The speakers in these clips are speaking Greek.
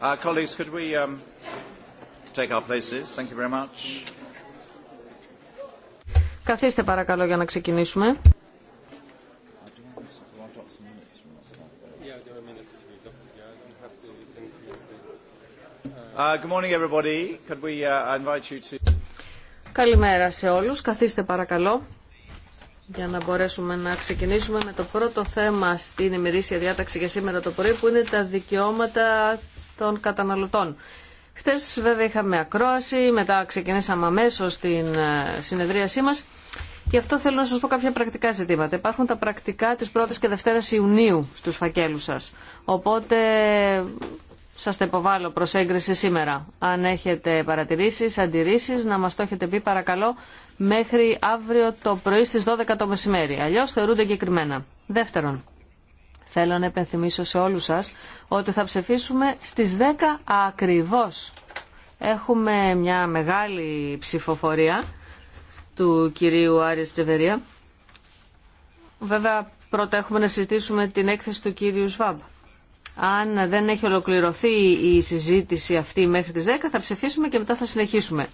Uh, colleagues, could we um, take our places? Thank you very much. Καθίστε παρακαλώ για να ξεκινήσουμε. Καλημέρα σε όλους. Καθίστε παρακαλώ για να μπορέσουμε να ξεκινήσουμε με το πρώτο θέμα στην ημερήσια διάταξη για σήμερα το πρωί που είναι τα δικαιώματα των καταναλωτών. Χθε βέβαια είχαμε ακρόαση, μετά ξεκινήσαμε αμέσω την ε, συνεδρίασή μα Γι' αυτό θέλω να σα πω κάποια πρακτικά ζητήματα. Υπάρχουν τα πρακτικά τη 1ης και 2 η Ιουνίου στου φακέλου σα. Οπότε σα τα υποβάλλω προς έγκριση σήμερα. Αν έχετε παρατηρήσει, αντιρρήσει, να μα το έχετε πει παρακαλώ μέχρι αύριο το πρωί στι 12 το μεσημέρι. Αλλιώ θεωρούνται εγκεκριμένα. Δεύτερον, Θέλω να επενθυμίσω σε όλους σας ότι θα ψηφίσουμε στις 10 ακριβώς. Έχουμε μια μεγάλη ψηφοφορία του κυρίου Άρης Τζεβερία. Βέβαια πρώτα έχουμε να συζητήσουμε την έκθεση του κύριου Σβάμπ. Αν δεν έχει ολοκληρωθεί η συζήτηση αυτή μέχρι τις 10 θα ψεφίσουμε και μετά θα συνεχίσουμε.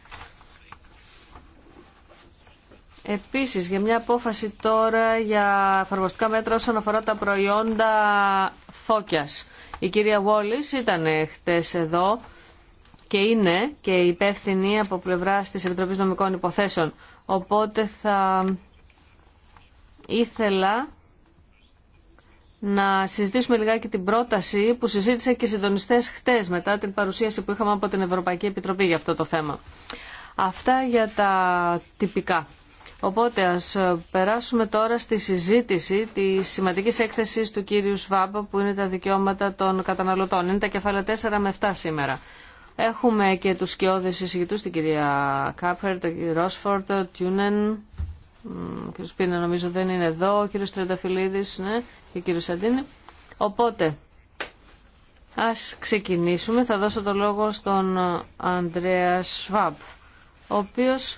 Επίσης, για μια απόφαση τώρα για εφαρμοστικά μέτρα όσον αφορά τα προϊόντα φώκιας. Η κυρία Βόλης ήταν χτες εδώ και είναι και υπεύθυνη από πλευρά τη Επιτροπής Νομικών Υποθέσεων. Οπότε θα ήθελα να συζητήσουμε λιγάκι την πρόταση που συζήτησε και οι συντονιστές χτες μετά την παρουσίαση που είχαμε από την Ευρωπαϊκή Επιτροπή για αυτό το θέμα. Αυτά για τα τυπικά. Οπότε ας ε, περάσουμε τώρα στη συζήτηση τη σημαντική έκθεση του κύριου Σβάμπ που είναι τα δικαιώματα των καταναλωτών. Είναι τα κεφάλαια 4 με 7 σήμερα. Έχουμε και τους σκιώδες εισηγητούς, την κυρία Κάπερ, τον κύριο Ρόσφορτ, τον Τιούνεν, ο κύριο Πίνα νομίζω δεν είναι εδώ, ο κύριος Τρενταφυλλίδης ναι, και ο κύριος Σαντίνη. Οπότε, ας ξεκινήσουμε. Θα δώσω το λόγο στον Ανδρέα Σβάμπ, ο οποίος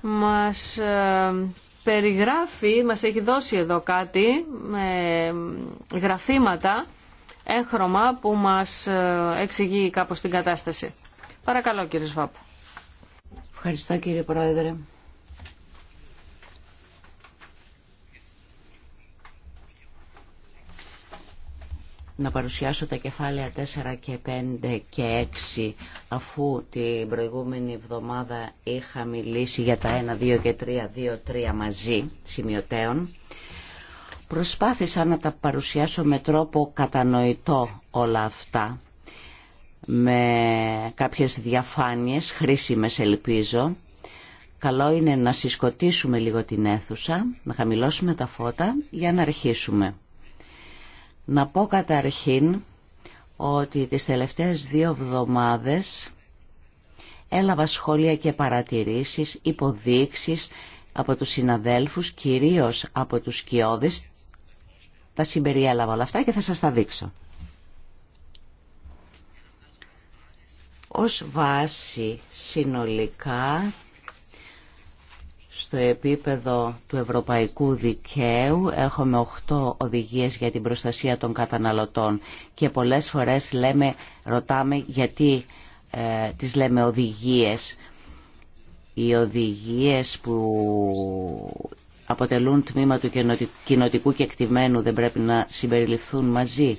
μας ε, περιγράφει, μας έχει δώσει εδώ κάτι με γραφήματα έχρωμα που μας ε, εξηγεί κάπως την κατάσταση. Παρακαλώ κύριε Σβάπ. Ευχαριστώ κύριε Πρόεδρε. να παρουσιάσω τα κεφάλαια 4 και 5 και 6 αφού την προηγούμενη εβδομάδα είχα μιλήσει για τα 1, 2 και 3, 2, 3 μαζί σημειωτέων. Προσπάθησα να τα παρουσιάσω με τρόπο κατανοητό όλα αυτά με κάποιες διαφάνειες χρήσιμες ελπίζω. Καλό είναι να συσκοτήσουμε λίγο την αίθουσα, να χαμηλώσουμε τα φώτα για να αρχίσουμε. Να πω καταρχήν ότι τις τελευταίες δύο εβδομάδες έλαβα σχόλια και παρατηρήσεις, υποδείξεις από τους συναδέλφους, κυρίως από τους σκιώδες. Τα συμπεριέλαβα όλα αυτά και θα σας τα δείξω. Ως βάση συνολικά στο επίπεδο του ευρωπαϊκού δικαίου έχουμε 8 οδηγίες για την προστασία των καταναλωτών και πολλές φορές λέμε, ρωτάμε γιατί ε, τις λέμε οδηγίες. Οι οδηγίες που αποτελούν τμήμα του κοινοτικού κεκτημένου δεν πρέπει να συμπεριληφθούν μαζί.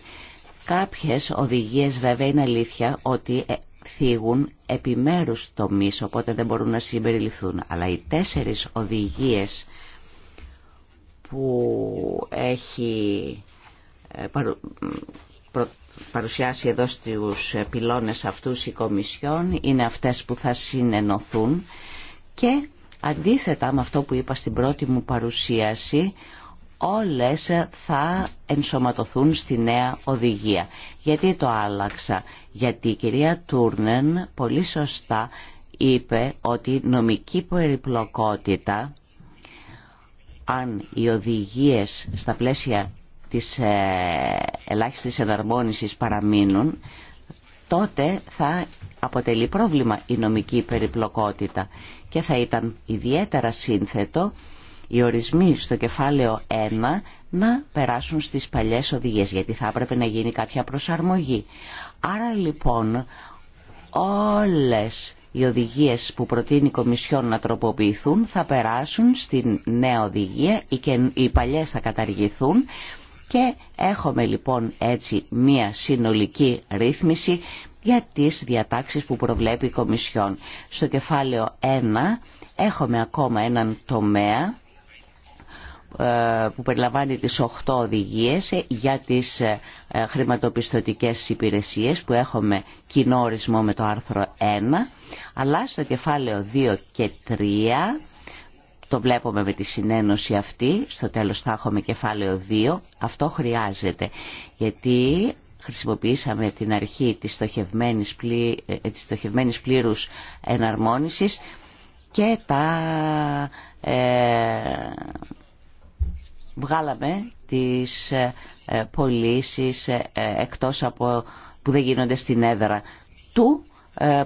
Κάποιες οδηγίες βέβαια είναι αλήθεια ότι ε, θίγουν επιμέρους τομείς, οπότε δεν μπορούν να συμπεριληφθούν. Αλλά οι τέσσερις οδηγίες που έχει ε, παρουσιάσει εδώ στους πυλώνες αυτούς οι Κομισιόν είναι αυτές που θα συνενωθούν και αντίθετα με αυτό που είπα στην πρώτη μου παρουσίαση όλες θα ενσωματωθούν στη νέα οδηγία. Γιατί το άλλαξα. Γιατί η κυρία Τούρνεν πολύ σωστά είπε ότι νομική περιπλοκότητα αν οι οδηγίες στα πλαίσια της ε, ελάχιστης εναρμόνισης παραμείνουν τότε θα αποτελεί πρόβλημα η νομική περιπλοκότητα και θα ήταν ιδιαίτερα σύνθετο οι ορισμοί στο κεφάλαιο 1 να περάσουν στις παλιές οδηγίες, γιατί θα έπρεπε να γίνει κάποια προσαρμογή. Άρα λοιπόν όλες οι οδηγίες που προτείνει η Κομισιόν να τροποποιηθούν θα περάσουν στην νέα οδηγία, οι παλιές θα καταργηθούν και έχουμε λοιπόν έτσι μία συνολική ρύθμιση για τις διατάξεις που προβλέπει η Κομισιόν. Στο κεφάλαιο 1 έχουμε ακόμα έναν τομέα ε, που περιλαμβάνει τις 8 οδηγίες για τις ε, χρηματοπιστωτικές υπηρεσίες που έχουμε κοινό ορισμό με το άρθρο 1 αλλά στο κεφάλαιο 2 και 3 το βλέπουμε με τη συνένωση αυτή, στο τέλος θα έχουμε κεφάλαιο 2, αυτό χρειάζεται. Γιατί χρησιμοποιήσαμε την αρχή της στοχευμένης, πλή, ε, της πλήρους εναρμόνισης και τα βγάλαμε τις ε, ε, πωλήσει ε, εκτός από που δεν γίνονται στην έδρα του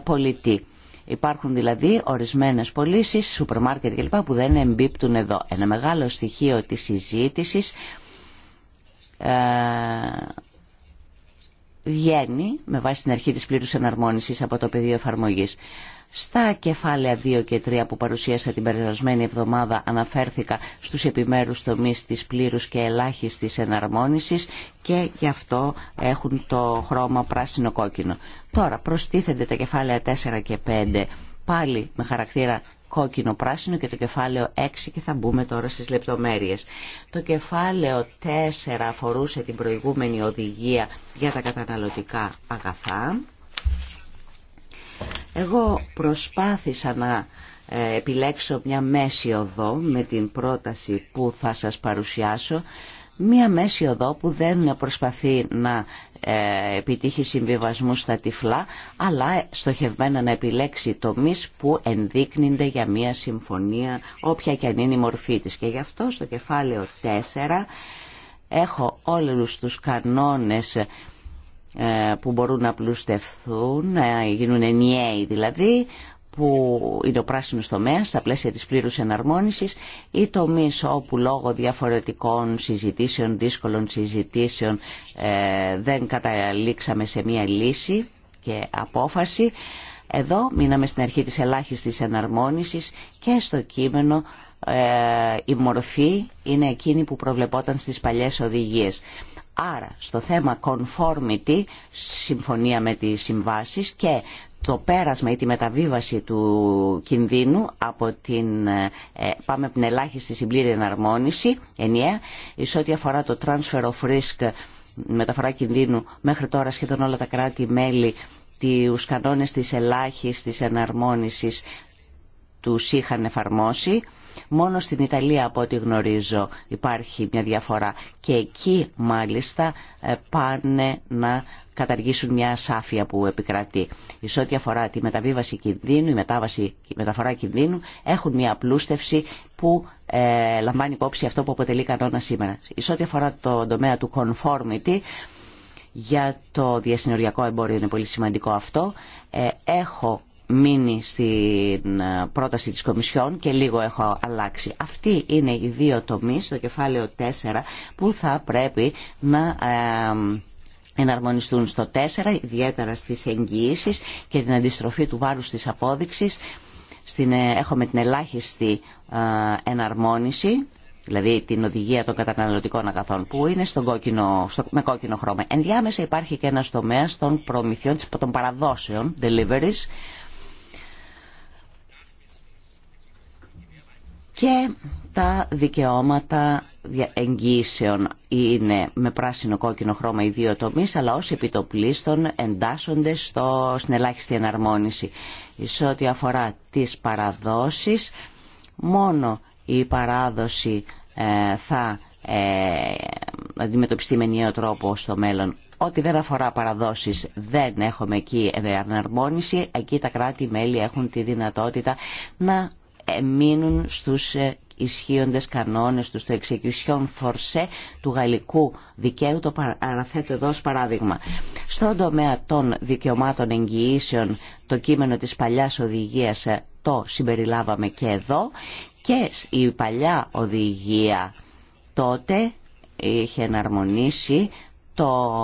πολιτή. Υπάρχουν δηλαδή ορισμένες πωλήσει, σούπερ μάρκετ κλπ. που δεν εμπίπτουν εδώ. Ένα μεγάλο στοιχείο της συζήτησης βγαίνει με βάση την αρχή της πλήρους εναρμόνισης από το πεδίο εφαρμογής. Στα κεφάλαια 2 και 3 που παρουσίασα την περασμένη εβδομάδα αναφέρθηκα στους επιμέρους τομείς της πλήρους και ελάχιστης εναρμόνισης και γι' αυτό έχουν το χρώμα πράσινο-κόκκινο. Τώρα προστίθενται τα κεφάλαια 4 και 5 πάλι με χαρακτήρα κόκκινο-πράσινο και το κεφάλαιο 6 και θα μπούμε τώρα στις λεπτομέρειες. Το κεφάλαιο 4 αφορούσε την προηγούμενη οδηγία για τα καταναλωτικά αγαθά εγώ προσπάθησα να ε, επιλέξω μια μέση οδό με την πρόταση που θα σας παρουσιάσω μια μέση οδό που δεν προσπαθεί να ε, επιτύχει συμβιβασμού στα τυφλά αλλά στοχευμένα να επιλέξει τομείς που ενδείκνυνται για μια συμφωνία όποια και αν είναι η μορφή της. Και γι' αυτό στο κεφάλαιο 4 έχω όλους τους κανόνες ε, που μπορούν να πλουστευθούν, να ε, γίνουν ενιαίοι δηλαδή, που είναι ο πράσινος τομέας στα πλαίσια της πλήρους εναρμόνισης ή τομείς όπου λόγω διαφορετικών συζητήσεων, δύσκολων συζητήσεων ε, δεν καταλήξαμε σε μία λύση και απόφαση. Εδώ μείναμε στην αρχή της ελάχιστης εναρμόνισης και στο κείμενο η μορφή είναι εκείνη που προβλεπόταν στις παλιές οδηγίες. Άρα στο θέμα conformity, συμφωνία με τις συμβάσεις και το πέρασμα ή τη μεταβίβαση του κινδύνου από την, ε, πάμε από την ελάχιστη συμπλήρη εναρμόνιση, ενιαία, εις ό,τι αφορά το transfer of risk, μεταφορά κινδύνου, μέχρι τώρα σχεδόν όλα τα κράτη-μέλη τους κανόνες της ελάχιστης εναρμόνισης τους είχαν εφαρμόσει. Μόνο στην Ιταλία από ό,τι γνωρίζω υπάρχει μια διαφορά και εκεί μάλιστα ε, πάνε να καταργήσουν μια ασάφεια που επικρατεί. Σε ό,τι αφορά τη μεταβίβαση κινδύνου, η, μετάβαση, η μεταφορά κινδύνου έχουν μια απλούστευση που ε, λαμβάνει υπόψη αυτό που αποτελεί κανόνα σήμερα. Σε ό,τι αφορά το τομέα του conformity, για το διασυνοριακό εμπόριο είναι πολύ σημαντικό αυτό. Ε, έχω μείνει στην ε, πρόταση της Κομισιόν και λίγο έχω αλλάξει. Αυτοί είναι οι δύο τομείς στο κεφάλαιο 4 που θα πρέπει να ε, εναρμονιστούν στο 4, ιδιαίτερα στις εγγυήσεις και την αντιστροφή του βάρους της απόδειξης. Στην, ε, έχουμε την ελάχιστη εναρμόνιση, δηλαδή την οδηγία των καταναλωτικών αγαθών που είναι στον κόκκινο, στο, με κόκκινο χρώμα. Ενδιάμεσα υπάρχει και ένας τομέας των προμηθειών των παραδόσεων, deliveries, και τα δικαιώματα εγγύσεων είναι με πράσινο-κόκκινο χρώμα οι δύο τομείς, αλλά ως επιτοπλίστων εντάσσονται στο, στην ελάχιστη εναρμόνιση. Σε ό,τι αφορά τις παραδόσεις, μόνο η παράδοση ε, θα ε, αντιμετωπιστεί με νέο τρόπο στο μέλλον. Ό,τι δεν αφορά παραδόσεις δεν έχουμε εκεί εναρμόνιση. Εκεί τα κράτη-μέλη έχουν τη δυνατότητα να μείνουν στους ε, ισχύοντες κανόνες του στο εξεκουσιόν φορσέ του γαλλικού δικαίου, το αναθέτω εδώ ως παράδειγμα. Στον τομέα των δικαιωμάτων εγγυήσεων, το κείμενο της παλιάς οδηγίας ε, το συμπεριλάβαμε και εδώ και η παλιά οδηγία τότε είχε εναρμονίσει το,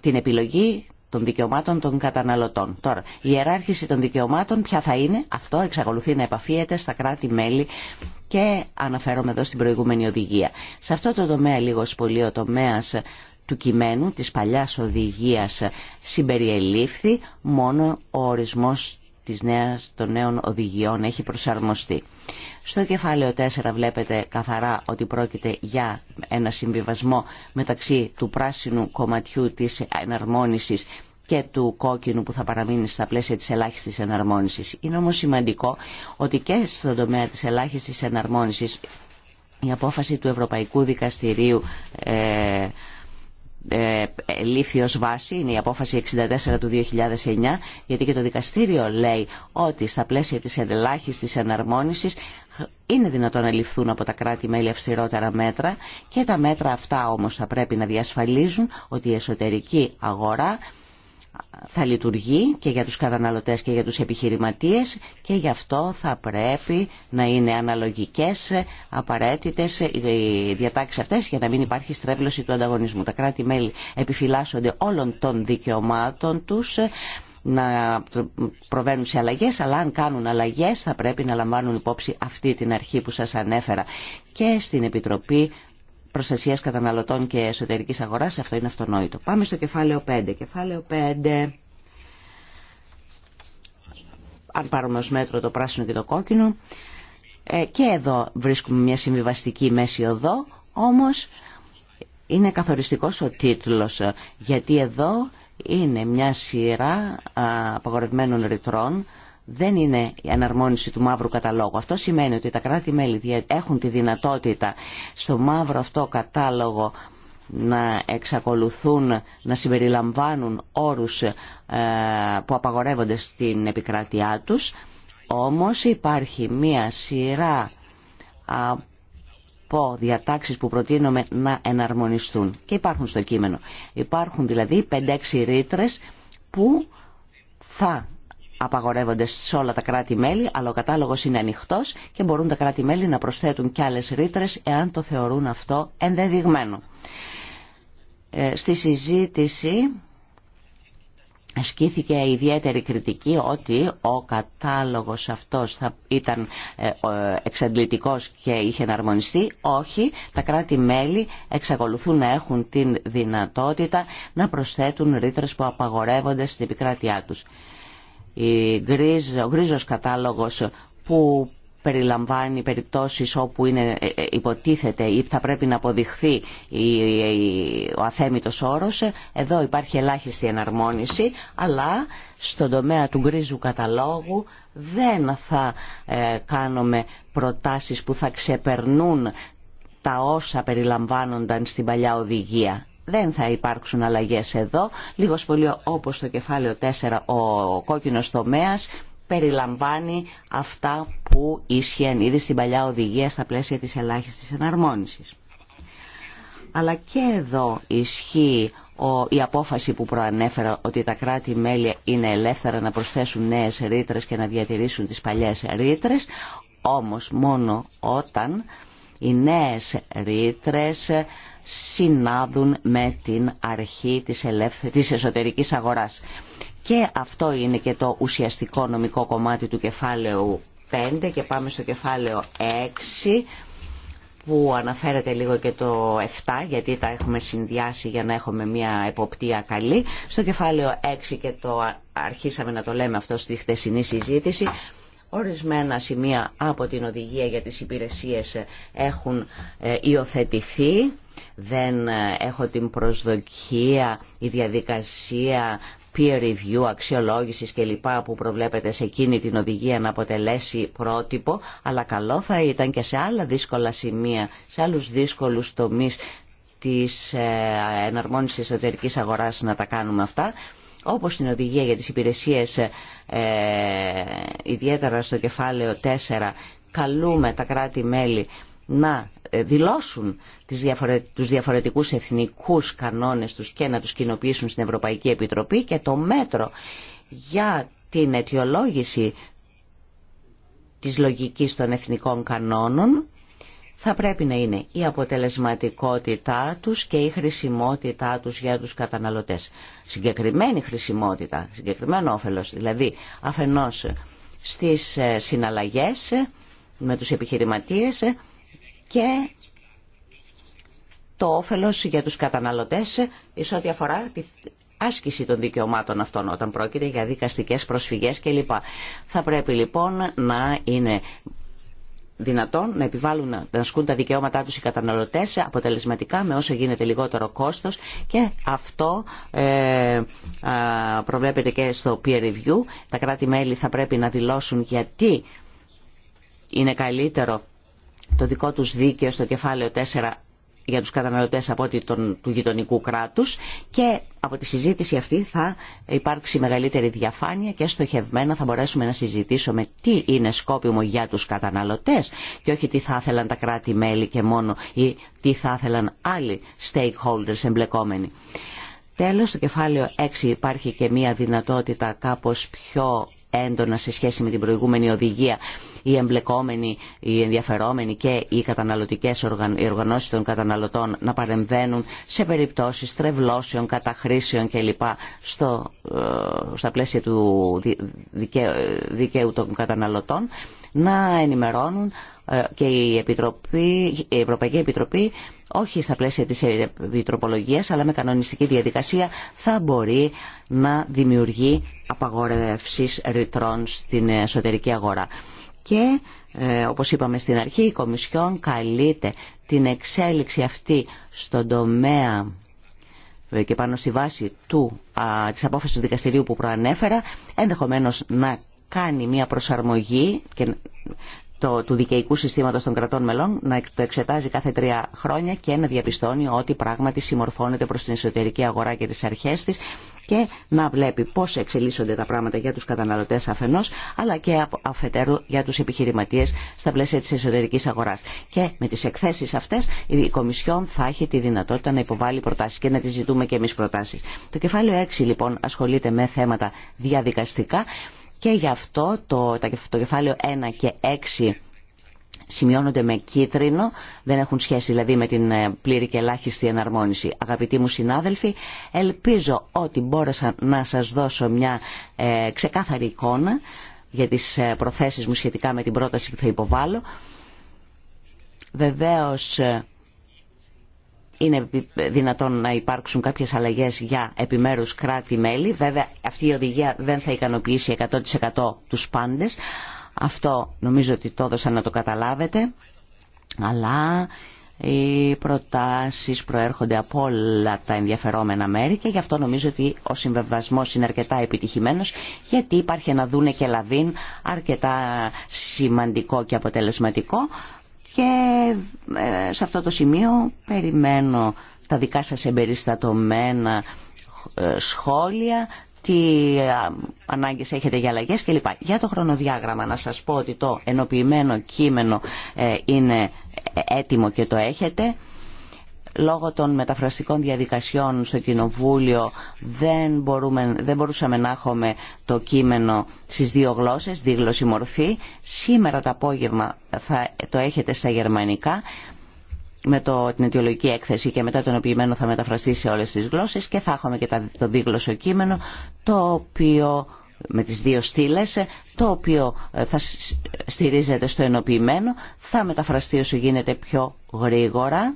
την επιλογή των δικαιωμάτων των καταναλωτών. Τώρα, η ιεράρχηση των δικαιωμάτων ποια θα είναι, αυτό εξακολουθεί να επαφίεται στα κράτη-μέλη και αναφέρομαι εδώ στην προηγούμενη οδηγία. Σε αυτό το τομέα, λίγο πολύ, ο τομέα του κειμένου της παλιάς οδηγίας συμπεριελήφθη, μόνο ο ορισμός της νέας, των νέων οδηγιών έχει προσαρμοστεί. Στο κεφάλαιο 4 βλέπετε καθαρά ότι πρόκειται για ένα συμβιβασμό μεταξύ του πράσινου κομματιού της εναρμόνισης και του κόκκινου που θα παραμείνει στα πλαίσια της ελάχιστης εναρμόνισης. Είναι όμως σημαντικό ότι και στον τομέα της ελάχιστης εναρμόνισης η απόφαση του Ευρωπαϊκού Δικαστηρίου ε, ε, λήφθη ως βάση, είναι η απόφαση 64 του 2009, γιατί και το δικαστήριο λέει ότι στα πλαίσια της ελάχιστης εναρμόνισης είναι δυνατόν να ληφθούν από τα κράτη-μέλη αυστηρότερα μέτρα και τα μέτρα αυτά όμως θα πρέπει να διασφαλίζουν ότι η εσωτερική αγορά θα λειτουργεί και για τους καταναλωτές και για τους επιχειρηματίες και γι' αυτό θα πρέπει να είναι αναλογικές, απαραίτητες οι διατάξεις αυτές για να μην υπάρχει στρέβλωση του ανταγωνισμού. Τα κράτη-μέλη επιφυλάσσονται όλων των δικαιωμάτων τους να προβαίνουν σε αλλαγές, αλλά αν κάνουν αλλαγές θα πρέπει να λαμβάνουν υπόψη αυτή την αρχή που σας ανέφερα. Και στην Επιτροπή Προστασίας Καταναλωτών και Εσωτερικής Αγοράς αυτό είναι αυτονόητο. Πάμε στο κεφάλαιο 5. Κεφάλαιο 5... Αν πάρουμε ως μέτρο το πράσινο και το κόκκινο, ε, και εδώ βρίσκουμε μια συμβιβαστική μέση οδό, όμως είναι καθοριστικός ο τίτλος, ε, γιατί εδώ είναι μια σειρά απαγορευμένων ρητρών, δεν είναι η αναρμόνιση του μαύρου καταλόγου. Αυτό σημαίνει ότι τα κράτη-μέλη έχουν τη δυνατότητα στο μαύρο αυτό κατάλογο να εξακολουθούν να συμπεριλαμβάνουν όρους ε, που απαγορεύονται στην επικράτειά τους, όμως υπάρχει μία σειρά πω διατάξεις που προτείνομαι να εναρμονιστούν και υπάρχουν στο κείμενο. Υπάρχουν δηλαδή 5-6 ρήτρε που θα απαγορεύονται σε όλα τα κράτη-μέλη, αλλά ο κατάλογος είναι ανοιχτός και μπορούν τα κράτη-μέλη να προσθέτουν κι άλλες ρήτρε εάν το θεωρούν αυτό ενδεδειγμένο. Ε, στη συζήτηση ασκήθηκε ιδιαίτερη κριτική ότι ο κατάλογος αυτός θα ήταν ε, εξαντλητικός και είχε εναρμονιστεί. Όχι, τα κράτη-μέλη εξακολουθούν να έχουν την δυνατότητα να προσθέτουν ρήτρες που απαγορεύονται στην επικράτειά τους. ο γκρίζος κατάλογος που περιλαμβάνει περιπτώσεις όπου είναι, ε, ε, υποτίθεται ή θα πρέπει να αποδειχθεί ο αθέμητος όρος. Εδώ υπάρχει ελάχιστη εναρμόνιση, αλλά στον τομέα του γκρίζου καταλόγου δεν θα ε, κάνουμε προτάσεις που θα ξεπερνούν τα όσα περιλαμβάνονταν στην παλιά οδηγία. Δεν θα υπάρξουν αλλαγές εδώ, λίγος πολύ όπως το κεφάλαιο 4 ο κόκκινος τομέας περιλαμβάνει αυτά που ίσχυαν ήδη στην παλιά οδηγία στα πλαίσια της ελάχιστης εναρμόνισης. Αλλά και εδώ ισχύει η απόφαση που προανέφερα ότι τα κράτη-μέλη είναι ελεύθερα να προσθέσουν νέες ρήτρες και να διατηρήσουν τις παλιές ρήτρες, όμως μόνο όταν οι νέες ρήτρες συνάδουν με την αρχή της, ελεύθε... της εσωτερικής αγοράς. Και αυτό είναι και το ουσιαστικό νομικό κομμάτι του κεφάλαιου 5 και πάμε στο κεφάλαιο 6 που αναφέρεται λίγο και το 7 γιατί τα έχουμε συνδυάσει για να έχουμε μια εποπτεία καλή. Στο κεφάλαιο 6 και το αρχίσαμε να το λέμε αυτό στη χτεσινή συζήτηση Ορισμένα σημεία από την οδηγία για τις υπηρεσίες έχουν ε, υιοθετηθεί. Δεν ε, έχω την προσδοκία η διαδικασία peer review, αξιολόγηση κλπ. που προβλέπεται σε εκείνη την οδηγία να αποτελέσει πρότυπο, αλλά καλό θα ήταν και σε άλλα δύσκολα σημεία, σε άλλου δύσκολου τομεί τη ε, εναρμόνισης εσωτερική εσωτερικής αγοράς να τα κάνουμε αυτά, όπως την οδηγία για τις υπηρεσίες, ε, ιδιαίτερα στο κεφάλαιο 4, καλούμε τα κράτη-μέλη να ε, δηλώσουν τις τους διαφορετικούς εθνικούς κανόνες τους και να τους κοινοποιήσουν στην Ευρωπαϊκή Επιτροπή και το μέτρο για την αιτιολόγηση της λογικής των εθνικών κανόνων θα πρέπει να είναι η αποτελεσματικότητά τους και η χρησιμότητά τους για τους καταναλωτές. Συγκεκριμένη χρησιμότητα, συγκεκριμένο όφελος, δηλαδή αφενός στις ε, συναλλαγές με τους επιχειρηματίες και το όφελος για τους καταναλωτές σε ό,τι αφορά τη άσκηση των δικαιωμάτων αυτών όταν πρόκειται για δικαστικές προσφυγές κλπ. Θα πρέπει λοιπόν να είναι δυνατόν να επιβάλλουν, να ασκούν τα δικαιώματά τους οι καταναλωτές αποτελεσματικά με όσο γίνεται λιγότερο κόστος και αυτό ε, προβλέπεται και στο peer review. Τα κράτη-μέλη θα πρέπει να δηλώσουν γιατί είναι καλύτερο το δικό τους δίκαιο στο κεφάλαιο 4 για τους καταναλωτές από ό,τι τον, του γειτονικού κράτους και από τη συζήτηση αυτή θα υπάρξει μεγαλύτερη διαφάνεια και στοχευμένα θα μπορέσουμε να συζητήσουμε τι είναι σκόπιμο για τους καταναλωτές και όχι τι θα ήθελαν τα κράτη-μέλη και μόνο ή τι θα ήθελαν άλλοι stakeholders εμπλεκόμενοι. Τέλος, στο κεφάλαιο 6 υπάρχει και μία δυνατότητα κάπως πιο έντονα σε σχέση με την προηγούμενη οδηγία οι εμπλεκόμενοι, οι ενδιαφερόμενοι και οι καταναλωτικές οργανώσεις των καταναλωτών να παρεμβαίνουν σε περιπτώσεις τρευλώσεων, καταχρήσεων κλπ. Στο, ε, στα πλαίσια του δικαίου, των καταναλωτών να ενημερώνουν ε, και η, Επιτροπή, η Ευρωπαϊκή Επιτροπή όχι στα πλαίσια της επιτροπολογίας αλλά με κανονιστική διαδικασία θα μπορεί να δημιουργεί απαγορεύσεις ρητρών στην εσωτερική αγορά. Και ε, όπως είπαμε στην αρχή η Κομισιόν καλείται την εξέλιξη αυτή στον τομέα ε, και πάνω στη βάση του, α, της απόφασης του δικαστηρίου που προανέφερα, ενδεχομένως να κάνει μια προσαρμογή και το, του δικαιικού συστήματο των κρατών μελών να το εξετάζει κάθε τρία χρόνια και να διαπιστώνει ότι πράγματι συμμορφώνεται προ την εσωτερική αγορά και τι αρχέ τη και να βλέπει πώς εξελίσσονται τα πράγματα για του καταναλωτέ αφενός αλλά και αφετέρου για του επιχειρηματίε στα πλαίσια τη εσωτερική αγορά. Και με τι εκθέσει αυτέ, η Κομισιόν θα έχει τη δυνατότητα να υποβάλει προτάσει και να τι ζητούμε και εμεί προτάσει. Το κεφάλαιο 6 λοιπόν ασχολείται με θέματα διαδικαστικά και γι' αυτό το, το κεφάλαιο 1 και 6 σημειώνονται με κίτρινο, δεν έχουν σχέση δηλαδή με την ε, πλήρη και ελάχιστη εναρμόνιση. Αγαπητοί μου συνάδελφοι, ελπίζω ότι μπόρεσα να σας δώσω μια ε, ξεκάθαρη εικόνα για τις ε, προθέσεις μου σχετικά με την πρόταση που θα υποβάλω. Βεβαίως είναι δυνατόν να υπάρξουν κάποιες αλλαγές για επιμέρους κράτη-μέλη. Βέβαια αυτή η οδηγία δεν θα ικανοποιήσει 100% τους πάντες. Αυτό νομίζω ότι το έδωσα να το καταλάβετε. Αλλά οι προτάσεις προέρχονται από όλα τα ενδιαφερόμενα μέρη και γι' αυτό νομίζω ότι ο συμβεβασμός είναι αρκετά επιτυχημένος γιατί υπάρχει ένα δούνε και λαβίν αρκετά σημαντικό και αποτελεσματικό και ε, σε αυτό το σημείο περιμένω τα δικά σας εμπεριστατωμένα ε, σχόλια, τι ε, ανάγκες έχετε για αλλαγές κλπ. Για το χρονοδιάγραμμα να σας πω ότι το ενοποιημένο κείμενο είναι έτοιμο και το έχετε λόγω των μεταφραστικών διαδικασιών στο Κοινοβούλιο δεν, μπορούμε, δεν μπορούσαμε να έχουμε το κείμενο στις δύο γλώσσες, δίγλωση μορφή. Σήμερα το απόγευμα θα το έχετε στα γερμανικά με το, την αιτιολογική έκθεση και μετά ενοποιημένο θα μεταφραστεί σε όλες τις γλώσσες και θα έχουμε και το δίγλωσο κείμενο το οποίο με τις δύο στήλες, το οποίο ε, θα στηρίζεται στο ενοποιημένο, θα μεταφραστεί όσο γίνεται πιο γρήγορα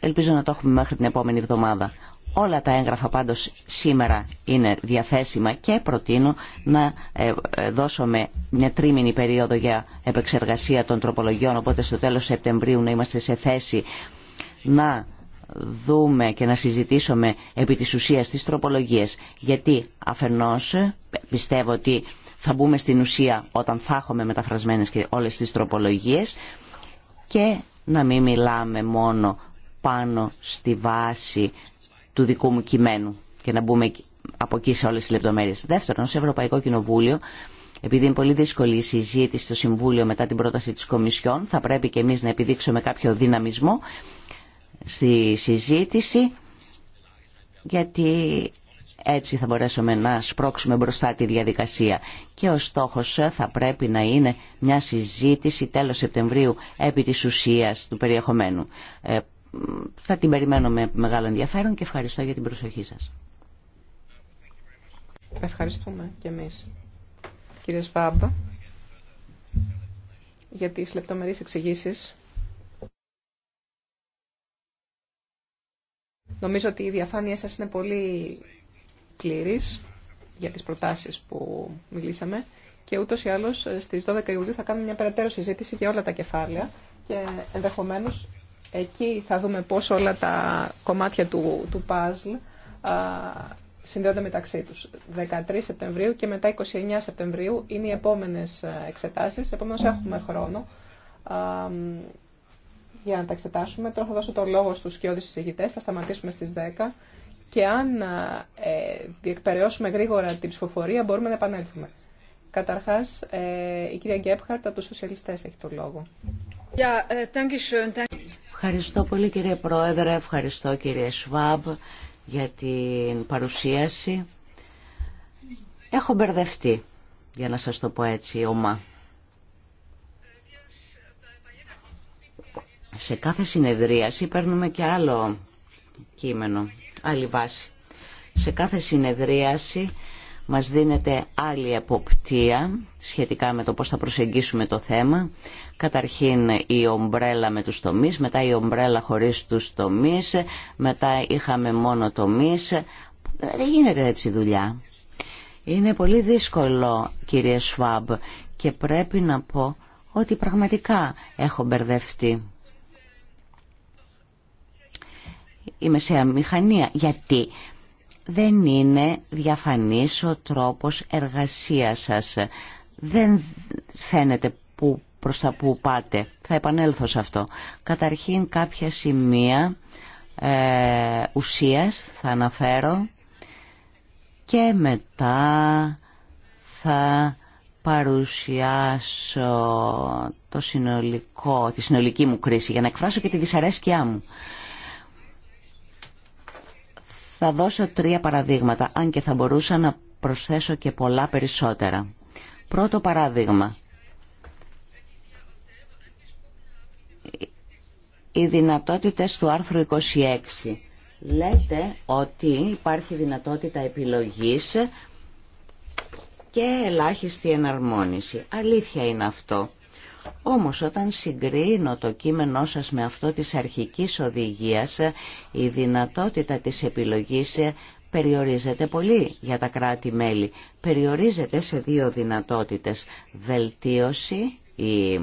Ελπίζω να το έχουμε μέχρι την επόμενη εβδομάδα. Όλα τα έγγραφα πάντως σήμερα είναι διαθέσιμα και προτείνω να ε, ε, δώσουμε μια τρίμηνη περίοδο για επεξεργασία των τροπολογιών, οπότε στο τέλος Σεπτεμβρίου να είμαστε σε θέση να δούμε και να συζητήσουμε επί της ουσίας τις τροπολογίες. Γιατί αφενός πιστεύω ότι θα μπούμε στην ουσία όταν θα έχουμε μεταφρασμένες και όλες τις τροπολογίες και να μην μιλάμε μόνο πάνω στη βάση του δικού μου κειμένου και να μπούμε από εκεί σε όλες τις λεπτομέρειες. Δεύτερον, σε Ευρωπαϊκό Κοινοβούλιο, επειδή είναι πολύ δύσκολη η συζήτηση στο Συμβούλιο μετά την πρόταση της Κομισιόν, θα πρέπει και εμείς να επιδείξουμε κάποιο δυναμισμό στη συζήτηση, γιατί έτσι θα μπορέσουμε να σπρώξουμε μπροστά τη διαδικασία. Και ο στόχος θα πρέπει να είναι μια συζήτηση τέλος Σεπτεμβρίου επί της ουσίας του περιεχομένου. Ε, θα την περιμένω με μεγάλο ενδιαφέρον και ευχαριστώ για την προσοχή σας. Ευχαριστούμε και εμείς. Κύριε Σβάμπ, για τις λεπτομερείς εξηγήσει. Νομίζω ότι η διαφάνεια σας είναι πολύ πλήρης για τις προτάσεις που μιλήσαμε και ούτως ή άλλως ε, στις 12 Ιουλίου θα κάνουμε μια περαιτέρω συζήτηση για όλα τα κεφάλαια και ενδεχομένως Εκεί θα δούμε πώς όλα τα κομμάτια του, του συνδέονται μεταξύ τους. 13 Σεπτεμβρίου και μετά 29 Σεπτεμβρίου είναι οι επόμενες ε, εξετάσεις. Επομένως έχουμε χρόνο α, για να τα εξετάσουμε. Τώρα θα δώσω το λόγο στους σκιώδεις εισηγητές. Θα σταματήσουμε στις 10 και αν ε, διεκπαιρεώσουμε γρήγορα την ψηφοφορία μπορούμε να επανέλθουμε. Καταρχάς, ε, η κυρία Γκέπχαρτ από τους Σοσιαλιστές έχει το λόγο. thank you, thank Ευχαριστώ πολύ κύριε Πρόεδρε, ευχαριστώ κύριε Σβάμπ για την παρουσίαση. Έχω μπερδευτεί, για να σας το πω έτσι, ομά. Σε κάθε συνεδρίαση παίρνουμε και άλλο κείμενο, άλλη βάση. Σε κάθε συνεδρίαση μας δίνεται άλλη εποπτεία σχετικά με το πώς θα προσεγγίσουμε το θέμα. Καταρχήν η ομπρέλα με τους τομείς, μετά η ομπρέλα χωρίς τους τομείς, μετά είχαμε μόνο τομείς. Ε, δεν γίνεται έτσι η δουλειά. Είναι πολύ δύσκολο κύριε Σφάμπ και πρέπει να πω ότι πραγματικά έχω μπερδευτεί. Η μεσαία μηχανία. Γιατί δεν είναι διαφανής ο τρόπος εργασίας σας. Δεν φαίνεται που προς τα που πάτε. Θα επανέλθω σε αυτό. Καταρχήν κάποια σημεία ε, ουσίας θα αναφέρω και μετά θα παρουσιάσω το συνολικό, τη συνολική μου κρίση για να εκφράσω και τη δυσαρέσκειά μου. Θα δώσω τρία παραδείγματα, αν και θα μπορούσα να προσθέσω και πολλά περισσότερα. Πρώτο παράδειγμα, οι δυνατότητες του άρθρου 26. Λέτε ότι υπάρχει δυνατότητα επιλογής και ελάχιστη εναρμόνιση. Αλήθεια είναι αυτό. Όμως όταν συγκρίνω το κείμενό σας με αυτό της αρχικής οδηγίας, η δυνατότητα της επιλογής περιορίζεται πολύ για τα κράτη-μέλη. Περιορίζεται σε δύο δυνατότητες. Βελτίωση ή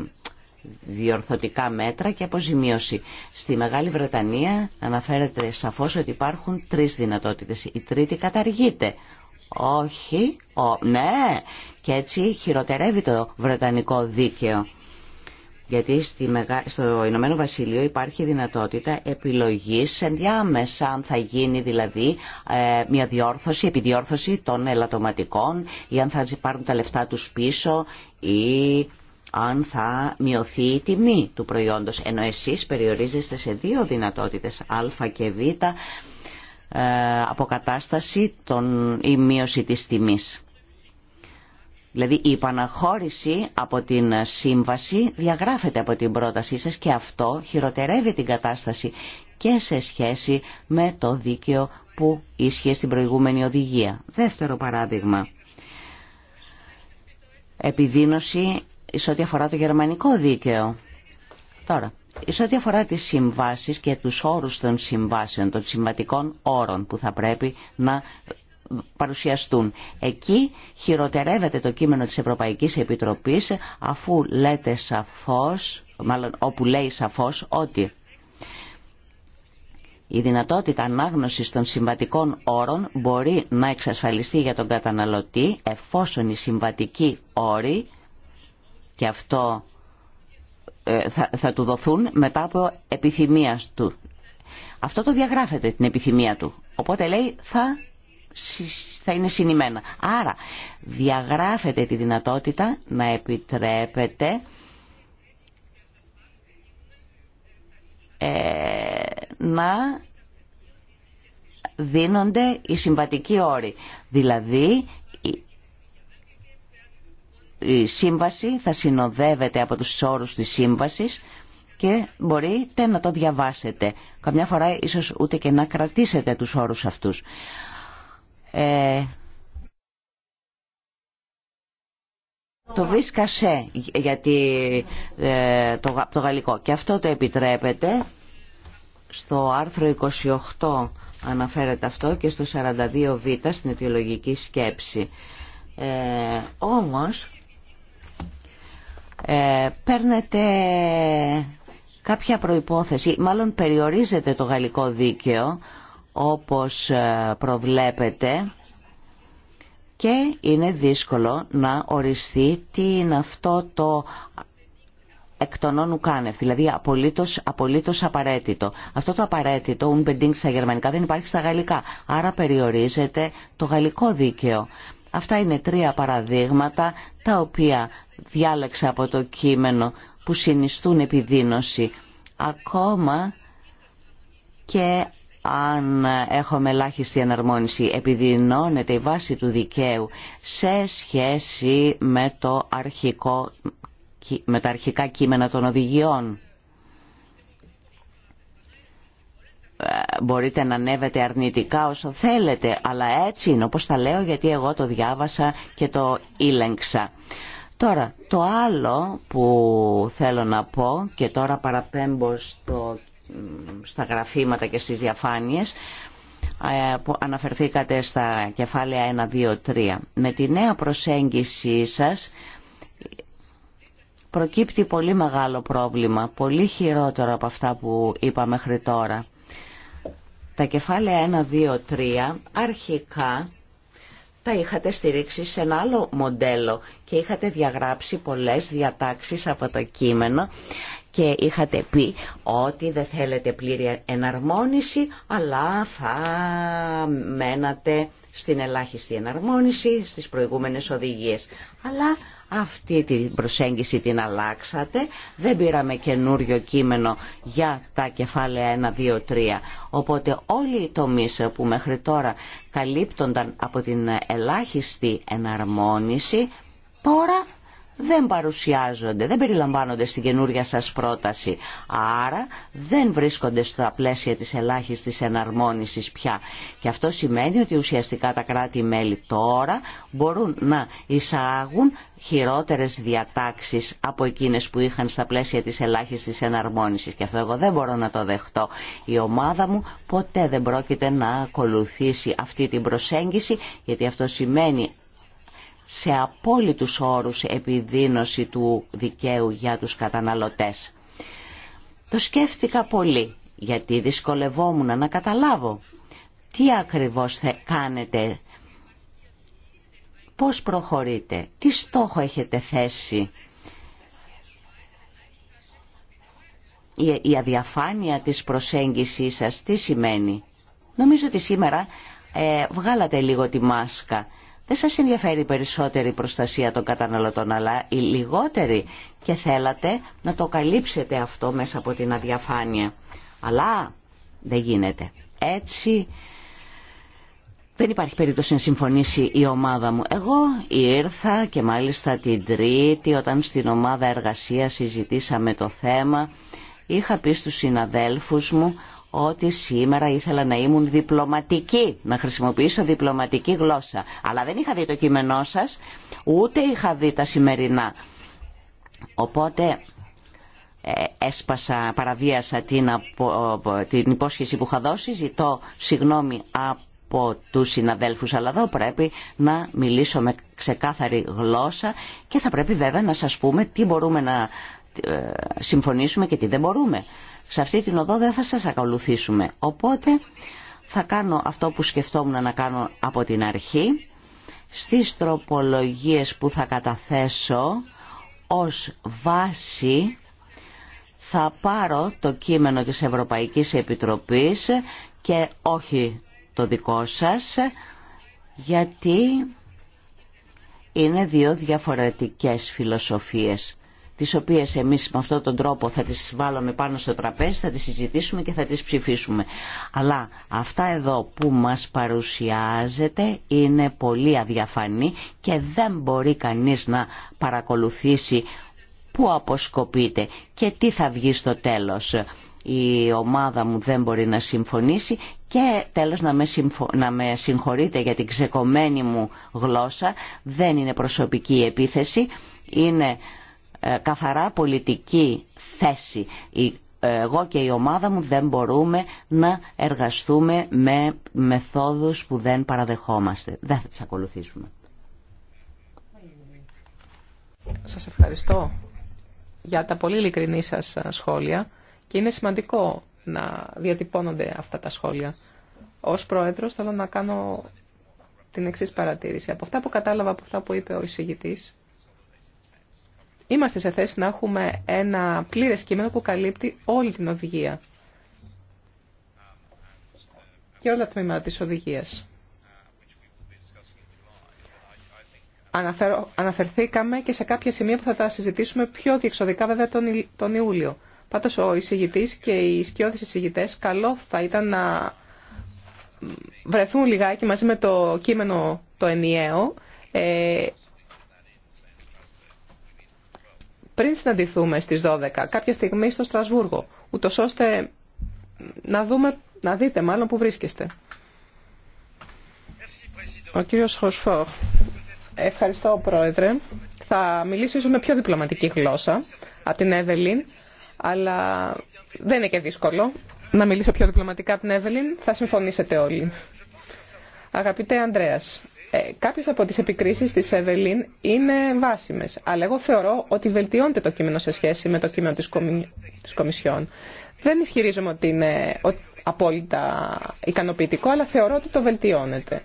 διορθωτικά μέτρα και αποζημίωση. Στη Μεγάλη Βρετανία αναφέρεται σαφώς ότι υπάρχουν τρεις δυνατότητες. Η τρίτη καταργείται. Όχι, ο, ναι, και έτσι χειροτερεύει το βρετανικό δίκαιο. Γιατί στη στο Ηνωμένο Βασίλειο υπάρχει δυνατότητα επιλογής ενδιάμεσα, αν θα γίνει δηλαδή ε, μια διόρθωση, επιδιόρθωση των ελαττωματικών ή αν θα πάρουν τα λεφτά τους πίσω ή αν θα μειωθεί η τιμή του προϊόντος, ενώ εσείς περιορίζεστε σε δύο δυνατότητες, α και β, ε, αποκατάσταση των, ή μείωση της τιμής. Δηλαδή η επαναχώρηση από την σύμβαση διαγράφεται από την πρότασή σας και αυτό χειροτερεύει την κατάσταση και σε σχέση με το δίκαιο που ίσχυε στην προηγούμενη οδηγία. Δεύτερο παράδειγμα. Επιδίνωση σε ό,τι αφορά το γερμανικό δίκαιο. Τώρα, σε ό,τι αφορά τις συμβάσεις και τους όρους των συμβάσεων, των συμβατικών όρων που θα πρέπει να παρουσιαστούν. Εκεί χειροτερεύεται το κείμενο της Ευρωπαϊκής Επιτροπής αφού λέτε σαφώς, μάλλον όπου λέει σαφώς ότι η δυνατότητα ανάγνωσης των συμβατικών όρων μπορεί να εξασφαλιστεί για τον καταναλωτή εφόσον οι συμβατικοί όροι και αυτό ε, θα, του δοθούν μετά από επιθυμία του. Αυτό το διαγράφεται την επιθυμία του. Οπότε λέει θα, θα είναι συνημένα. Άρα διαγράφεται τη δυνατότητα να επιτρέπεται ε, να δίνονται οι συμβατικοί όροι. Δηλαδή η σύμβαση θα συνοδεύεται από τους όρους της σύμβασης και μπορείτε να το διαβάσετε. Καμιά φορά ίσως ούτε και να κρατήσετε τους όρους αυτούς. Ε, το βίσκασε γιατί ε, το, το γαλλικό και αυτό το επιτρέπεται στο άρθρο 28 αναφέρεται αυτό και στο 42β στην αιτιολογική σκέψη. Ε, όμως ε, παίρνετε κάποια προϋπόθεση, μάλλον περιορίζεται το γαλλικό δίκαιο όπως ε, προβλέπετε και είναι δύσκολο να οριστεί τι είναι αυτό το εκ των όνου κάνευ, δηλαδή απολύτως, απολύτως απαραίτητο. Αυτό το απαραίτητο, unbedingt στα γερμανικά, δεν υπάρχει στα γαλλικά, άρα περιορίζεται το γαλλικό δίκαιο. Αυτά είναι τρία παραδείγματα τα οποία διάλεξα από το κείμενο που συνιστούν επιδίνωση. Ακόμα και αν έχουμε ελάχιστη εναρμόνιση επιδεινώνεται η βάση του δικαίου σε σχέση με, το αρχικό, με τα αρχικά κείμενα των οδηγιών. μπορείτε να ανέβετε αρνητικά όσο θέλετε, αλλά έτσι είναι όπως τα λέω γιατί εγώ το διάβασα και το ήλεγξα. Τώρα, το άλλο που θέλω να πω και τώρα παραπέμπω στο, στα γραφήματα και στις διαφάνειες, ε, που αναφερθήκατε στα κεφάλαια 1, 2, 3. Με τη νέα προσέγγιση σας προκύπτει πολύ μεγάλο πρόβλημα, πολύ χειρότερο από αυτά που είπα μέχρι τώρα. Τα κεφάλαια 1, 2, 3 αρχικά τα είχατε στηρίξει σε ένα άλλο μοντέλο και είχατε διαγράψει πολλές διατάξεις από το κείμενο και είχατε πει ότι δεν θέλετε πλήρη εναρμόνιση αλλά θα μένατε στην ελάχιστη εναρμόνιση στις προηγούμενες οδηγίες. Αλλά αυτή την προσέγγιση την αλλάξατε. Δεν πήραμε καινούριο κείμενο για τα κεφάλαια 1, 2, 3. Οπότε όλοι οι τομείς που μέχρι τώρα καλύπτονταν από την ελάχιστη εναρμόνιση, τώρα δεν παρουσιάζονται, δεν περιλαμβάνονται στην καινούργια σας πρόταση. Άρα δεν βρίσκονται στα πλαίσια της ελάχιστης εναρμόνισης πια. Και αυτό σημαίνει ότι ουσιαστικά τα κράτη-μέλη τώρα μπορούν να εισάγουν χειρότερες διατάξεις από εκείνες που είχαν στα πλαίσια της ελάχιστης εναρμόνισης. Και αυτό εγώ δεν μπορώ να το δεχτώ. Η ομάδα μου ποτέ δεν πρόκειται να ακολουθήσει αυτή την προσέγγιση, γιατί αυτό σημαίνει σε απόλυτους όρους επιδείνωση του δικαίου για τους καταναλωτές. Το σκέφτηκα πολύ, γιατί δυσκολευόμουν να καταλάβω τι ακριβώς κάνετε, πώς προχωρείτε, τι στόχο έχετε θέσει. Η αδιαφάνεια της προσέγγισής σας τι σημαίνει. Νομίζω ότι σήμερα ε, βγάλατε λίγο τη μάσκα δεν σας ενδιαφέρει περισσότερη προστασία των καταναλωτών, αλλά η λιγότερη και θέλατε να το καλύψετε αυτό μέσα από την αδιαφάνεια. Αλλά δεν γίνεται. Έτσι δεν υπάρχει περίπτωση να συμφωνήσει η ομάδα μου. Εγώ ήρθα και μάλιστα την Τρίτη όταν στην ομάδα εργασίας συζητήσαμε το θέμα είχα πει στους συναδέλφους μου ότι σήμερα ήθελα να ήμουν διπλωματική, να χρησιμοποιήσω διπλωματική γλώσσα. Αλλά δεν είχα δει το κείμενό σας, ούτε είχα δει τα σημερινά. Οπότε ε, έσπασα, παραβίασα την, την υπόσχεση που είχα δώσει, ζητώ συγγνώμη από τους συναδέλφους, αλλά εδώ πρέπει να μιλήσω με ξεκάθαρη γλώσσα και θα πρέπει βέβαια να σας πούμε τι μπορούμε να ε, συμφωνήσουμε και τι δεν μπορούμε σε αυτή την οδό δεν θα σας ακολουθήσουμε. Οπότε θα κάνω αυτό που σκεφτόμουν να κάνω από την αρχή. Στις τροπολογίες που θα καταθέσω ως βάση θα πάρω το κείμενο της Ευρωπαϊκής Επιτροπής και όχι το δικό σας γιατί είναι δύο διαφορετικές φιλοσοφίες τις οποίες εμείς με αυτόν τον τρόπο θα τις βάλουμε πάνω στο τραπέζι, θα τις συζητήσουμε και θα τις ψηφίσουμε. Αλλά αυτά εδώ που μας παρουσιάζεται είναι πολύ αδιαφανή και δεν μπορεί κανείς να παρακολουθήσει πού αποσκοπείται και τι θα βγει στο τέλος. Η ομάδα μου δεν μπορεί να συμφωνήσει και τέλος να με, συμφω... να συγχωρείτε για την ξεκομμένη μου γλώσσα. Δεν είναι προσωπική επίθεση, είναι ε, καθαρά πολιτική θέση. Ε, εγώ και η ομάδα μου δεν μπορούμε να εργαστούμε με μεθόδους που δεν παραδεχόμαστε. Δεν θα τις ακολουθήσουμε. Σας ευχαριστώ για τα πολύ ειλικρινή σας ε, σχόλια και είναι σημαντικό να διατυπώνονται αυτά τα σχόλια. Ως πρόεδρος θέλω να κάνω την εξής παρατήρηση. Από αυτά που κατάλαβα, από αυτά που είπε ο εισηγητής, είμαστε σε θέση να έχουμε ένα πλήρες κείμενο που καλύπτει όλη την οδηγία και όλα τα τμήματα της οδηγίας. αναφερθήκαμε και σε κάποια σημεία που θα τα συζητήσουμε πιο διεξοδικά βέβαια τον, τον Ιούλιο. Πάντως ο εισηγητής και οι σκιώδεις εισηγητές καλό θα ήταν να βρεθούν λιγάκι μαζί με το κείμενο το ενιαίο ε, πριν συναντηθούμε στις 12, κάποια στιγμή στο Στρασβούργο, ούτως ώστε να, δούμε, να δείτε μάλλον που βρίσκεστε. Ο κύριος Χοσφόρ. Ευχαριστώ, Πρόεδρε. Θα μιλήσω ίσως με πιο διπλωματική γλώσσα από την Εύελιν, αλλά δεν είναι και δύσκολο να μιλήσω πιο διπλωματικά από την Εύελιν. Θα συμφωνήσετε όλοι. Αγαπητέ Ανδρέας, ε, Κάποιε από τι επικρίσει τη Εβελίν είναι βάσιμε, αλλά εγώ θεωρώ ότι βελτιώνεται το κείμενο σε σχέση με το κείμενο τη Κομι... Κομισιόν. Δεν ισχυρίζομαι ότι είναι απόλυτα ικανοποιητικό, αλλά θεωρώ ότι το βελτιώνεται.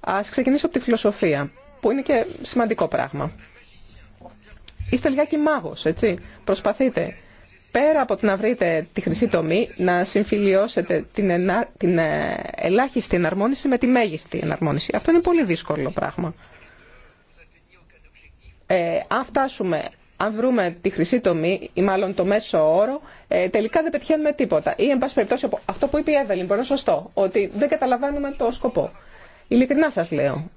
Α ξεκινήσω από τη φιλοσοφία, που είναι και σημαντικό πράγμα. Είστε λιγάκι μάγο, έτσι. Προσπαθείτε πέρα από το να βρείτε τη χρυσή τομή, να συμφιλιώσετε την, ενα... την ε, ελάχιστη εναρμόνιση με τη μέγιστη εναρμόνιση. Αυτό είναι πολύ δύσκολο πράγμα. Ε, αν φτάσουμε, αν βρούμε τη χρυσή τομή ή μάλλον το μέσο όρο, ε, τελικά δεν πετυχαίνουμε τίποτα. Ή, εν πάση περιπτώσει, αυτό που είπε η Εύελιν, μπορεί να είναι σωστό, ότι δεν καταλαβαίνουμε το σκοπό. Ειλικρινά σας λέω,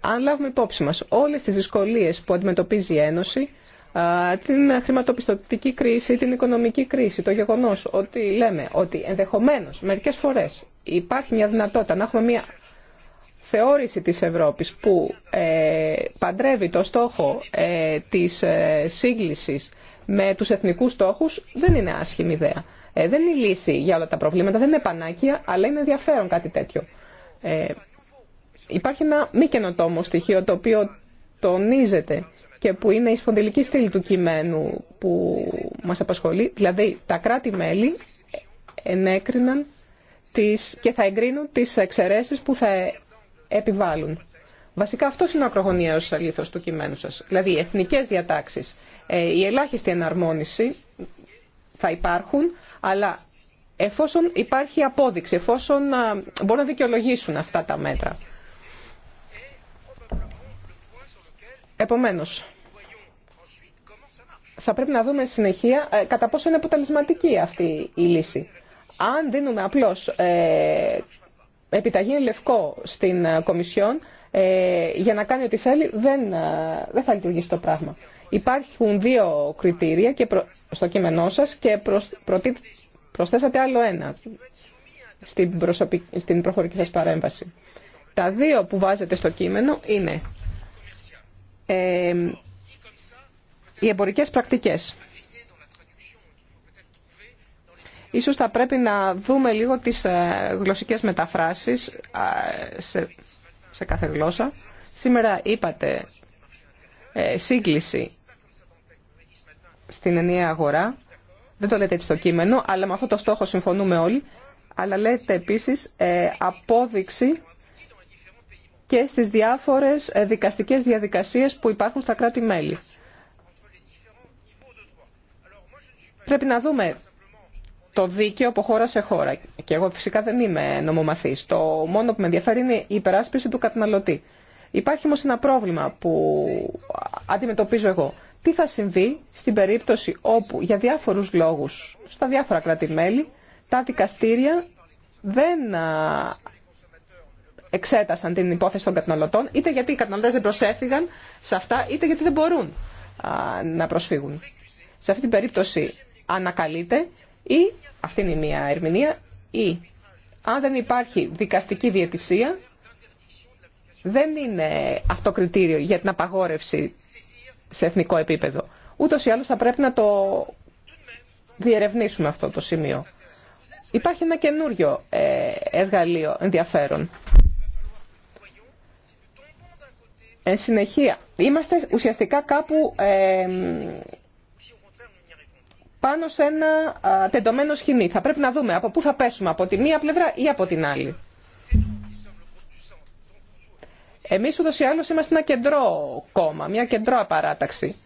αν λάβουμε υπόψη μας όλες τις δυσκολίες που αντιμετωπίζει η Ένωση, την χρηματοπιστωτική κρίση, την οικονομική κρίση, το γεγονός ότι λέμε ότι ενδεχομένως μερικές φορές υπάρχει μια δυνατότητα να έχουμε μια θεώρηση της Ευρώπης που ε, παντρεύει το στόχο ε, της ε, με τους εθνικούς στόχους δεν είναι άσχημη ιδέα. Ε, δεν είναι λύση για όλα τα προβλήματα, δεν είναι πανάκια, αλλά είναι ενδιαφέρον κάτι τέτοιο. Ε, υπάρχει ένα μη καινοτόμο στοιχείο το οποίο τονίζεται και που είναι η σπονδυλική στήλη του κειμένου που μας απασχολεί. Δηλαδή, τα κράτη-μέλη ενέκριναν τις, και θα εγκρίνουν τις εξαιρέσεις που θα επιβάλλουν. Βασικά αυτό είναι ο ακρογωνιαίος αλήθος του κειμένου σας. Δηλαδή, οι εθνικές διατάξεις, ε, η ελάχιστη εναρμόνιση θα υπάρχουν, αλλά εφόσον υπάρχει απόδειξη, εφόσον μπορούν να δικαιολογήσουν αυτά τα μέτρα. Επομένως, θα πρέπει να δούμε συνεχεία ε, κατά πόσο είναι αποτελεσματική αυτή η λύση. Αν δίνουμε απλώς ε, επιταγή λευκό στην ε, Κομισιόν για να κάνει ό,τι θέλει, δεν, δεν θα λειτουργήσει το πράγμα. Υπάρχουν δύο κριτήρια και στο κείμενό σας και προσθέσατε άλλο ένα στην, προσωπική, στην προχωρική σας παρέμβαση. Τα δύο που βάζετε στο κείμενο είναι ε, οι εμπορικές πρακτικές. Ίσως θα πρέπει να δούμε λίγο τις ε, γλωσσικές μεταφράσεις ε, σε κάθε γλώσσα. Σήμερα είπατε σύγκληση στην ενιαία αγορά. Δεν το λέτε έτσι στο κείμενο, αλλά με αυτό το στόχο συμφωνούμε όλοι. Αλλά λέτε επίσης απόδειξη και στις διάφορες ε, δικαστικές διαδικασίες που υπάρχουν στα κράτη-μέλη. Πρέπει να δούμε το δίκαιο από χώρα σε χώρα. Και εγώ φυσικά δεν είμαι νομομαθής. Το μόνο που με ενδιαφέρει είναι η υπεράσπιση του καταναλωτή. Υπάρχει όμως ένα πρόβλημα που αντιμετωπίζω εγώ. Τι θα συμβεί στην περίπτωση όπου για διάφορους λόγους στα διάφορα κράτη-μέλη τα δικαστήρια δεν εξέτασαν την υπόθεση των καταναλωτών, είτε γιατί οι καταναλωτές δεν προσέφηγαν σε αυτά, είτε γιατί δεν μπορούν να προσφύγουν. Σε αυτή την περίπτωση ανακαλείται ή, αυτή είναι η μία μια ή αν δεν υπάρχει δικαστική διαιτησία, δεν είναι αυτό κριτήριο για την απαγόρευση σε εθνικό επίπεδο. Ούτως ή άλλως θα πρέπει να το διερευνήσουμε αυτό το σημείο. Υπάρχει ένα καινούριο ε, εργαλείο ενδιαφέρον. Εν συνεχεία, είμαστε ουσιαστικά κάπου ε, πάνω σε ένα τεντωμένο σχοινί. Θα πρέπει να δούμε από πού θα πέσουμε, από τη μία πλευρά ή από την άλλη. Εμείς ούτως ή άλλως είμαστε ένα κεντρό κόμμα, μια κεντρό απαράταξη.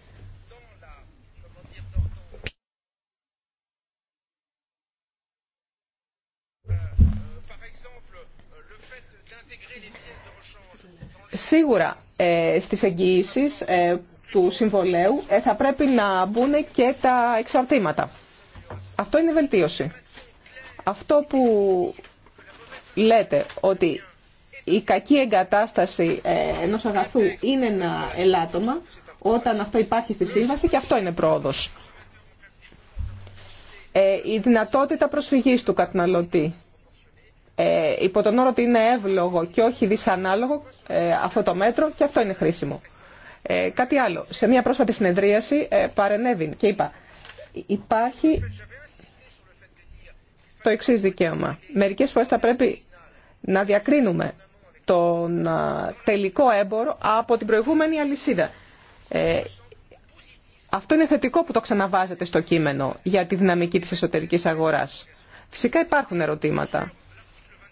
Σίγουρα ε, στις εγγυήσει ε, του συμβολέου ε, θα πρέπει να μπουν και τα εξαρτήματα. Αυτό είναι βελτίωση. Αυτό που λέτε ότι η κακή εγκατάσταση ενός αγαθού είναι ένα ελάττωμα όταν αυτό υπάρχει στη σύμβαση και αυτό είναι πρόοδος. Η δυνατότητα προσφυγής του καταναλωτή ε, υπό τον όρο ότι είναι εύλογο και όχι δυσανάλογο ε, αυτό το μέτρο και αυτό είναι χρήσιμο. Ε, κάτι άλλο. Σε μια πρόσφατη συνεδρίαση ε, παρενέβην και είπα υπάρχει το εξής δικαίωμα. Μερικές φορές θα πρέπει να διακρίνουμε τον τελικό έμπορο από την προηγούμενη αλυσίδα. Ε, αυτό είναι θετικό που το ξαναβάζετε στο κείμενο για τη δυναμική της εσωτερικής αγοράς. Φυσικά υπάρχουν ερωτήματα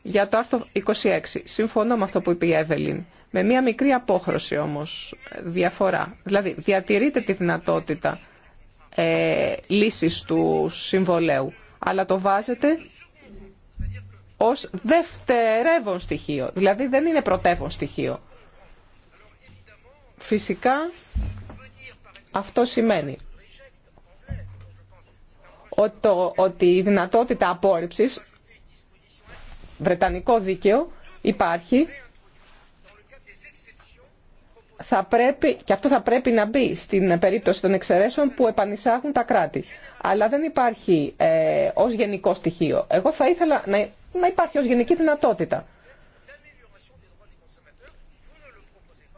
για το άρθρο 26. Συμφωνώ με αυτό που είπε η Εύελιν. Με μία μικρή απόχρωση όμως διαφορά. Δηλαδή διατηρείται τη δυνατότητα ε, λύσης του συμβολέου, αλλά το βάζετε ως δευτερεύον στοιχείο. Δηλαδή δεν είναι πρωτεύον στοιχείο. Φυσικά αυτό σημαίνει ότι η δυνατότητα απόρριψης βρετανικό δίκαιο υπάρχει θα πρέπει, και αυτό θα πρέπει να μπει στην περίπτωση των εξαιρέσεων που επανισάγουν τα κράτη. Αλλά δεν υπάρχει ε, ως γενικό στοιχείο. Εγώ θα ήθελα να, να υπάρχει ως γενική δυνατότητα.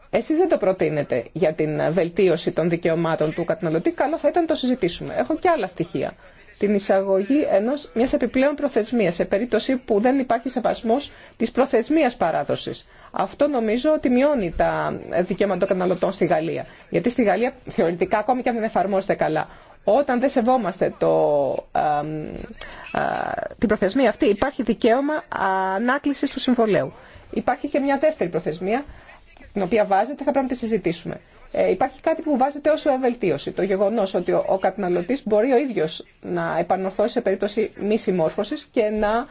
Εσείς δεν το προτείνετε για την βελτίωση των δικαιωμάτων του καταναλωτή. Καλό θα ήταν να το συζητήσουμε. Έχω και άλλα στοιχεία την εισαγωγή ενός, μιας επιπλέον προθεσμίας, σε περίπτωση που δεν υπάρχει σεβασμός της προθεσμίας παράδοσης. Αυτό νομίζω ότι μειώνει τα δικαιώματα των καταναλωτών στη Γαλλία. Γιατί στη Γαλλία θεωρητικά, ακόμη και αν δεν εφαρμόζεται καλά, όταν δεν σεβόμαστε το, την προθεσμία αυτή, υπάρχει δικαίωμα ανάκλησης του συμβολέου. Υπάρχει και μια δεύτερη προθεσμία, την οποία βάζεται, θα πρέπει να τη συζητήσουμε. Ε, υπάρχει κάτι που βάζεται ως βελτίωση. Το γεγονός ότι ο, ο μπορεί ο ίδιος να επανορθώσει σε περίπτωση μη συμμόρφωσης και να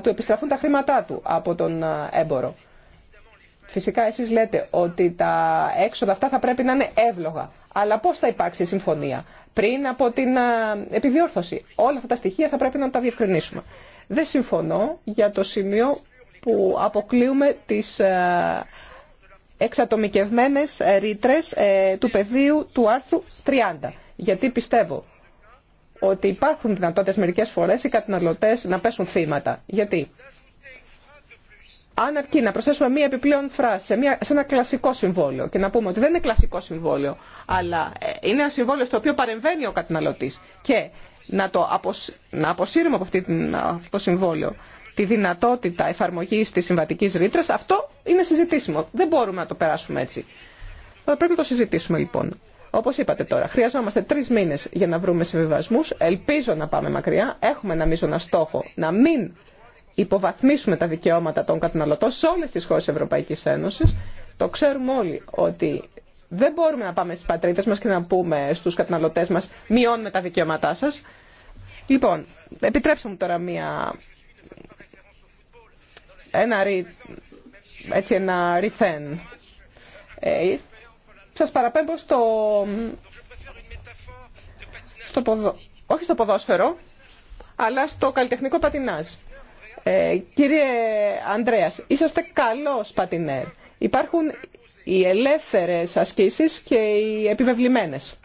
του επιστραφούν τα χρήματά του από τον έμπορο. Φυσικά εσείς λέτε ότι τα έξοδα αυτά θα πρέπει να είναι εύλογα. Αλλά πώς θα υπάρξει συμφωνία πριν από την επιδιόρθωση. Όλα αυτά τα στοιχεία θα πρέπει να τα διευκρινίσουμε. Δεν συμφωνώ για το σημείο που αποκλείουμε τις εξατομικευμένες ε, ρήτρε ε, του πεδίου του άρθρου 30. Γιατί πιστεύω ότι υπάρχουν δυνατότητες μερικές φορές οι καταναλωτές να πέσουν θύματα. Γιατί αν αρκεί να προσθέσουμε μία επιπλέον φράση σε, μια, σε ένα κλασικό συμβόλαιο και να πούμε ότι δεν είναι κλασικό συμβόλαιο, αλλά ε, είναι ένα συμβόλαιο στο οποίο παρεμβαίνει ο καταναλωτή και να το αποσύρουμε από αυτό το συμβόλαιο τη δυνατότητα εφαρμογή τη συμβατική ρήτρα. αυτό είναι συζητήσιμο. Δεν μπορούμε να το περάσουμε έτσι. πρέπει να το συζητήσουμε λοιπόν. Όπω είπατε τώρα, χρειαζόμαστε τρει μήνε για να βρούμε συμβιβασμού. Ελπίζω να πάμε μακριά. Έχουμε ένα μείζωνα στόχο να μην υποβαθμίσουμε τα δικαιώματα των καταναλωτών σε όλε τι χώρε Ευρωπαϊκή Ένωση. Το ξέρουμε όλοι ότι δεν μπορούμε να πάμε στι πατρίδε μα και να πούμε στου καταναλωτέ μα μειώνουμε τα δικαιώματά σα. Λοιπόν, επιτρέψτε μου τώρα μία ένα, έτσι, ένα ρηθέν. Ε, σας παραπέμπω στο, στο ποδο, όχι στο ποδόσφαιρο, αλλά στο καλλιτεχνικό πατινάζ. Ε, κύριε Ανδρέας, είσαστε καλός πατινέρ. Υπάρχουν οι ελεύθερες ασκήσεις και οι επιβεβλημένες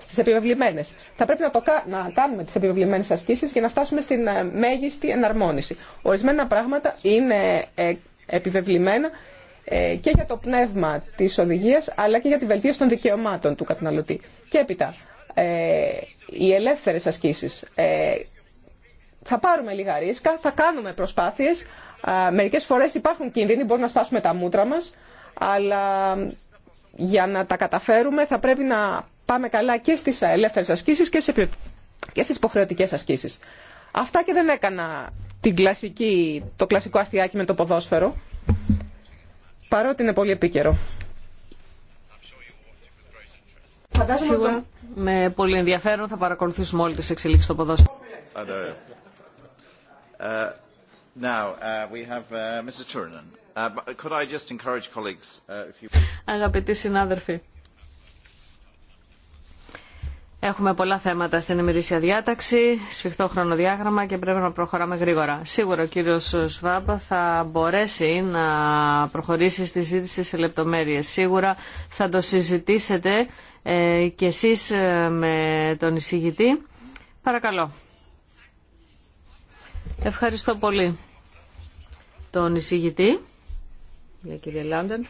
στις επιβεβλημένες. Θα πρέπει να, το, να κάνουμε τις επιβεβλημένες ασκήσεις για να φτάσουμε στην ε, μέγιστη εναρμόνιση. Ορισμένα πράγματα είναι ε, επιβεβλημένα ε, και για το πνεύμα της οδηγίας, αλλά και για τη βελτίωση των δικαιωμάτων του καταναλωτή. Και έπειτα, οι ελεύθερες ασκήσεις. θα πάρουμε λίγα ρίσκα, θα κάνουμε προσπάθειες. μερικές φορές υπάρχουν κίνδυνοι, μπορούμε να στάσουμε τα μούτρα μας, αλλά για να τα καταφέρουμε θα πρέπει να πάμε καλά και στις ελεύθερε ασκήσεις και, σε, και στις υποχρεωτικές ασκήσεις. Αυτά και δεν έκανα την κλασική, το κλασικό αστιάκι με το ποδόσφαιρο, παρότι είναι πολύ επίκαιρο. Σίγουρα με πολύ ενδιαφέρον θα παρακολουθήσουμε όλες τις εξελίξεις στο ποδόσφαιρο. Αγαπητοί συνάδελφοι, Έχουμε πολλά θέματα στην ημερήσια διάταξη, σφιχτό χρονοδιάγραμμα και πρέπει να προχωράμε γρήγορα. Σίγουρα ο κύριος Σβάμπ θα μπορέσει να προχωρήσει στη ζήτηση σε λεπτομέρειες. Σίγουρα θα το συζητήσετε ε, κι εσείς ε, με τον εισηγητή. Παρακαλώ. Ευχαριστώ πολύ τον εισηγητή, για κύριε Λάντεν.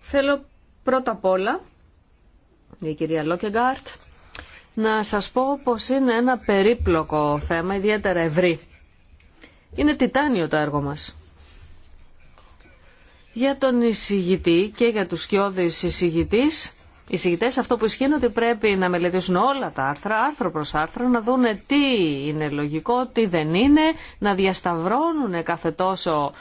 Θέλω πρώτα απ' όλα η κυρία Λόκεγκάρτ. Να σας πω πως είναι ένα περίπλοκο θέμα, ιδιαίτερα ευρύ. Είναι τιτάνιο το έργο μας. Για τον εισηγητή και για τους σκιώδεις εισηγητής, οι εισηγητές αυτό που ισχύει είναι ότι πρέπει να μελετήσουν όλα τα άρθρα, άρθρο προς άρθρο, να δούνε τι είναι λογικό, τι δεν είναι, να διασταυρώνουν κάθε τόσο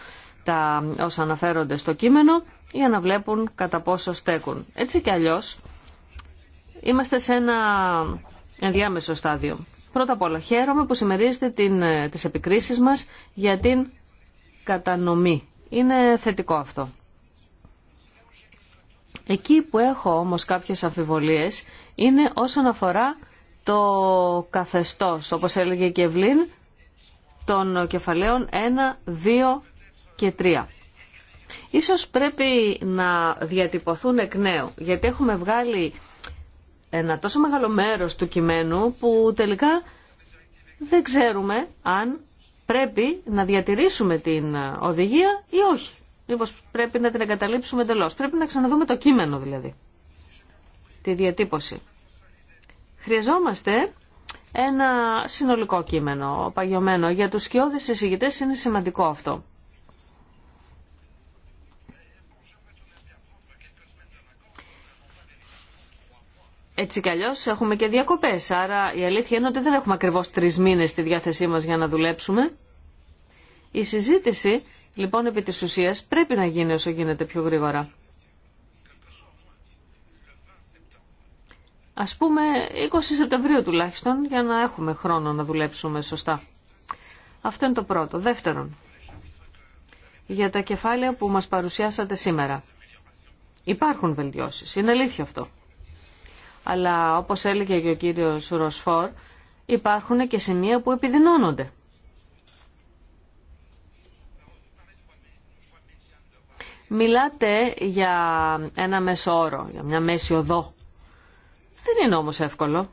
τα όσα αναφέρονται στο κείμενο για να βλέπουν κατά πόσο στέκουν. Έτσι κι αλλιώς Είμαστε σε ένα ενδιάμεσο στάδιο. Πρώτα απ' όλα χαίρομαι που συμμερίζετε την, ε, τις επικρίσεις μας για την κατανομή. Είναι θετικό αυτό. Εκεί που έχω όμως κάποιες αμφιβολίες είναι όσον αφορά το καθεστώς, όπως έλεγε και Ευλήν, των κεφαλαίων 1, 2 και 3. Ίσως πρέπει να διατυπωθούν εκ νέου, γιατί έχουμε βγάλει ένα τόσο μεγάλο μέρος του κειμένου που τελικά δεν ξέρουμε αν πρέπει να διατηρήσουμε την οδηγία ή όχι. Μήπως πρέπει να την εγκαταλείψουμε εντελώ. Πρέπει να ξαναδούμε το κείμενο δηλαδή. Τη διατύπωση. Χρειαζόμαστε ένα συνολικό κείμενο, παγιωμένο. Για τους σκιώδες εισηγητές είναι σημαντικό αυτό. Έτσι κι αλλιώ έχουμε και διακοπές, άρα η αλήθεια είναι ότι δεν έχουμε ακριβώ τρει μήνες στη διάθεσή μας για να δουλέψουμε. Η συζήτηση, λοιπόν, επί τη ουσία πρέπει να γίνει όσο γίνεται πιο γρήγορα. Ας πούμε 20 Σεπτεμβρίου τουλάχιστον για να έχουμε χρόνο να δουλέψουμε σωστά. Αυτό είναι το πρώτο. Δεύτερον, για τα κεφάλαια που μας παρουσιάσατε σήμερα. Υπάρχουν βελτιώσεις, είναι αλήθεια αυτό. Αλλά όπως έλεγε και ο κύριος Ροσφόρ, υπάρχουν και σημεία που επιδεινώνονται. Μιλάτε για ένα μέσο όρο, για μια μέση οδό. Δεν είναι όμως εύκολο.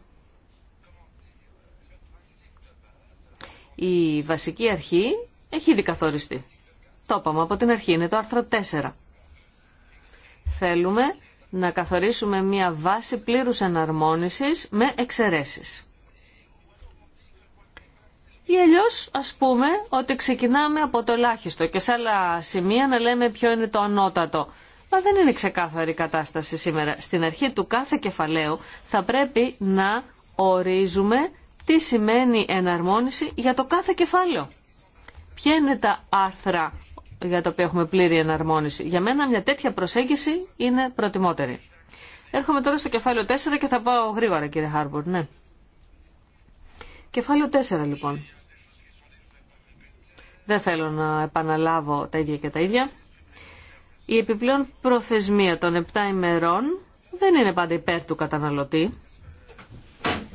Η βασική αρχή έχει ήδη καθοριστεί. Το είπαμε από την αρχή, είναι το άρθρο 4. Θέλουμε να καθορίσουμε μια βάση πλήρους εναρμόνισης με εξαιρέσεις. Ή αλλιώ ας πούμε ότι ξεκινάμε από το ελάχιστο και σε άλλα σημεία να λέμε ποιο είναι το ανώτατο. Μα δεν είναι ξεκάθαρη η κατάσταση σήμερα. Στην αρχή του κάθε κεφαλαίου θα πρέπει να ορίζουμε τι σημαίνει εναρμόνιση για το κάθε κεφάλαιο. Ποια είναι τα άρθρα για το οποίο έχουμε πλήρη εναρμόνιση. Για μένα μια τέτοια προσέγγιση είναι προτιμότερη. Έρχομαι τώρα στο κεφάλαιο 4 και θα πάω γρήγορα κύριε Χάρμπορ, ναι. Κεφάλαιο 4 λοιπόν. Δεν θέλω να επαναλάβω τα ίδια και τα ίδια. Η επιπλέον προθεσμία των 7 ημερών δεν είναι πάντα υπέρ του καταναλωτή,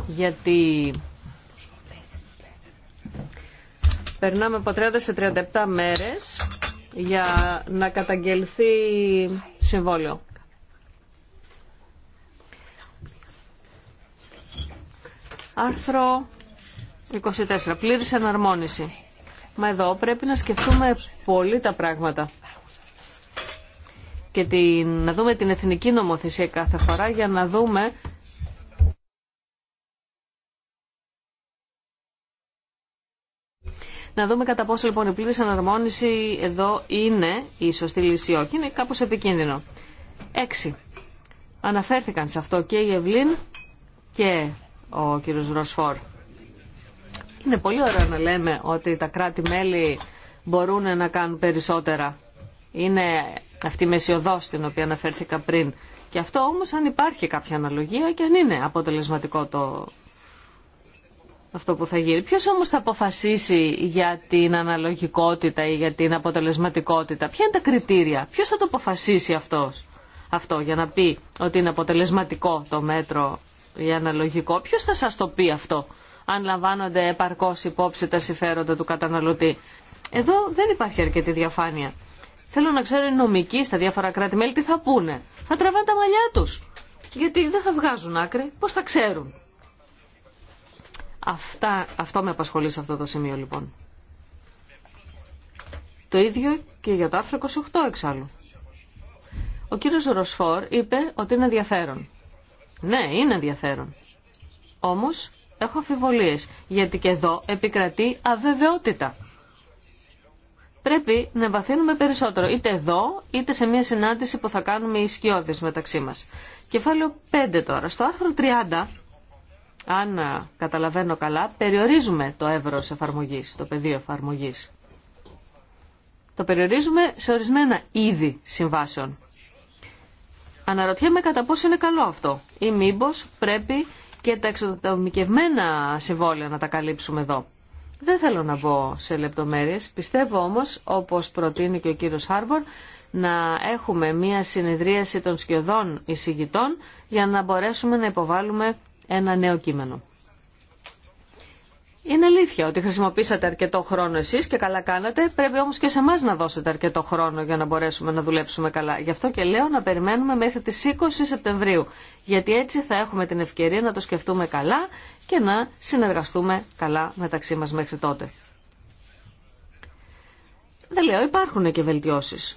γιατί περνάμε από 30 σε 37 μέρες για να καταγγελθεί συμβόλαιο. Άρθρο 24. Πλήρης εναρμόνιση. Μα εδώ πρέπει να σκεφτούμε πολύ τα πράγματα και την, να δούμε την εθνική νομοθεσία κάθε φορά για να δούμε Να δούμε κατά πόσο λοιπόν η πλήρη αναρμόνιση εδώ είναι η σωστή λύση όχι. Είναι κάπως επικίνδυνο. 6. Αναφέρθηκαν σε αυτό και η Ευλίν και ο κύριος Ροσφόρ. Είναι πολύ ωραίο να λέμε ότι τα κράτη-μέλη μπορούν να κάνουν περισσότερα. Είναι αυτή η μεσιοδόση στην οποία αναφέρθηκα πριν. Και αυτό όμως αν υπάρχει κάποια αναλογία και αν είναι αποτελεσματικό το αυτό που θα γίνει. Ποιος όμως θα αποφασίσει για την αναλογικότητα ή για την αποτελεσματικότητα. Ποια είναι τα κριτήρια. Ποιος θα το αποφασίσει αυτός. αυτό για να πει ότι είναι αποτελεσματικό το μέτρο ή αναλογικό. Ποιος θα σας το πει αυτό αν λαμβάνονται επαρκώς υπόψη τα συμφέροντα του καταναλωτή. Εδώ δεν υπάρχει αρκετή διαφάνεια. Θέλω να ξέρω οι νομικοί στα διάφορα κράτη-μέλη τι θα πούνε. Θα τραβάνε τα μαλλιά τους. Γιατί δεν θα βγάζουν άκρη. Πώς θα ξέρουν. Αυτά, αυτό με απασχολεί σε αυτό το σημείο λοιπόν. Το ίδιο και για το άρθρο 28 εξάλλου. Ο κύριος Ροσφόρ είπε ότι είναι ενδιαφέρον. Ναι, είναι ενδιαφέρον. Όμως έχω αφιβολίες, γιατί και εδώ επικρατεί αβεβαιότητα. Πρέπει να βαθύνουμε περισσότερο, είτε εδώ, είτε σε μια συνάντηση που θα κάνουμε οι σκιώδεις μεταξύ μας. Κεφάλαιο 5 τώρα. Στο άρθρο 30 αν καταλαβαίνω καλά, περιορίζουμε το εύρο εφαρμογή, το πεδίο εφαρμογή. Το περιορίζουμε σε ορισμένα είδη συμβάσεων. Αναρωτιέμαι κατά πόσο είναι καλό αυτό ή μήπω πρέπει και τα εξοδομικευμένα συμβόλαια να τα καλύψουμε εδώ. Δεν θέλω να μπω σε λεπτομέρειες. Πιστεύω όμως, όπως προτείνει και ο κύριος Χάρμπορ, να έχουμε μία συνεδρίαση των σκιωδών εισηγητών για να μπορέσουμε να υποβάλουμε ένα νέο κείμενο. Είναι αλήθεια ότι χρησιμοποίησατε αρκετό χρόνο εσεί και καλά κάνατε. Πρέπει όμω και σε εμά να δώσετε αρκετό χρόνο για να μπορέσουμε να δουλέψουμε καλά. Γι' αυτό και λέω να περιμένουμε μέχρι τι 20 Σεπτεμβρίου. Γιατί έτσι θα έχουμε την ευκαιρία να το σκεφτούμε καλά και να συνεργαστούμε καλά μεταξύ μα μέχρι τότε. Δεν λέω, υπάρχουν και βελτιώσει.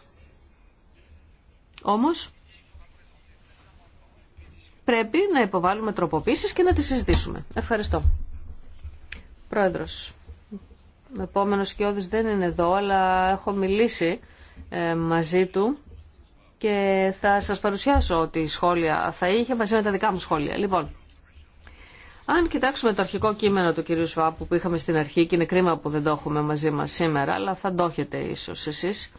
Όμως, πρέπει να υποβάλουμε τροποποίησεις και να τις συζητήσουμε. Ευχαριστώ. Πρόεδρος, ο επόμενο Κιώδης δεν είναι εδώ, αλλά έχω μιλήσει ε, μαζί του και θα σας παρουσιάσω ότι σχόλια θα είχε μαζί με τα δικά μου σχόλια. Λοιπόν, αν κοιτάξουμε το αρχικό κείμενο του κυρίου Σουάπου που είχαμε στην αρχή και είναι κρίμα που δεν το έχουμε μαζί μας σήμερα, αλλά θα το έχετε ίσως εσείς,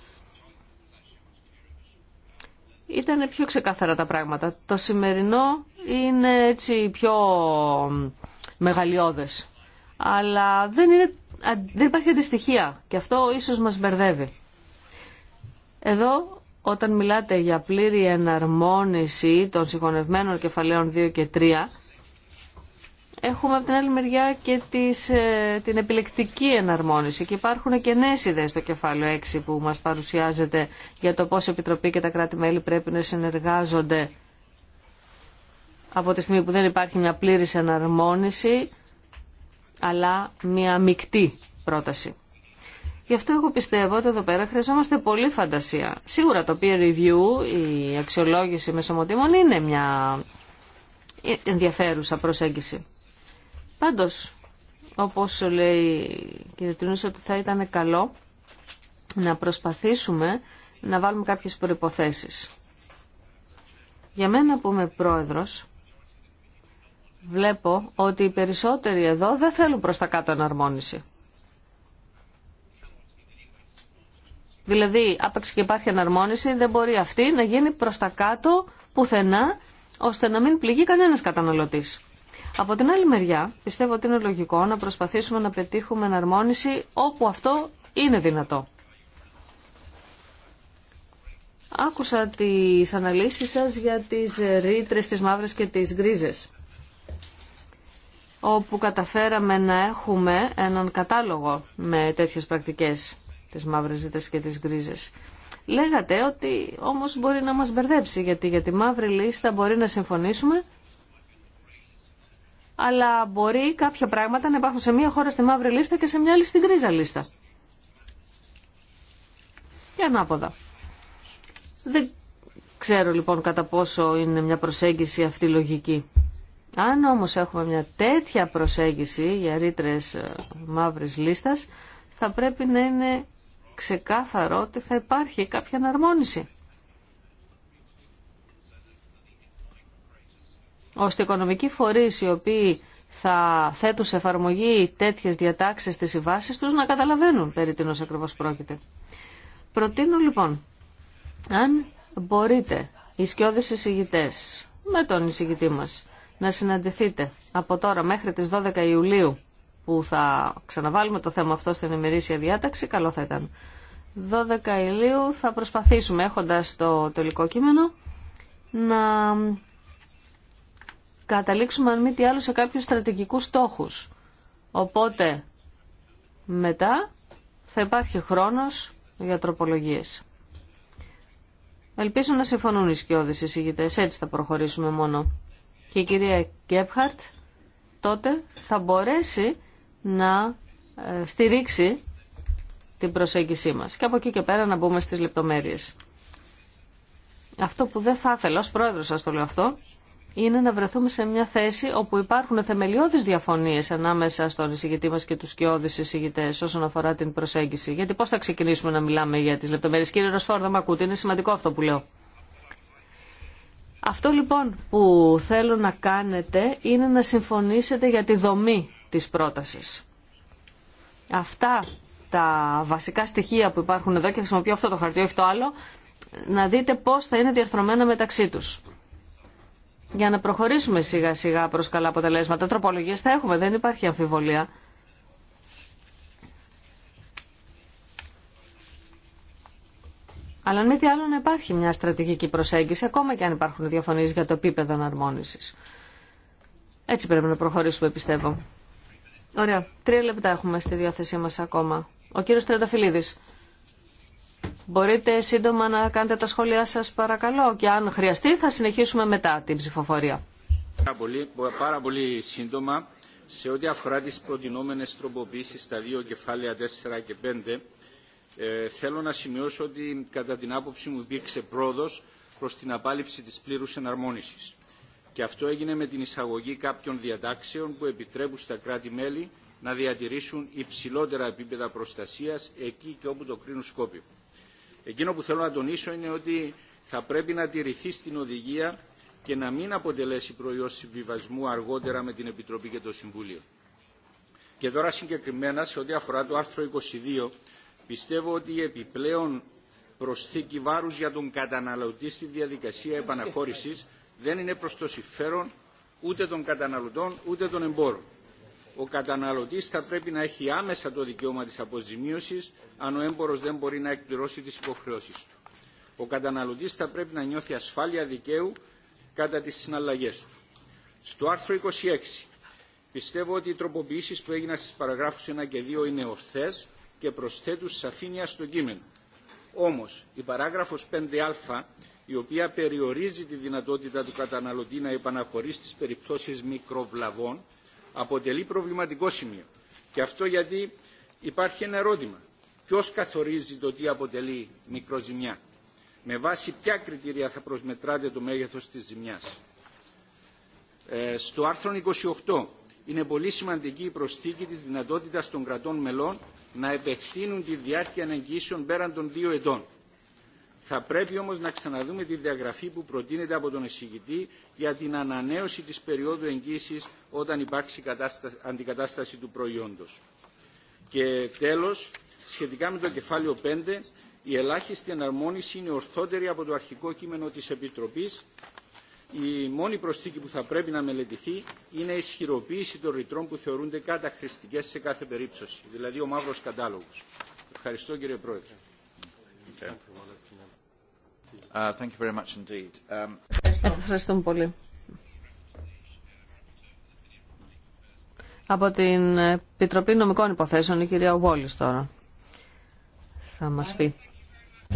ήταν πιο ξεκάθαρα τα πράγματα. Το σημερινό είναι έτσι πιο μεγαλειώδες. Αλλά δεν, είναι, δεν υπάρχει αντιστοιχεία και αυτό ίσως μας μπερδεύει. Εδώ όταν μιλάτε για πλήρη εναρμόνιση των συγχωνευμένων κεφαλαίων 2 και 3 έχουμε από την άλλη μεριά και τις, ε, την επιλεκτική εναρμόνιση και υπάρχουν και νέες ιδέες στο κεφάλαιο 6 που μας παρουσιάζεται για το πώς η Επιτροπή και τα κράτη-μέλη πρέπει να συνεργάζονται από τη στιγμή που δεν υπάρχει μια πλήρης εναρμόνιση αλλά μια μεικτή πρόταση. Γι' αυτό εγώ πιστεύω ότι εδώ πέρα χρειαζόμαστε πολύ φαντασία. Σίγουρα το peer review, η αξιολόγηση μεσομοτήμων είναι μια ενδιαφέρουσα προσέγγιση. Πάντως, όπως λέει η κ. ότι θα ήταν καλό να προσπαθήσουμε να βάλουμε κάποιες προϋποθέσεις. Για μένα που είμαι πρόεδρος, βλέπω ότι οι περισσότεροι εδώ δεν θέλουν προς τα κάτω εναρμόνιση. Δηλαδή, άπαξ και υπάρχει εναρμόνιση, δεν μπορεί αυτή να γίνει προς τα κάτω πουθενά, ώστε να μην πληγεί κανένας καταναλωτής. Από την άλλη μεριά, πιστεύω ότι είναι λογικό να προσπαθήσουμε να πετύχουμε εναρμόνιση όπου αυτό είναι δυνατό. Άκουσα τις αναλύσεις σας για τις ρήτρες, της μαύρες και τις γκρίζες όπου καταφέραμε να έχουμε έναν κατάλογο με τέτοιες πρακτικές, τις μαύρες ζήτες και τις γκρίζες. Λέγατε ότι όμως μπορεί να μας μπερδέψει, γιατί για τη μαύρη λίστα μπορεί να συμφωνήσουμε, αλλά μπορεί κάποια πράγματα να υπάρχουν σε μία χώρα στη μαύρη λίστα και σε μια άλλη στην γκριζα λίστα. Και ανάποδα. Δεν ξέρω λοιπόν κατά πόσο είναι μια προσέγγιση αυτή λογική. Αν όμως έχουμε μια τέτοια προσέγγιση για ρήτρε ε, μαύρης λίστας, θα πρέπει να είναι ξεκάθαρο ότι θα υπάρχει κάποια αναρμόνιση. ώστε οι οικονομικοί φορείς οι οποίοι θα θέτουν σε εφαρμογή τέτοιες διατάξεις στις συμβάσεις τους να καταλαβαίνουν περί τίνος πρόκειται. Προτείνω λοιπόν, αν μπορείτε, οι σκιώδεις εισηγητέ με τον εισηγητή μας, να συναντηθείτε από τώρα μέχρι τις 12 Ιουλίου που θα ξαναβάλουμε το θέμα αυτό στην ημερήσια διάταξη, καλό θα ήταν. 12 Ιουλίου θα προσπαθήσουμε έχοντας το τελικό κείμενο να καταλήξουμε αν μη τι άλλο σε κάποιους στρατηγικούς στόχους. Οπότε μετά θα υπάρχει χρόνος για τροπολογίες. Ελπίζω να συμφωνούν οι σκιώδεις εισηγητές, έτσι θα προχωρήσουμε μόνο. Και η κυρία Γκέπχαρτ τότε θα μπορέσει να ε, στηρίξει την προσέγγισή μας. Και από εκεί και πέρα να μπούμε στις λεπτομέρειες. Αυτό που δεν θα ήθελα, ως πρόεδρος σας το λέω αυτό, είναι να βρεθούμε σε μια θέση όπου υπάρχουν θεμελιώδεις διαφωνίες ανάμεσα στον εισηγητή μας και τους σκιώδεις εισηγητές όσον αφορά την προσέγγιση. Γιατί πώς θα ξεκινήσουμε να μιλάμε για τις λεπτομέρειες. Κύριε δεν με ακούτε, είναι σημαντικό αυτό που λέω. Αυτό λοιπόν που θέλω να κάνετε είναι να συμφωνήσετε για τη δομή της πρότασης. Αυτά τα βασικά στοιχεία που υπάρχουν εδώ και χρησιμοποιώ αυτό το χαρτί, όχι το άλλο, να δείτε πώς θα είναι διαρθρωμένα μεταξύ τους για να προχωρήσουμε σιγά σιγά προς καλά αποτελέσματα. Τροπολογίες θα έχουμε, δεν υπάρχει αμφιβολία. Αλλά αν μη τι άλλο να υπάρχει μια στρατηγική προσέγγιση, ακόμα και αν υπάρχουν διαφωνίες για το επίπεδο αναρμόνισης. Έτσι πρέπει να προχωρήσουμε, πιστεύω. Ωραία. Τρία λεπτά έχουμε στη διάθεσή μας ακόμα. Ο κύριος Τρενταφυλλίδης. Μπορείτε σύντομα να κάνετε τα σχόλιά σας παρακαλώ και αν χρειαστεί θα συνεχίσουμε μετά την ψηφοφορία. Πάρα πολύ, πάρα πολύ σύντομα σε ό,τι αφορά τις προτινόμενες τροποποίησεις στα δύο κεφάλαια 4 και 5 ε, θέλω να σημειώσω ότι κατά την άποψη μου υπήρξε πρόοδος προς την απάλληψη της πλήρους εναρμόνισης. Και αυτό έγινε με την εισαγωγή κάποιων διατάξεων που επιτρέπουν στα κράτη-μέλη να διατηρήσουν υψηλότερα επίπεδα προστασίας εκεί και όπου το κρίνουν σκόπιμο. Εκείνο που θέλω να τονίσω είναι ότι θα πρέπει να τηρηθεί στην οδηγία και να μην αποτελέσει προϊόν συμβιβασμού αργότερα με την Επιτροπή και το Συμβούλιο. Και τώρα συγκεκριμένα σε ό,τι αφορά το άρθρο 22, πιστεύω ότι η επιπλέον προσθήκη βάρους για τον καταναλωτή στη διαδικασία επαναχώρησης δεν είναι προς το συμφέρον ούτε των καταναλωτών ούτε των εμπόρων ο καταναλωτής θα πρέπει να έχει άμεσα το δικαίωμα της αποζημίωσης αν ο έμπορος δεν μπορεί να εκπληρώσει τις υποχρεώσεις του. Ο καταναλωτής θα πρέπει να νιώθει ασφάλεια δικαίου κατά τις συναλλαγές του. Στο άρθρο 26 πιστεύω ότι οι τροποποιήσεις που έγιναν στις παραγράφους 1 και 2 είναι ορθές και προσθέτουν σαφήνεια στο κείμενο. Όμως η παράγραφος 5α η οποία περιορίζει τη δυνατότητα του καταναλωτή να επαναχωρεί στις περιπτώσεις μικροβλαβών αποτελεί προβληματικό σημείο. Και αυτό γιατί υπάρχει ένα ερώτημα. Ποιο καθορίζει το τι αποτελεί μικροζημιά. Με βάση ποια κριτήρια θα προσμετράτε το μέγεθος της ζημιάς. Ε, στο άρθρο 28 είναι πολύ σημαντική η προσθήκη της δυνατότητας των κρατών μελών να επεκτείνουν τη διάρκεια εγγύσεων πέραν των δύο ετών. Θα πρέπει όμως να ξαναδούμε τη διαγραφή που προτείνεται από τον εισηγητή για την ανανέωση της περίοδου εγγύησης όταν υπάρξει αντικατάσταση του προϊόντος. Και τέλος, σχετικά με το κεφάλαιο 5, η ελάχιστη εναρμόνιση είναι ορθότερη από το αρχικό κείμενο της Επιτροπής. Η μόνη προσθήκη που θα πρέπει να μελετηθεί είναι η ισχυροποίηση των ρητρών που θεωρούνται καταχρηστικές σε κάθε περίπτωση, δηλαδή ο μαύρος κατάλογος. Ευχαριστώ κύριε Πρόεδρε. Okay. Uh, thank you very much indeed. Um... πολύ. Από την Επιτροπή Νομικών Υποθέσεων, η κυρία Βόλης τώρα θα μας πει.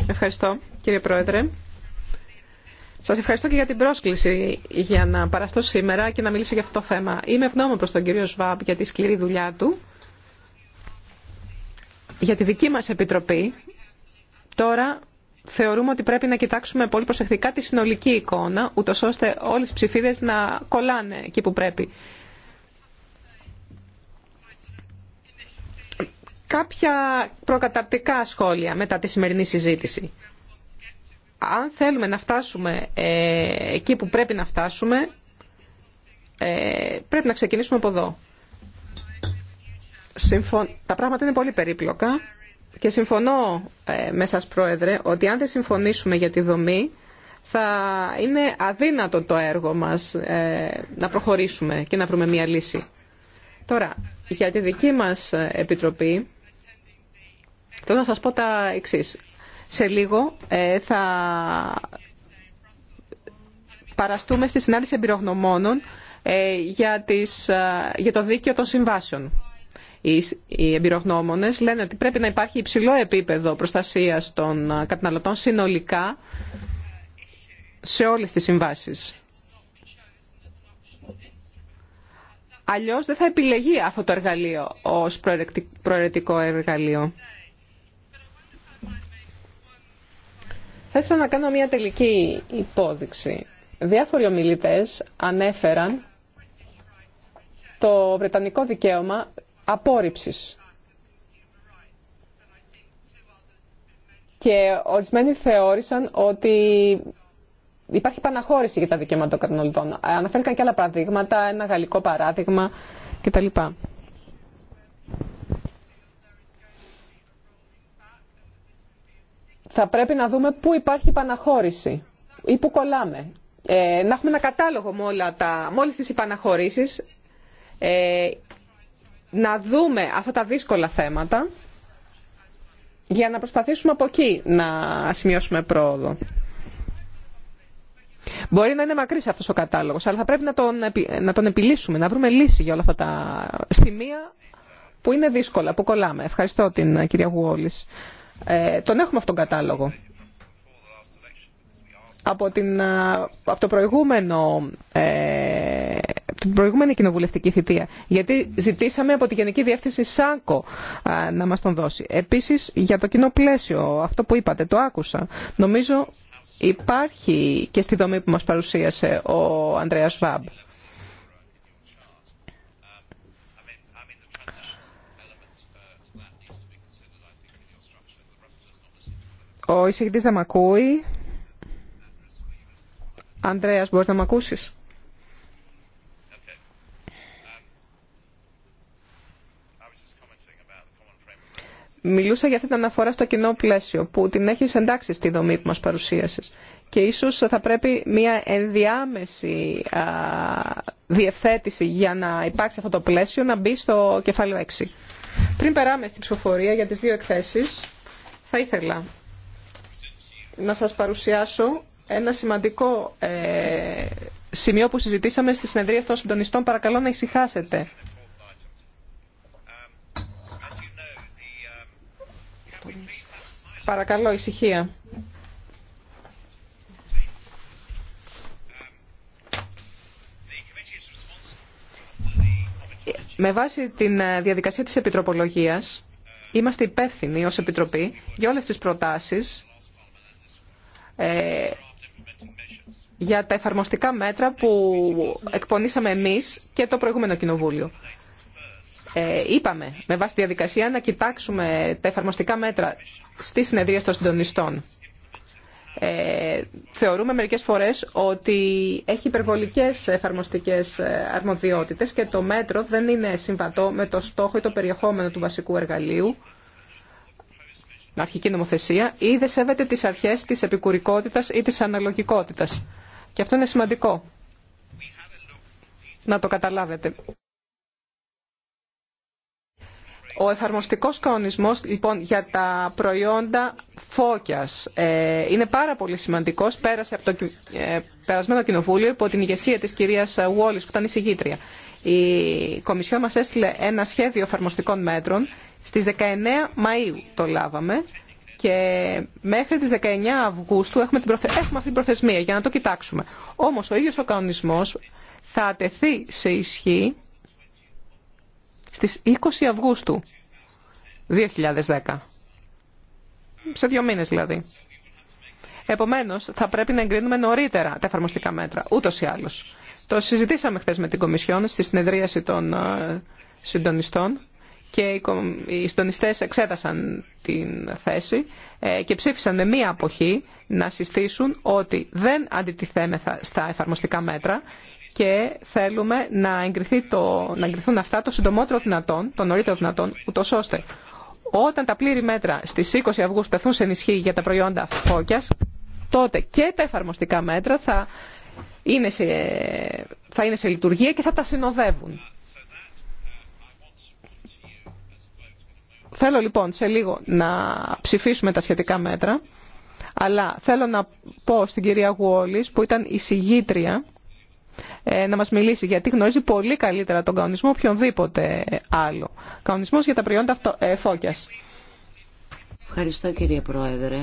Ευχαριστώ κύριε Πρόεδρε. Σας ευχαριστώ και για την πρόσκληση για να παραστώ σήμερα και να μιλήσω για αυτό το θέμα. Είμαι ευγνώμων προς τον κύριο Σβάμπ για τη σκληρή δουλειά του. Για τη δική μας Επιτροπή τώρα θεωρούμε ότι πρέπει να κοιτάξουμε πολύ προσεκτικά τη συνολική εικόνα, ούτως ώστε όλες οι ψηφίδες να κολλάνε εκεί που πρέπει. κάποια προκαταρτικά σχόλια μετά τη σημερινή συζήτηση. Αν θέλουμε να φτάσουμε ε, εκεί που πρέπει να φτάσουμε, ε, πρέπει να ξεκινήσουμε από εδώ. Τα πράγματα είναι πολύ περίπλοκα και συμφωνώ ε, με σας, Πρόεδρε, ότι αν δεν συμφωνήσουμε για τη δομή, θα είναι αδύνατο το έργο μας να προχωρήσουμε και να βρούμε μία λύση. Τώρα, για τη δική μας ε, Επιτροπή, θέλω να σας πω τα εξής. Σε λίγο ε, θα παραστούμε στη συνάντηση εμπειρογνωμόνων ε, για, τις, για το δίκαιο των συμβάσεων. Οι, οι εμπειρογνώμονες λένε ότι πρέπει να υπάρχει υψηλό επίπεδο προστασίας των καταναλωτών συνολικά σε όλες τις συμβάσεις. Αλλιώς δεν θα επιλεγεί αυτό το εργαλείο ως προαιρετικό εργαλείο. Θα ήθελα να κάνω μια τελική υπόδειξη. Διάφοροι ομιλητές ανέφεραν το βρετανικό δικαίωμα απόρριψης. Και ορισμένοι θεώρησαν ότι υπάρχει παναχώρηση για τα δικαιώματα των καταναλωτών. Αναφέρθηκαν και άλλα παραδείγματα, ένα γαλλικό παράδειγμα κτλ. Θα πρέπει να δούμε πού υπάρχει παναχώρηση ή πού κολλάμε. Ε, να έχουμε ένα κατάλογο με, όλα τα, με όλες τις υπαναχωρήσεις, ε, να δούμε αυτά τα δύσκολα θέματα για να προσπαθήσουμε από εκεί να σημειώσουμε πρόοδο. Μπορεί να είναι μακρύ αυτό ο κατάλογο, αλλά θα πρέπει να τον, να τον επιλύσουμε, να βρούμε λύση για όλα αυτά τα σημεία που είναι δύσκολα, που κολλάμε. Ευχαριστώ την ε, κυρία Γουόλη. Ε, τον έχουμε αυτόν τον κατάλογο. Από, την, ε, από προηγούμενο, ε, προηγούμενη κοινοβουλευτική θητεία. Γιατί ζητήσαμε από τη Γενική Διεύθυνση ΣΑΝΚΟ ε, να μας τον δώσει. Επίσης, για το κοινό πλαίσιο, αυτό που είπατε, το άκουσα. Νομίζω υπάρχει και στη δομή που μας παρουσίασε ο Ανδρέας Βάμπ. Ο εισηγητής δεν με ακούει. Ανδρέας, μπορείς να με ακούσεις. Μιλούσα για αυτή την αναφορά στο κοινό πλαίσιο που την έχει εντάξει στη δομή που μας παρουσίασε. και ίσως θα πρέπει μια ενδιάμεση α, διευθέτηση για να υπάρξει αυτό το πλαίσιο να μπει στο κεφάλαιο 6. Πριν περάμε στην ψηφοφορία για τις δύο εκθέσεις, θα ήθελα να σας παρουσιάσω ένα σημαντικό ε, σημείο που συζητήσαμε στη συνεδρία των συντονιστών. Παρακαλώ να ησυχάσετε. Παρακαλώ, ησυχία. Με βάση τη ε, διαδικασία της επιτροπολογίας, είμαστε υπεύθυνοι ως Επιτροπή για όλες τις προτάσεις ε, για τα εφαρμοστικά μέτρα που εκπονήσαμε εμείς και το προηγούμενο Κοινοβούλιο. Ε, είπαμε με βάση τη διαδικασία να κοιτάξουμε τα εφαρμοστικά μέτρα στη συνεδρία των συντονιστών. Ε, θεωρούμε μερικές φορές ότι έχει υπερβολικές εφαρμοστικές ε, αρμοδιότητες και το μέτρο δεν είναι συμβατό με το στόχο ή το περιεχόμενο του βασικού εργαλείου, αρχική νομοθεσία, ή δεν σέβεται τις αρχές της επικουρικότητας ή της αναλογικότητας. Και αυτό είναι σημαντικό να το καταλάβετε. Ο εφαρμοστικός κανονισμός λοιπόν για τα προϊόντα φώκιας ε, είναι πάρα πολύ σημαντικός. Πέρασε από το ε, περασμένο κοινοβούλιο υπό την ηγεσία της κυρίας Βόλης που ήταν συγγήτρια. Η Κομισιόν μας έστειλε ένα σχέδιο εφαρμοστικών μέτρων. Στις 19 Μαΐου το λάβαμε και μέχρι τις 19 Αυγούστου έχουμε, την έχουμε αυτή την προθεσμία για να το κοιτάξουμε. Όμως ο ίδιος ο κανονισμός θα τεθεί σε ισχύ στις 20 Αυγούστου 2010. Σε δύο μήνες δηλαδή. Επομένως, θα πρέπει να εγκρίνουμε νωρίτερα τα εφαρμοστικά μέτρα, ούτως ή άλλως. Το συζητήσαμε χθες με την Κομισιόν στη συνεδρίαση των ε, συντονιστών και οι συντονιστές εξέτασαν την θέση ε, και ψήφισαν με μία αποχή να συστήσουν ότι δεν αντιτιθέμεθα στα εφαρμοστικά μέτρα και θέλουμε να, το, να εγκριθούν αυτά το συντομότερο δυνατόν, το νωρίτερο δυνατόν, ούτω ώστε όταν τα πλήρη μέτρα στις 20 Αυγούστου τεθούν σε ενισχύ για τα προϊόντα φώκιας, τότε και τα εφαρμοστικά μέτρα θα είναι σε, θα είναι σε λειτουργία και θα τα συνοδεύουν. Θέλω λοιπόν σε λίγο να ψηφίσουμε τα σχετικά μέτρα, αλλά θέλω να πω στην κυρία Γουόλης που ήταν η συγγήτρια ε, να μας μιλήσει γιατί γνωρίζει πολύ καλύτερα τον κανονισμό οποιονδήποτε άλλο. Κανονισμός για τα προϊόντα αυτο, ε, φώκιας. Ευχαριστώ κύριε Πρόεδρε.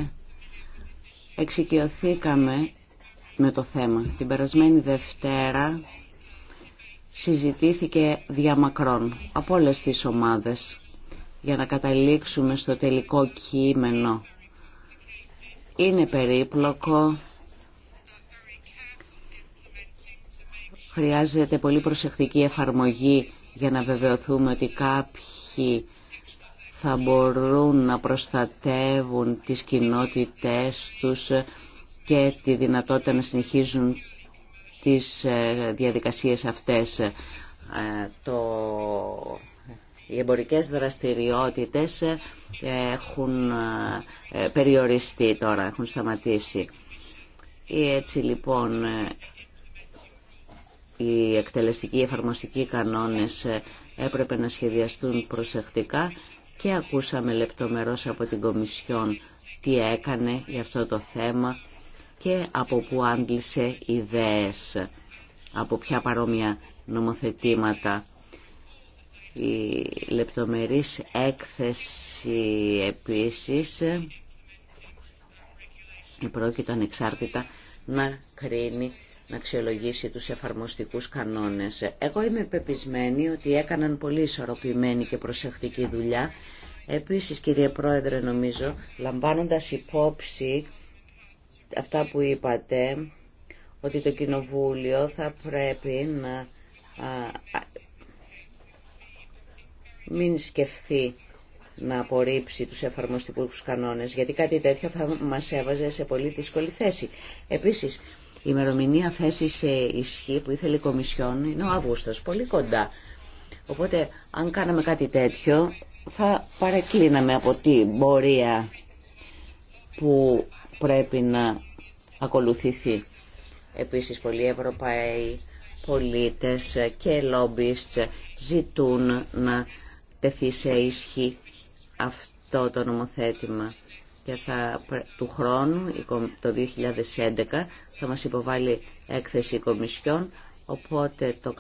Εξοικειωθήκαμε με το θέμα. Την περασμένη Δευτέρα συζητήθηκε διαμακρών από όλες τις ομάδες για να καταλήξουμε στο τελικό κείμενο. Είναι περίπλοκο, χρειάζεται πολύ προσεκτική εφαρμογή για να βεβαιωθούμε ότι κάποιοι θα μπορούν να προστατεύουν τις κοινότητές τους και τη δυνατότητα να συνεχίζουν τις ε, διαδικασίες αυτές. Ε, το... Οι εμπορικές δραστηριότητες ε, έχουν περιοριστεί τώρα, έχουν σταματήσει. Έτσι λοιπόν οι εκτελεστικοί εφαρμοστικοί κανόνες έπρεπε να σχεδιαστούν προσεκτικά και ακούσαμε λεπτομερώς από την Κομισιόν τι έκανε για αυτό το θέμα και από πού άντλησε ιδέες, από ποια παρόμοια νομοθετήματα. Η λεπτομερής έκθεση επίσης πρόκειται ανεξάρτητα να κρίνει να αξιολογήσει τους εφαρμοστικούς κανόνες. Εγώ είμαι πεπισμένη ότι έκαναν πολύ ισορροπημένη και προσεκτική δουλειά. Επίσης, κύριε Πρόεδρε, νομίζω, λαμβάνοντας υπόψη αυτά που είπατε, ότι το Κοινοβούλιο θα πρέπει να μην σκεφτεί να απορρίψει τους εφαρμοστικούς κανόνες, γιατί κάτι τέτοιο θα μας έβαζε σε πολύ δύσκολη θέση. Επίσης, η ημερομηνία θέση σε ισχύ που ήθελε η Κομισιόν είναι ο Αύγουστος, πολύ κοντά. Οπότε αν κάναμε κάτι τέτοιο θα παρεκκλίναμε από την πορεία που πρέπει να ακολουθηθεί. Επίσης πολλοί Ευρωπαίοι πολίτες και λόμπιστς ζητούν να τεθεί σε ισχύ αυτό το νομοθέτημα και του χρόνου, το 2011, θα μας υποβάλει έκθεση κομισιών, οπότε το,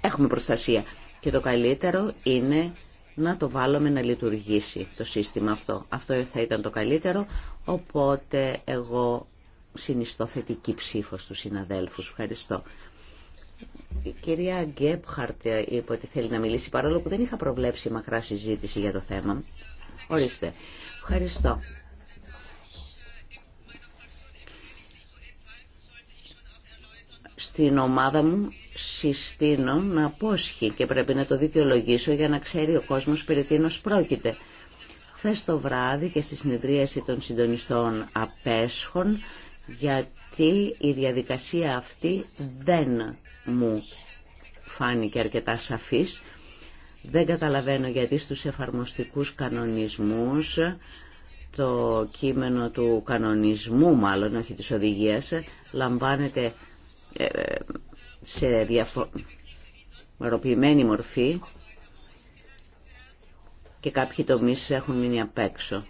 έχουμε προστασία. Και το καλύτερο είναι να το βάλουμε να λειτουργήσει το σύστημα αυτό. Αυτό θα ήταν το καλύτερο, οπότε εγώ συνιστώ θετική ψήφο στους συναδέλφους. Ευχαριστώ. Η κυρία Γκέπχαρτ ε, είπε ότι θέλει να μιλήσει, παρόλο που δεν είχα προβλέψει μακρά συζήτηση για το θέμα. Ορίστε. Ευχαριστώ. στην ομάδα μου συστήνω να απόσχει και πρέπει να το δικαιολογήσω για να ξέρει ο κόσμος περί πρόκειται. Χθε το βράδυ και στη συνεδρίαση των συντονιστών απέσχων γιατί η διαδικασία αυτή δεν μου φάνηκε αρκετά σαφής. Δεν καταλαβαίνω γιατί στους εφαρμοστικούς κανονισμούς το κείμενο του κανονισμού μάλλον, όχι της οδηγίας, λαμβάνεται ε, σε διαφοροποιημένη μορφή και κάποιοι τομείς έχουν μείνει απ' έξω.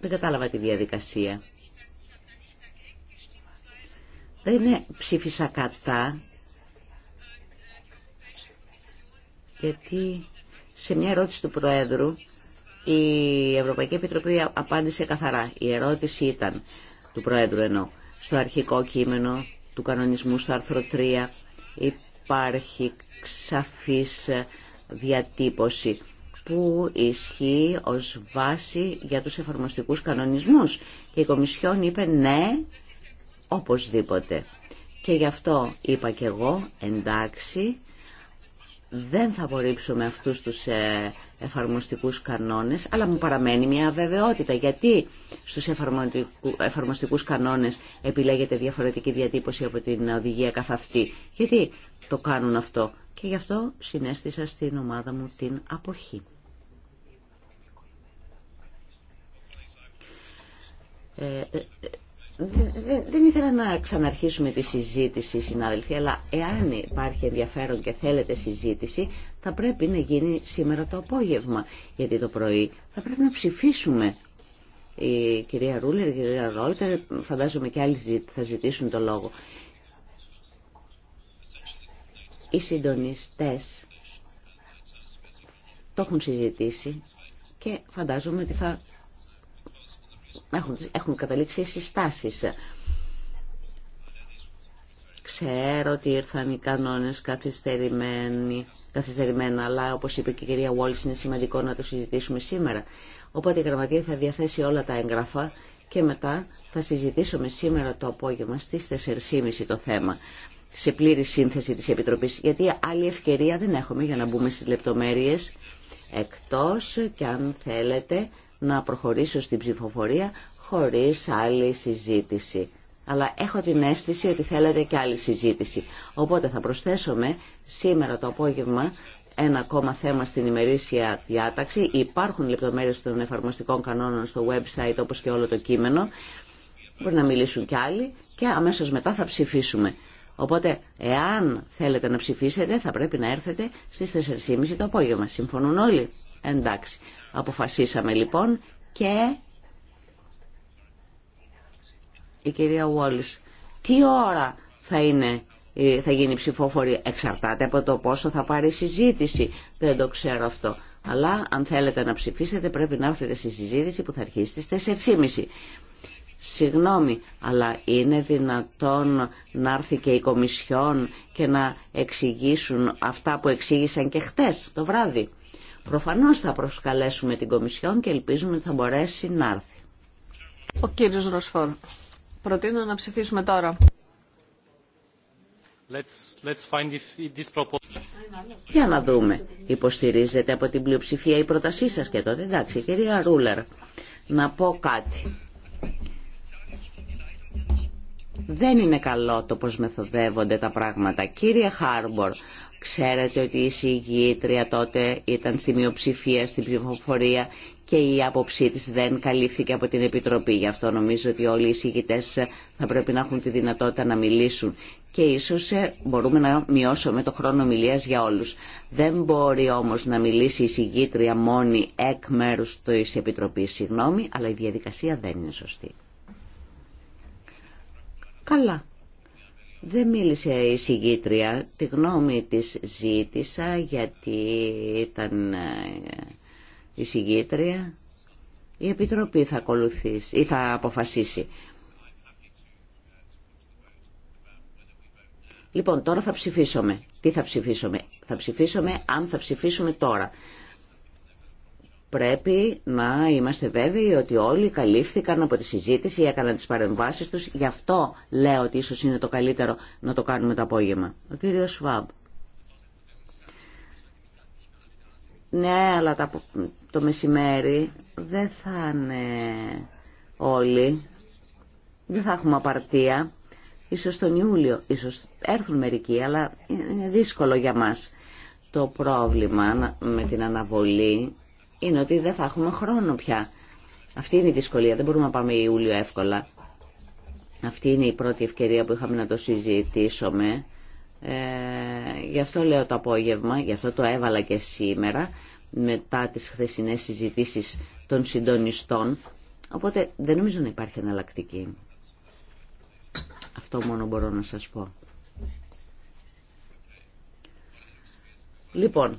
Δεν κατάλαβα τη διαδικασία. Δεν ψήφισα κατά γιατί σε μια ερώτηση του Προέδρου η Ευρωπαϊκή Επιτροπή απάντησε καθαρά. Η ερώτηση ήταν του Πρόεδρου ενώ στο αρχικό κείμενο του κανονισμού στο άρθρο 3 υπάρχει ξαφής ε, διατύπωση που ισχύει ως βάση για τους εφαρμοστικούς κανονισμούς και η Κομισιόν είπε ναι οπωσδήποτε και γι' αυτό είπα και εγώ εντάξει δεν θα απορρίψουμε αυτούς τους ε, εφαρμοστικούς κανόνες, αλλά μου παραμένει μια βεβαιότητα Γιατί στους εφαρμοστικούς κανόνες επιλέγεται διαφορετική διατύπωση από την οδηγία καθ' αυτή. Γιατί το κάνουν αυτό. Και γι' αυτό συνέστησα στην ομάδα μου την αποχή. Ε, ε, δεν, ήθελα να ξαναρχίσουμε τη συζήτηση, συνάδελφοι, αλλά εάν υπάρχει ενδιαφέρον και θέλετε συζήτηση, θα πρέπει να γίνει σήμερα το απόγευμα, γιατί το πρωί θα πρέπει να ψηφίσουμε. Η κυρία Ρούλερ, η κυρία Ρόιτερ, φαντάζομαι και άλλοι θα ζητήσουν το λόγο. Οι συντονιστές το έχουν συζητήσει και φαντάζομαι ότι θα έχουν, έχουν καταλήξει συστάσεις. Ξέρω ότι ήρθαν οι κανόνες καθυστερημένα, αλλά όπως είπε και η κυρία Βόλς είναι σημαντικό να το συζητήσουμε σήμερα. Οπότε η Γραμματεία θα διαθέσει όλα τα έγγραφα και μετά θα συζητήσουμε σήμερα το απόγευμα στις 4.30 το θέμα σε πλήρη σύνθεση της Επιτροπής, γιατί άλλη ευκαιρία δεν έχουμε για να μπούμε στις λεπτομέρειες, εκτός και αν θέλετε να προχωρήσω στην ψηφοφορία χωρίς άλλη συζήτηση. Αλλά έχω την αίσθηση ότι θέλετε και άλλη συζήτηση. Οπότε θα προσθέσουμε σήμερα το απόγευμα ένα ακόμα θέμα στην ημερήσια διάταξη. Υπάρχουν λεπτομέρειες των εφαρμοστικών κανόνων στο website όπως και όλο το κείμενο. Μπορεί να μιλήσουν κι άλλοι και αμέσως μετά θα ψηφίσουμε. Οπότε, εάν θέλετε να ψηφίσετε, θα πρέπει να έρθετε στις 4.30 το απόγευμα. Συμφωνούν όλοι. Εντάξει. Αποφασίσαμε λοιπόν και η κυρία Βόλης. Τι ώρα θα, είναι, ε, θα γίνει η ψηφοφορία. Εξαρτάται από το πόσο θα πάρει η συζήτηση. Δεν το ξέρω αυτό. Αλλά αν θέλετε να ψηφίσετε πρέπει να έρθετε στη συζήτηση που θα αρχίσει στις 4.30. Συγγνώμη, αλλά είναι δυνατόν να έρθει και η Κομισιόν και να εξηγήσουν αυτά που εξήγησαν και χτες το βράδυ. Προφανώς θα προσκαλέσουμε την Κομισιόν και ελπίζουμε ότι θα μπορέσει να έρθει. Ο κύριος Ροσφόρ, προτείνω να ψηφίσουμε τώρα. Let's, let's find Για να δούμε. Υποστηρίζετε από την πλειοψηφία η πρότασή σας και τότε. Εντάξει, κυρία Ρούλερ, να πω κάτι. Δεν είναι καλό το πώς μεθοδεύονται τα πράγματα. Κύριε Χάρμπορ, ξέρετε ότι η συγγήτρια τότε ήταν στη μειοψηφία, στην ψηφοφορία και η άποψή της δεν καλύφθηκε από την Επιτροπή. Γι' αυτό νομίζω ότι όλοι οι συγγητές θα πρέπει να έχουν τη δυνατότητα να μιλήσουν και ίσως ε, μπορούμε να μειώσουμε το χρόνο μιλία για όλους. Δεν μπορεί όμως να μιλήσει η συγγήτρια μόνη εκ μέρους της Επιτροπής, συγγνώμη, αλλά η διαδικασία δεν είναι σωστή. Καλά. Δεν μίλησε η συγγήτρια, τη γνώμη της ζήτησα γιατί ήταν ε, η συγγήτρια. Η Επιτροπή θα ακολουθήσει ή θα αποφασίσει. Λοιπόν, τώρα θα ψηφίσουμε. Τι θα ψηφίσουμε. Θα ψηφίσουμε αν θα ψηφίσουμε τώρα. Πρέπει να είμαστε βέβαιοι ότι όλοι καλύφθηκαν από τη συζήτηση ή έκαναν τις παρεμβάσεις τους. Γι' αυτό λέω ότι ίσως είναι το καλύτερο να το κάνουμε το απόγευμα. Ο κύριος Σβάμπ. Ναι, αλλά το μεσημέρι δεν θα είναι όλοι. Δεν θα έχουμε απαρτία. Ίσως τον Ιούλιο, ίσως έρθουν μερικοί, αλλά είναι δύσκολο για μας. Το πρόβλημα με την αναβολή είναι ότι δεν θα έχουμε χρόνο πια. Αυτή είναι η δυσκολία. Δεν μπορούμε να πάμε Ιούλιο εύκολα. Αυτή είναι η πρώτη ευκαιρία που είχαμε να το συζητήσουμε. Ε, γι' αυτό λέω το απόγευμα, γι' αυτό το έβαλα και σήμερα μετά τις χθεσινές συζητήσεις των συντονιστών. Οπότε δεν νομίζω να υπάρχει εναλλακτική. Αυτό μόνο μπορώ να σας πω. Λοιπόν,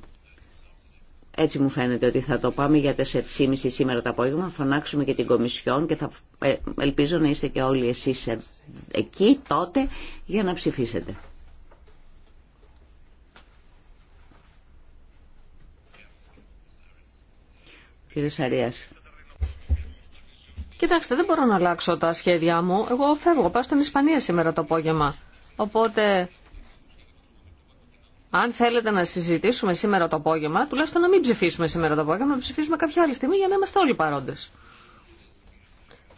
έτσι μου φαίνεται ότι θα το πάμε για 4.30 σήμερα το απόγευμα. Φωνάξουμε και την Κομισιόν και θα ε, ελπίζω να είστε και όλοι εσείς ε, εκεί τότε για να ψηφίσετε. Κύριε Σαρίας. Κοιτάξτε, δεν μπορώ να αλλάξω τα σχέδιά μου. Εγώ φεύγω, πάω στην Ισπανία σήμερα το απόγευμα. Οπότε αν θέλετε να συζητήσουμε σήμερα το απόγευμα, τουλάχιστον να μην ψηφίσουμε σήμερα το απόγευμα, να ψηφίσουμε κάποια άλλη στιγμή για να είμαστε όλοι παρόντε.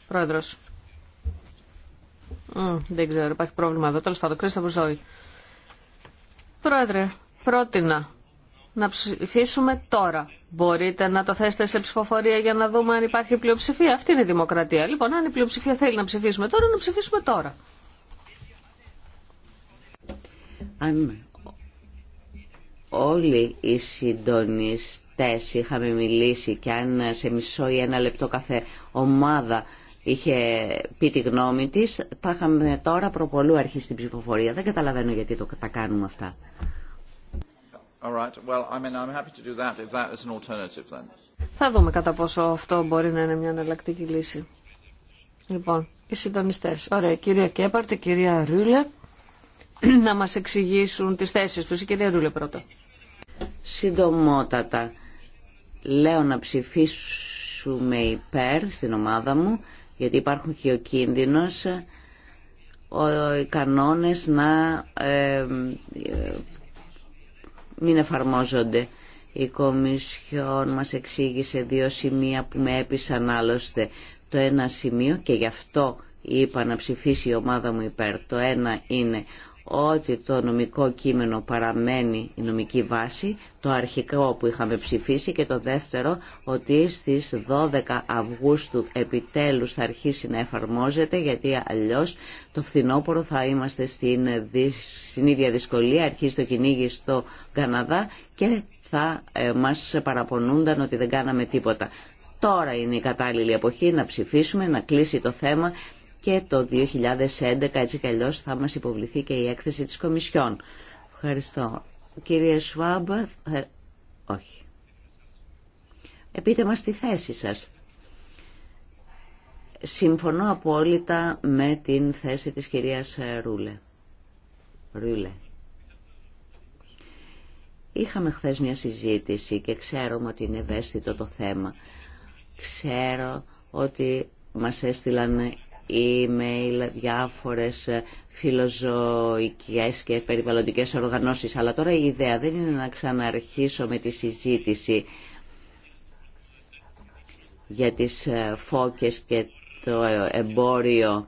Πρόεδρο. δεν ξέρω, υπάρχει πρόβλημα εδώ. Τέλο πάντων, Κρίστα Μπουζόη. Πρόεδρε, πρότεινα να ψηφίσουμε τώρα. Μπορείτε να το θέσετε σε ψηφοφορία για να δούμε αν υπάρχει πλειοψηφία. Αυτή είναι η δημοκρατία. Λοιπόν, αν η πλειοψηφία θέλει να ψηφίσουμε τώρα, να ψηφίσουμε τώρα. Αν όλοι οι συντονιστές είχαμε μιλήσει και αν σε μισό ή ένα λεπτό κάθε ομάδα είχε πει τη γνώμη της, θα είχαμε τώρα προπολού αρχίσει την ψηφοφορία. Δεν καταλαβαίνω γιατί το, τα κάνουμε αυτά. Θα δούμε κατά πόσο αυτό μπορεί να είναι μια εναλλακτική λύση. Λοιπόν, οι συντονιστές. Ωραία, κυρία Κέπαρτη, κυρία Ρούλε, να μας εξηγήσουν τις θέσεις τους. Η κυρία Ρούλε πρώτα. Συντομότατα, λέω να ψηφίσουμε υπέρ στην ομάδα μου, γιατί υπάρχουν και ο κίνδυνος οι κανόνες να ε, ε, μην εφαρμόζονται. Η Κομισιόν μας εξήγησε δύο σημεία που με έπεισαν άλλωστε. Το ένα σημείο και γι' αυτό είπα να ψηφίσει η ομάδα μου υπέρ. Το ένα είναι ότι το νομικό κείμενο παραμένει η νομική βάση, το αρχικό που είχαμε ψηφίσει και το δεύτερο ότι στις 12 Αυγούστου επιτέλους θα αρχίσει να εφαρμόζεται γιατί αλλιώς το φθινόπωρο θα είμαστε στην, στην ίδια δυσκολία, αρχίζει το κυνήγι στο Καναδά και θα ε, μας παραπονούνταν ότι δεν κάναμε τίποτα. Τώρα είναι η κατάλληλη εποχή να ψηφίσουμε, να κλείσει το θέμα και το 2011 έτσι κι αλλιώς θα μας υποβληθεί και η έκθεση της Κομισιόν. Ευχαριστώ. Κύριε Σουάμπα, όχι. Επίτε μας τη θέση σας. Συμφωνώ απόλυτα με την θέση της κυρίας Ρούλε. Ρούλε. Είχαμε χθες μια συζήτηση και ξέρουμε ότι είναι ευαίσθητο το θέμα. Ξέρω ότι μας έστειλαν email, διάφορες ε, φιλοζωικές και περιβαλλοντικές οργανώσεις. Αλλά τώρα η ιδέα δεν είναι να ξαναρχίσω με τη συζήτηση για τις ε, φώκες και το ε, εμπόριο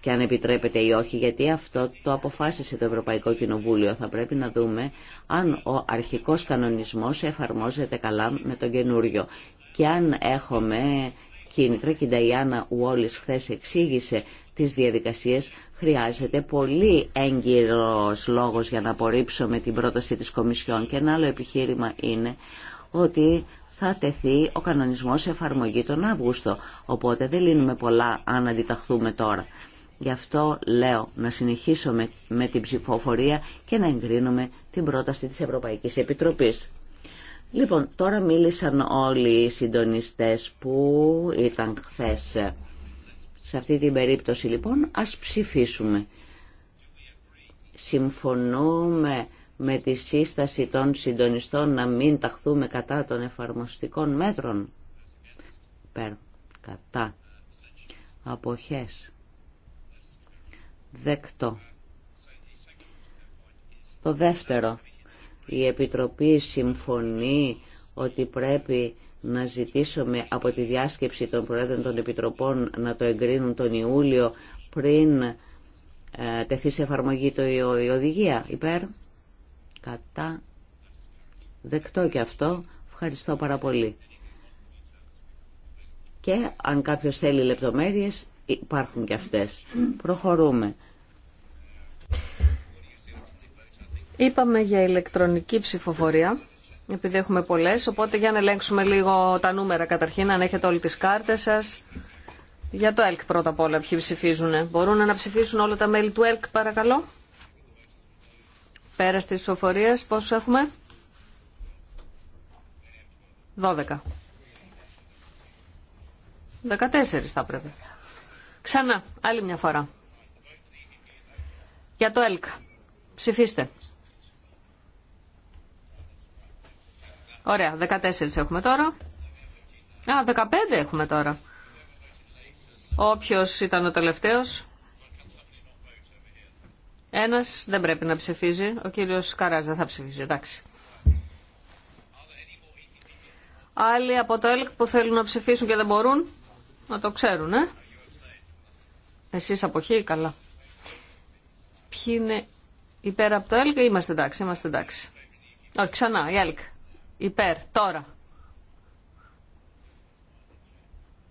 και αν επιτρέπεται ή όχι, γιατί αυτό το αποφάσισε το Ευρωπαϊκό Κοινοβούλιο. Θα πρέπει να δούμε αν ο αρχικός κανονισμός εφαρμόζεται καλά με τον καινούριο και αν έχουμε και η μικρή Κινταϊάννα Ουόλης χθε εξήγησε τις διαδικασίες, χρειάζεται πολύ έγκυρος λόγος για να απορρίψουμε την πρόταση της Κομισιόν. Και ένα άλλο επιχείρημα είναι ότι θα τεθεί ο κανονισμός σε εφαρμογή τον Αύγουστο, οπότε δεν λύνουμε πολλά αν αντιταχθούμε τώρα. Γι' αυτό λέω να συνεχίσουμε με την ψηφοφορία και να εγκρίνουμε την πρόταση της Ευρωπαϊκής Επιτροπής. Λοιπόν, τώρα μίλησαν όλοι οι συντονιστές που ήταν χθες. Σε αυτή την περίπτωση λοιπόν ας ψηφίσουμε. Συμφωνούμε με τη σύσταση των συντονιστών να μην ταχθούμε κατά των εφαρμοστικών μέτρων. Περ, κατά. Αποχές. Δεκτό. Το δεύτερο η Επιτροπή συμφωνεί ότι πρέπει να ζητήσουμε από τη διάσκεψη των Προέδρων των Επιτροπών να το εγκρίνουν τον Ιούλιο πριν ε, τεθεί σε εφαρμογή το, η οδηγία. Υπέρ, κατά, δεκτό και αυτό. Ευχαριστώ πάρα πολύ. Και αν κάποιος θέλει λεπτομέρειες, υπάρχουν και αυτές. Προχωρούμε. Είπαμε για ηλεκτρονική ψηφοφορία, επειδή έχουμε πολλές, οπότε για να ελέγξουμε λίγο τα νούμερα καταρχήν, αν έχετε όλοι τις κάρτες σας. Για το ΕΛΚ πρώτα απ' όλα ποιοι ψηφίζουν. Μπορούν να ψηφίσουν όλα τα μέλη του ΕΛΚ παρακαλώ. Πέρα στις ψηφοφορίες πόσους έχουμε. 12. 14 θα πρέπει. Ξανά, άλλη μια φορά. Για το ΕΛΚ. Ψηφίστε. Ωραία, 14 έχουμε τώρα. Α, 15 έχουμε τώρα. Όποιος ήταν ο τελευταίος. Ένας δεν πρέπει να ψηφίζει. Ο κύριος Καράς δεν θα ψηφίζει, εντάξει. Άλλοι από το ΕΛΚ που θέλουν να ψηφίσουν και δεν μπορούν, να το ξέρουν, ε. Εσείς χει, καλά. Ποιοι είναι υπέρ από το ΕΛΚ, είμαστε εντάξει, είμαστε εντάξει. Όχι, ξανά, η ΕΛΚ. Υπέρ. Τώρα.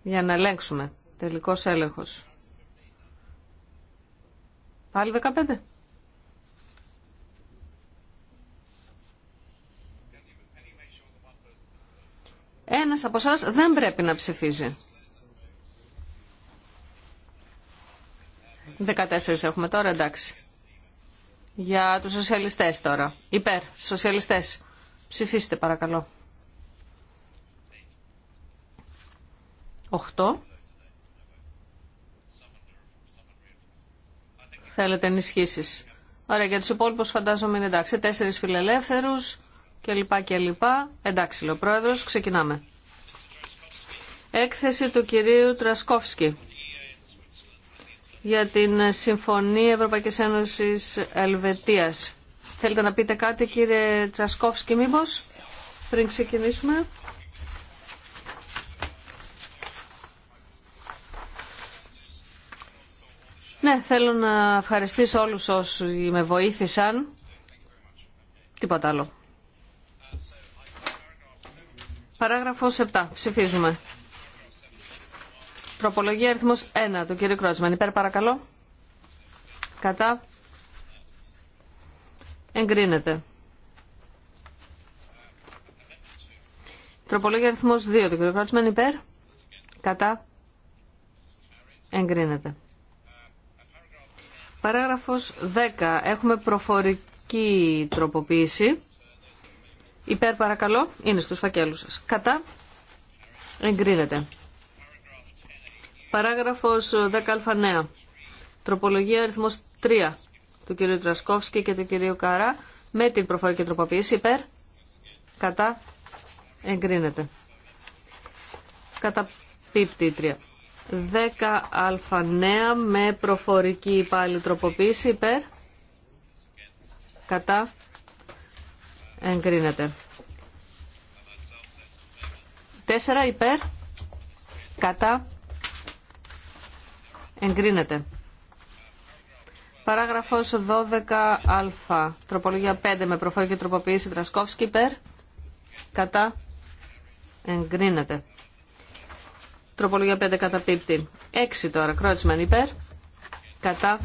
Για να ελέγξουμε. Τελικός έλεγχος. Πάλι 15. Ένας από εσά δεν πρέπει να ψηφίζει. 14 έχουμε τώρα, εντάξει. Για τους σοσιαλιστές τώρα. Υπέρ, σοσιαλιστές. Ψηφίστε παρακαλώ. 8. Θέλετε ενισχύσει. Ωραία, για του υπόλοιπου φαντάζομαι είναι εντάξει. Τέσσερι φιλελεύθερου κλπ. κλπ. Εντάξει, λέει ο πρόεδρο, ξεκινάμε. Έκθεση του κυρίου Τρασκόφσκι για την Συμφωνία Ευρωπαϊκής Ένωσης Ελβετίας. Θέλετε να πείτε κάτι κύριε Τσασκόφσκι μήπως πριν ξεκινήσουμε. Ναι, θέλω να ευχαριστήσω όλους όσοι με βοήθησαν. Τίποτα άλλο. Παράγραφος 7. Ψηφίζουμε. Προπολογία, αριθμός 1 του κύριο Κρότσμαν. Υπέρ παρακαλώ. Κατά. Εγκρίνεται. Τροπολογία αριθμό 2 Το κ. Κρότσμαν υπέρ. Κατά. Εγκρίνεται. Παράγραφος 10. Έχουμε προφορική τροποποίηση. Υπέρ παρακαλώ. Είναι στους φακέλους σας. Κατά. Εγκρίνεται. Παράγραφος 10α Τροπολογία αριθμός 3 του κ. Τρασκόφσκη και του κ. Καρά με την προφορική τροποποίηση υπέρ κατά εγκρίνεται. Κατά πίπτη 3. 10α νέα με προφορική πάλι τροποποίηση υπέρ κατά εγκρίνεται. 4 υπέρ κατά εγκρίνεται. Παράγραφος 12α. Τροπολογία 5 με προφορική τροποποίηση Τρασκόφσκι υπέρ. Κατά. Εγκρίνεται. Τροπολογία 5 πίπτη. 6 τώρα. Κρότσμαν υπέρ. Κατά.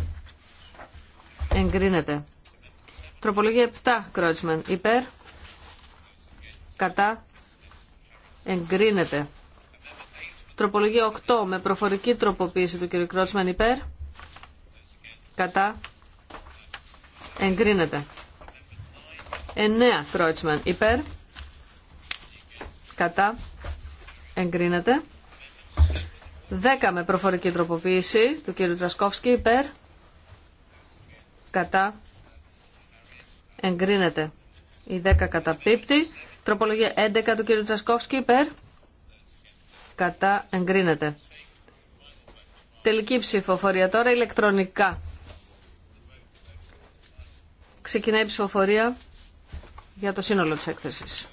Εγκρίνεται. Τροπολογία 7 Κρότσμαν υπέρ. Κατά. Εγκρίνεται. Τροπολογία 8 με προφορική τροποποίηση του κ. Κρότσμαν υπέρ κατά εγκρίνεται. 9 Κρότσμαν υπέρ κατά εγκρίνεται. 10 με προφορική τροποποίηση του κ. Τρασκόφσκι υπέρ κατά εγκρίνεται. Η 10 καταπίπτει. Τροπολογία 11 του κ. Τρασκόφσκι υπέρ κατά εγκρίνεται. Τελική ψηφοφορία τώρα ηλεκτρονικά. Ξεκινάει η ψηφοφορία για το σύνολο της έκθεσης.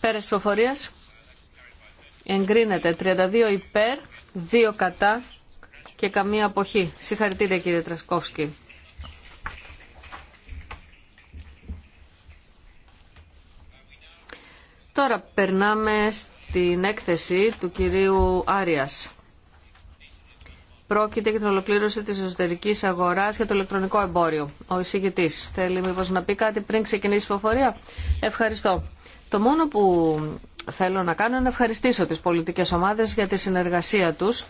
Πέρας ψηφοφορίας εγκρίνεται 32 υπέρ, 2 κατά και καμία αποχή. Συγχαρητήρια κύριε Τρασκόφσκι. Τώρα περνάμε στην έκθεση του κυρίου Άριας. Πρόκειται για την ολοκλήρωση της εσωτερικής αγοράς για το ηλεκτρονικό εμπόριο. Ο εισηγητή θέλει μήπω να πει κάτι πριν ξεκινήσει η ψηφοφορία. Ευχαριστώ. Το μόνο που θέλω να κάνω είναι να ευχαριστήσω τις πολιτικές ομάδες για τη συνεργασία τους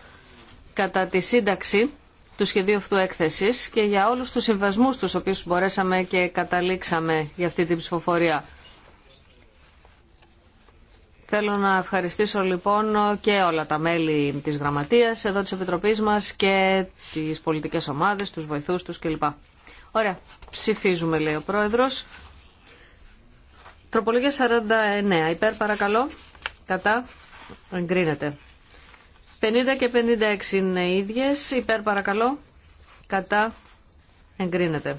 κατά τη σύνταξη του σχεδίου αυτού έκθεσης και για όλου του συμβασμού του οποίου μπορέσαμε και καταλήξαμε για αυτή την ψηφοφορία. Θέλω να ευχαριστήσω λοιπόν και όλα τα μέλη της Γραμματείας εδώ της Επιτροπής μας και τις πολιτικές ομάδες, τους βοηθούς τους κλπ. Ωραία, ψηφίζουμε λέει ο Πρόεδρος. Τροπολογία 49, υπέρ παρακαλώ, κατά, εγκρίνεται. 50 και 56 είναι ίδιες, υπέρ παρακαλώ, κατά, εγκρίνεται.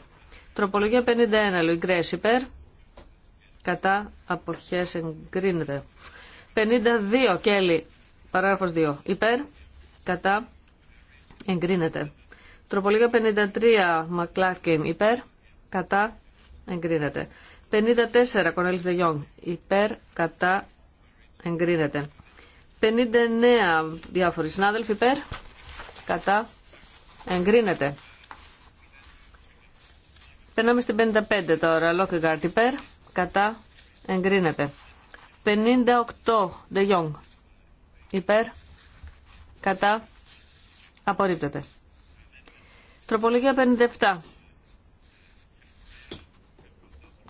Τροπολογία 51, Λουιγκρές, υπέρ, κατά, αποχές, εγκρίνεται. 52 Κέλλη, παράγραφος 2. Υπέρ, κατά, εγκρίνεται. Τροπολίγιο 53 Μακλάρκιν. υπέρ, κατά, εγκρίνεται. 54 Κονέλης Δεγιόν. υπέρ, κατά, εγκρίνεται. 59 διάφοροι συνάδελφοι, υπέρ, κατά, εγκρίνεται. Περνάμε στην 55 τώρα, Λόκεγκαρτ, υπέρ, κατά, εγκρίνεται. 58. De Jong. Υπέρ. Κατά. Απορρίπτεται. Τροπολογία 57.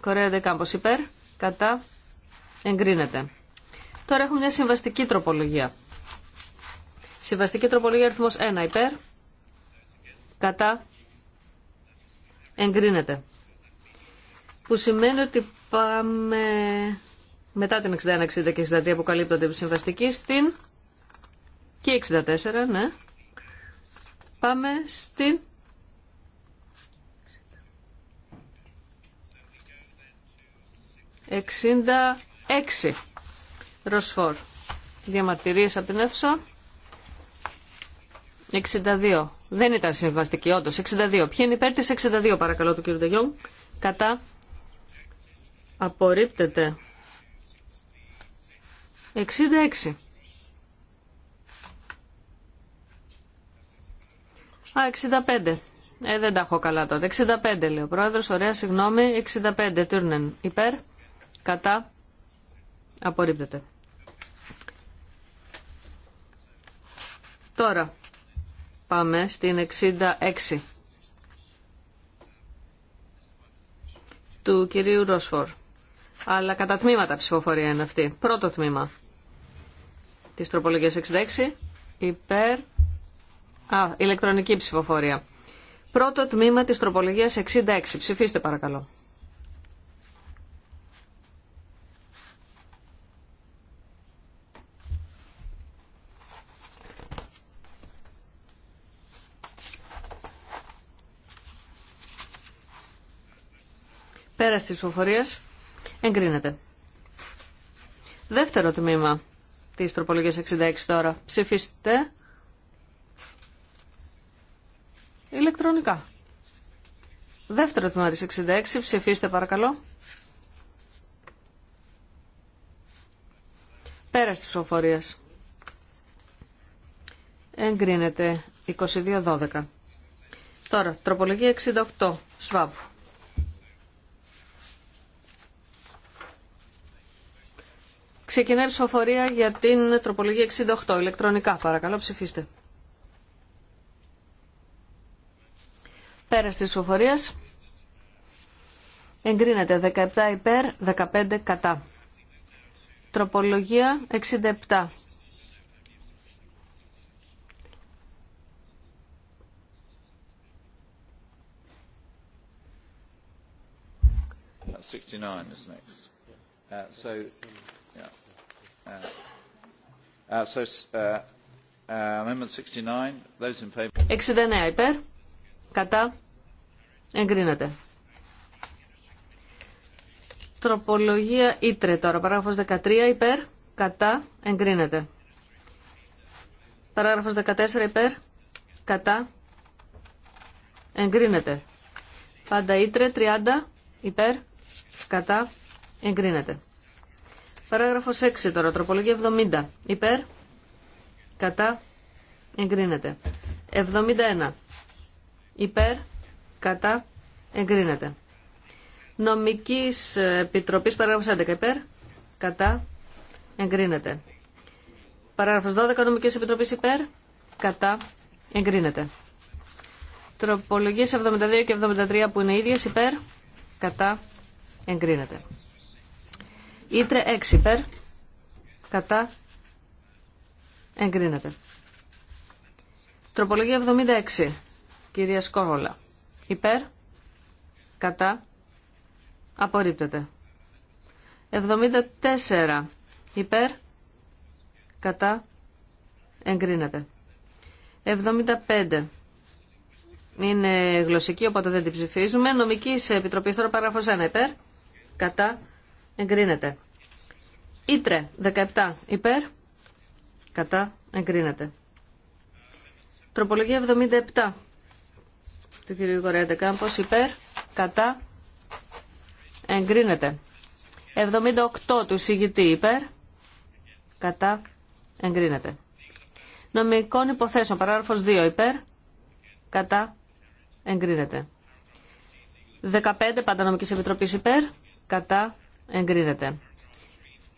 Κορέα Δεκάμπος υπέρ. Κατά. Εγκρίνεται. Τώρα έχουμε μια συμβαστική τροπολογία. Συμβαστική τροπολογία αριθμός 1 υπέρ. Κατά. Εγκρίνεται. Που σημαίνει ότι πάμε μετά την 61, 60 και 62 που καλύπτονται συμβαστική, στην και 64, ναι. Πάμε στην... 66. Ροσφόρ. Διαμαρτυρίες από την αίθουσα. 62. Δεν ήταν συμβαστική, όντω. 62. Ποιοι είναι υπέρ τη 62, παρακαλώ, του κ. Ντεγιόν. Κατά. Απορρίπτεται. 66. Α, 65. Ε, δεν τα έχω καλά τότε. 65 λέει ο πρόεδρος. Ωραία, συγγνώμη. 65. Τούρνεν. Υπέρ. Κατά. Απορρίπτεται. Τώρα πάμε στην 66 του κυρίου Ροσφόρ. Αλλά κατά τμήματα ψηφοφορία είναι αυτή. Πρώτο τμήμα. Τη τροπολογίας 66 υπέρ Α, ηλεκτρονική ψηφοφορία. Πρώτο τμήμα της τροπολογίας 66. Ψηφίστε παρακαλώ. Πέρα τη ψηφοφορίας εγκρίνεται. Δεύτερο τμήμα τις τροπολογίες 66 τώρα. Ψηφίστε ηλεκτρονικά. Δεύτερο τμήμα της 66. Ψηφίστε παρακαλώ. Πέρας της ψηφοφορίας. Εγκρίνεται 22-12. Τώρα, τροπολογία 68. Σβάβου. Ξεκινάει η ψηφοφορία για την τροπολογία 68. Ηλεκτρονικά παρακαλώ ψηφίστε. Πέρα τη ψηφοφορία. Εγκρίνεται 17 υπέρ, 15 κατά. Τροπολογία 67. 69 is next. Uh, so, 69 uh, υπέρ, uh, uh, κατά, εγκρίνεται. Τροπολογία Ήτρε τώρα, παράγραφος 13 υπέρ, κατά, εγκρίνεται. Παράγραφος 14 υπέρ, κατά, εγκρίνεται. Πάντα Ήτρε 30 υπέρ, κατά, εγκρίνεται. Παράγραφος 6 τώρα, τροπολογία 70. Υπέρ, κατά, εγκρίνεται. 71. Υπέρ, κατά, εγκρίνεται. Νομικής Επιτροπής, παράγραφος 11. Υπέρ, κατά, εγκρίνεται. Παράγραφος 12, Νομικής Επιτροπής υπέρ, κατά, εγκρίνεται. Τροπολογίες 72 και 73 που είναι ίδιες υπέρ, κατά, εγκρίνεται. Ήτρε 6 υπέρ. Κατά. Εγκρίνεται. Τροπολογία 76. Κυρία Σκόβολα. Υπέρ. Κατά. Απορρίπτεται. 74. Υπέρ. Κατά. Εγκρίνεται. 75. Είναι γλωσσική, οπότε δεν την ψηφίζουμε. Νομική επιτροπή τώρα παράγραφο 1. Υπέρ. Κατά εγκρίνεται. Ήτρε 17 υπέρ, κατά, εγκρίνεται. Τροπολογία 77 του κ. Κορέντε Κάμπος υπέρ, κατά, εγκρίνεται. 78 του συγητή υπέρ, κατά, εγκρίνεται. Νομικών υποθέσεων, παράγραφος 2 υπέρ, κατά, εγκρίνεται. 15 Παντανομικής Επιτροπής υπέρ, κατά, εγκρίνεται.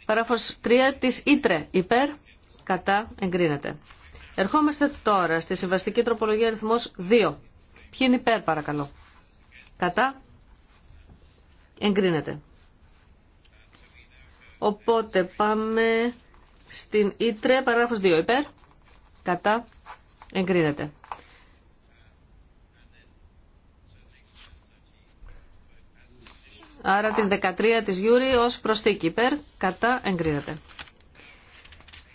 Παράγραφος 3 της Ήτρε υπέρ, κατά, εγκρίνεται. Ερχόμαστε τώρα στη συμβαστική τροπολογία αριθμός 2. Ποιοι είναι υπέρ παρακαλώ. Κατά, εγκρίνεται. Οπότε πάμε στην Ήτρε, παράγραφος 2 υπέρ, κατά, εγκρίνεται. Άρα την 13 της Γιούρη ως προστίκη υπέρ, κατά εγκρίνεται.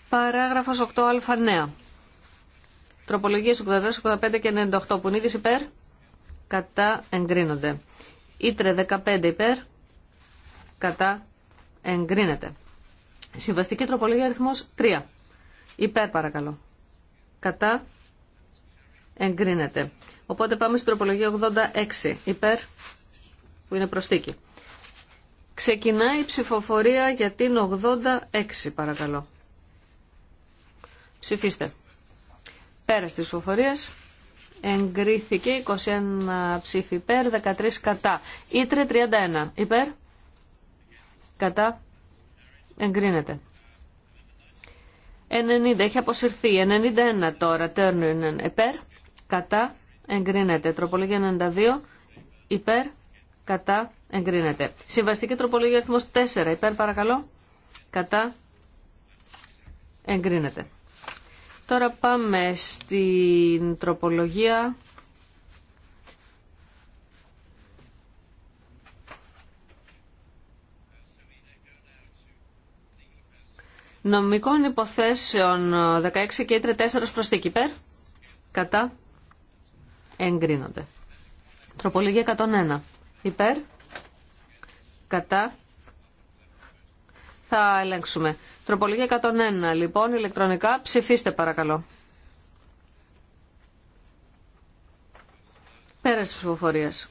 Παράγραφος 8α 8α9. Τροπολογίες 84, 85 και 98 που είναι υπέρ, κατά εγκρίνονται. Ήτρε 15 υπέρ, κατά εγκρίνεται. Συμβαστική τροπολογία αριθμός 3. Υπέρ παρακαλώ. Κατά εγκρίνεται. Οπότε πάμε στην τροπολογία 86 υπέρ που είναι προστίκη. Ξεκινάει η ψηφοφορία για την 86 παρακαλώ. Ψηφίστε. Πέρα τη ψηφοφορίας εγκρίθηκε 21 ψήφι υπέρ, 13 κατά. Ήτρε 31 υπέρ, κατά, εγκρίνεται. 90, έχει αποσυρθεί. 91 τώρα, τέρνου είναι υπέρ, κατά, εγκρίνεται. Τροπολογία 92, υπέρ, κατά, εγκρίνεται. Συμβαστική τροπολογία αριθμό 4 υπέρ παρακαλώ. Κατά εγκρίνεται. Τώρα πάμε στην τροπολογία... Νομικών υποθέσεων 16 και 4 προς υπέρ. Κατά εγκρίνονται. Τροπολογία 101 υπέρ κατά θα ελέγξουμε. Τροπολογία 101. Λοιπόν, ηλεκτρονικά ψηφίστε παρακαλώ. Πέρες τη ψηφοφορίας.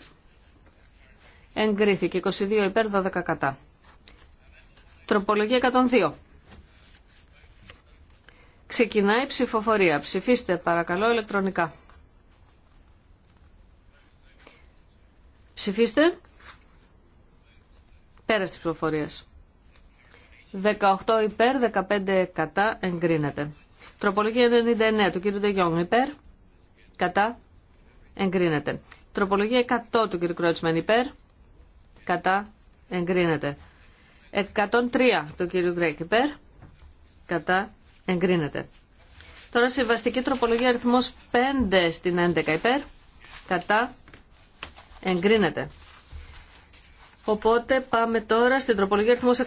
Εγκρίθηκε 22 υπέρ 12 κατά. Τροπολογία 102. Ξεκινάει η ψηφοφορία. Ψηφίστε παρακαλώ ηλεκτρονικά. Ψηφίστε. 18 υπέρ, 15 κατά, εγκρίνεται. Τροπολογία 99 του κ. Ντεγιόν υπέρ, κατά, εγκρίνεται. Τροπολογία 100 του κ. Κρότσμαν υπέρ, κατά, εγκρίνεται. 103 του κ. Γκρέκ υπέρ, κατά, εγκρίνεται. Τώρα συμβαστική τροπολογία αριθμός 5 στην 11 υπέρ, κατά, εγκρίνεται. Οπότε πάμε τώρα στην τροπολογία αριθμός 110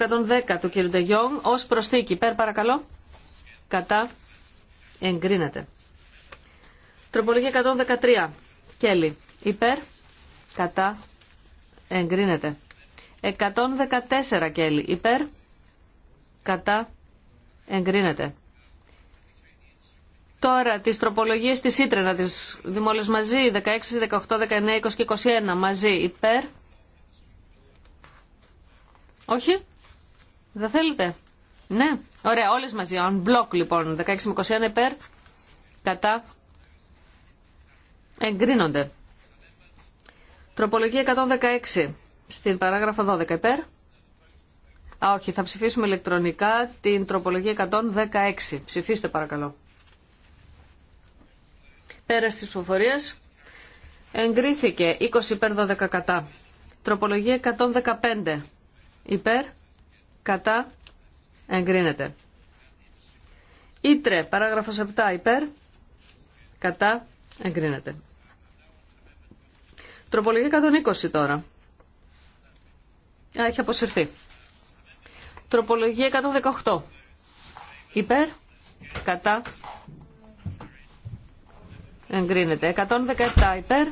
του κ. Ντεγιόν ως προσθήκη. Υπέρ παρακαλώ. Κατά. Εγκρίνεται. Τροπολογία 113. Κέλλη. Υπέρ. Κατά. Εγκρίνεται. 114 Κέλλη. Υπέρ. Κατά. Εγκρίνεται. Τώρα τις τροπολογίες της Ήτρενα, να τις μαζί. 16, 18, 19, 20 και 21 μαζί. Υπέρ. Όχι. Δεν θέλετε. Ναι. Ωραία. Όλες μαζί. On block λοιπόν. 16 με 21 υπέρ. Κατά. Εγκρίνονται. Τροπολογία 116. Στην παράγραφο 12 υπέρ. Α, όχι. Θα ψηφίσουμε ηλεκτρονικά την τροπολογία 116. Ψηφίστε παρακαλώ. Πέρα τη προφορίες, Εγκρίθηκε 20 υπέρ 12 κατά. Τροπολογία 115 Υπέρ. Κατά. Εγκρίνεται. Ήτρε. Παράγραφος 7. Υπέρ. Κατά. Εγκρίνεται. Τροπολογία 120 τώρα. έχει αποσυρθεί. Τροπολογία 118. Υπέρ. Κατά. Εγκρίνεται. 117 υπέρ.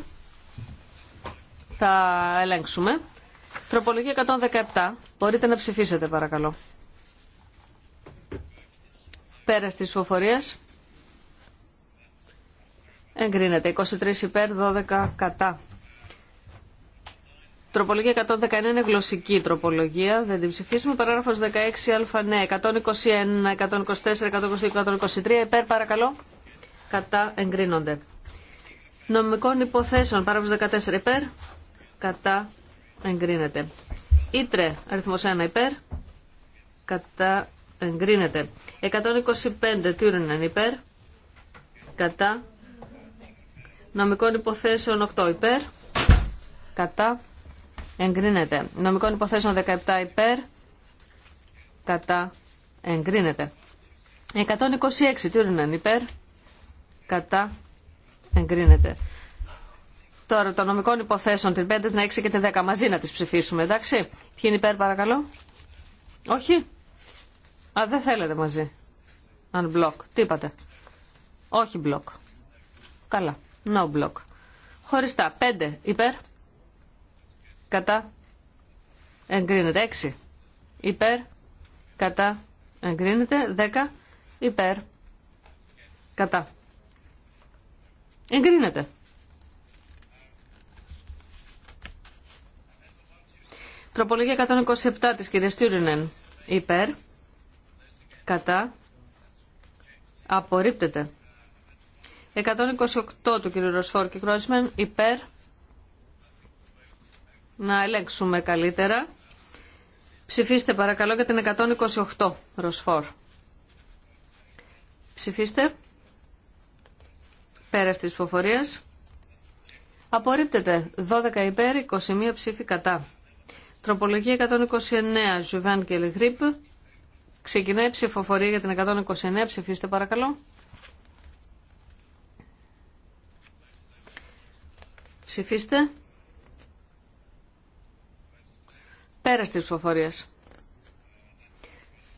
Θα ελέγξουμε. Τροπολογία 117. Μπορείτε να ψηφίσετε παρακαλώ. Πέρα της ψηφοφορίας. Εγκρίνεται. 23 υπέρ, 12 κατά. Τροπολογία 119 είναι γλωσσική τροπολογία. Δεν την ψηφίσουμε. Παράγραφος 16α ναι. 121, 124, 122, 123 υπέρ παρακαλώ. Κατά εγκρίνονται. Νομικών υποθέσεων. Παράγραφος 14 υπέρ. Κατά εγκρίνεται. Ήτρε, αριθμός 1 υπέρ, κατά, εγκρίνεται. 125 τύρινεν υπέρ, κατά, νομικών υποθέσεων 8 υπέρ, κατά, εγκρίνεται. Νομικών υποθέσεων 17 υπέρ, κατά, εγκρίνεται. 126 τύρινεν υπέρ, κατά, εγκρίνεται. Τώρα των νομικών υποθέσεων την 5, την 6 και την 10 μαζί να τις ψηφίσουμε, εντάξει. Ποιοι είναι υπέρ παρακαλώ. Όχι. Α, δεν θέλετε μαζί. Αν μπλοκ. Τι είπατε. Όχι μπλοκ. Καλά. No block. Χωριστά. 5 υπέρ. Κατά. Εγκρίνεται. 6 υπέρ. Κατά. Εγκρίνεται. 10 υπέρ. Κατά. Εγκρίνεται. Τροπολογία 127 της κυρίας Τούρινεν. Υπέρ. Κατά. Απορρίπτεται. 128 του κυρίου Ροσφόρ και Κρόσμεν. Υπέρ. Να ελέγξουμε καλύτερα. Ψηφίστε παρακαλώ για την 128 Ροσφόρ. Ψηφίστε. Πέρα της ψηφοφορίας. Απορρίπτεται. 12 υπέρ, 21 ψηφί κατά. Τροπολογία 129, Ζουβάν και Ξεκινάει η ψηφοφορία για την 129. Ψηφίστε παρακαλώ. Ψηφίστε. Πέρα τη ψηφοφορία.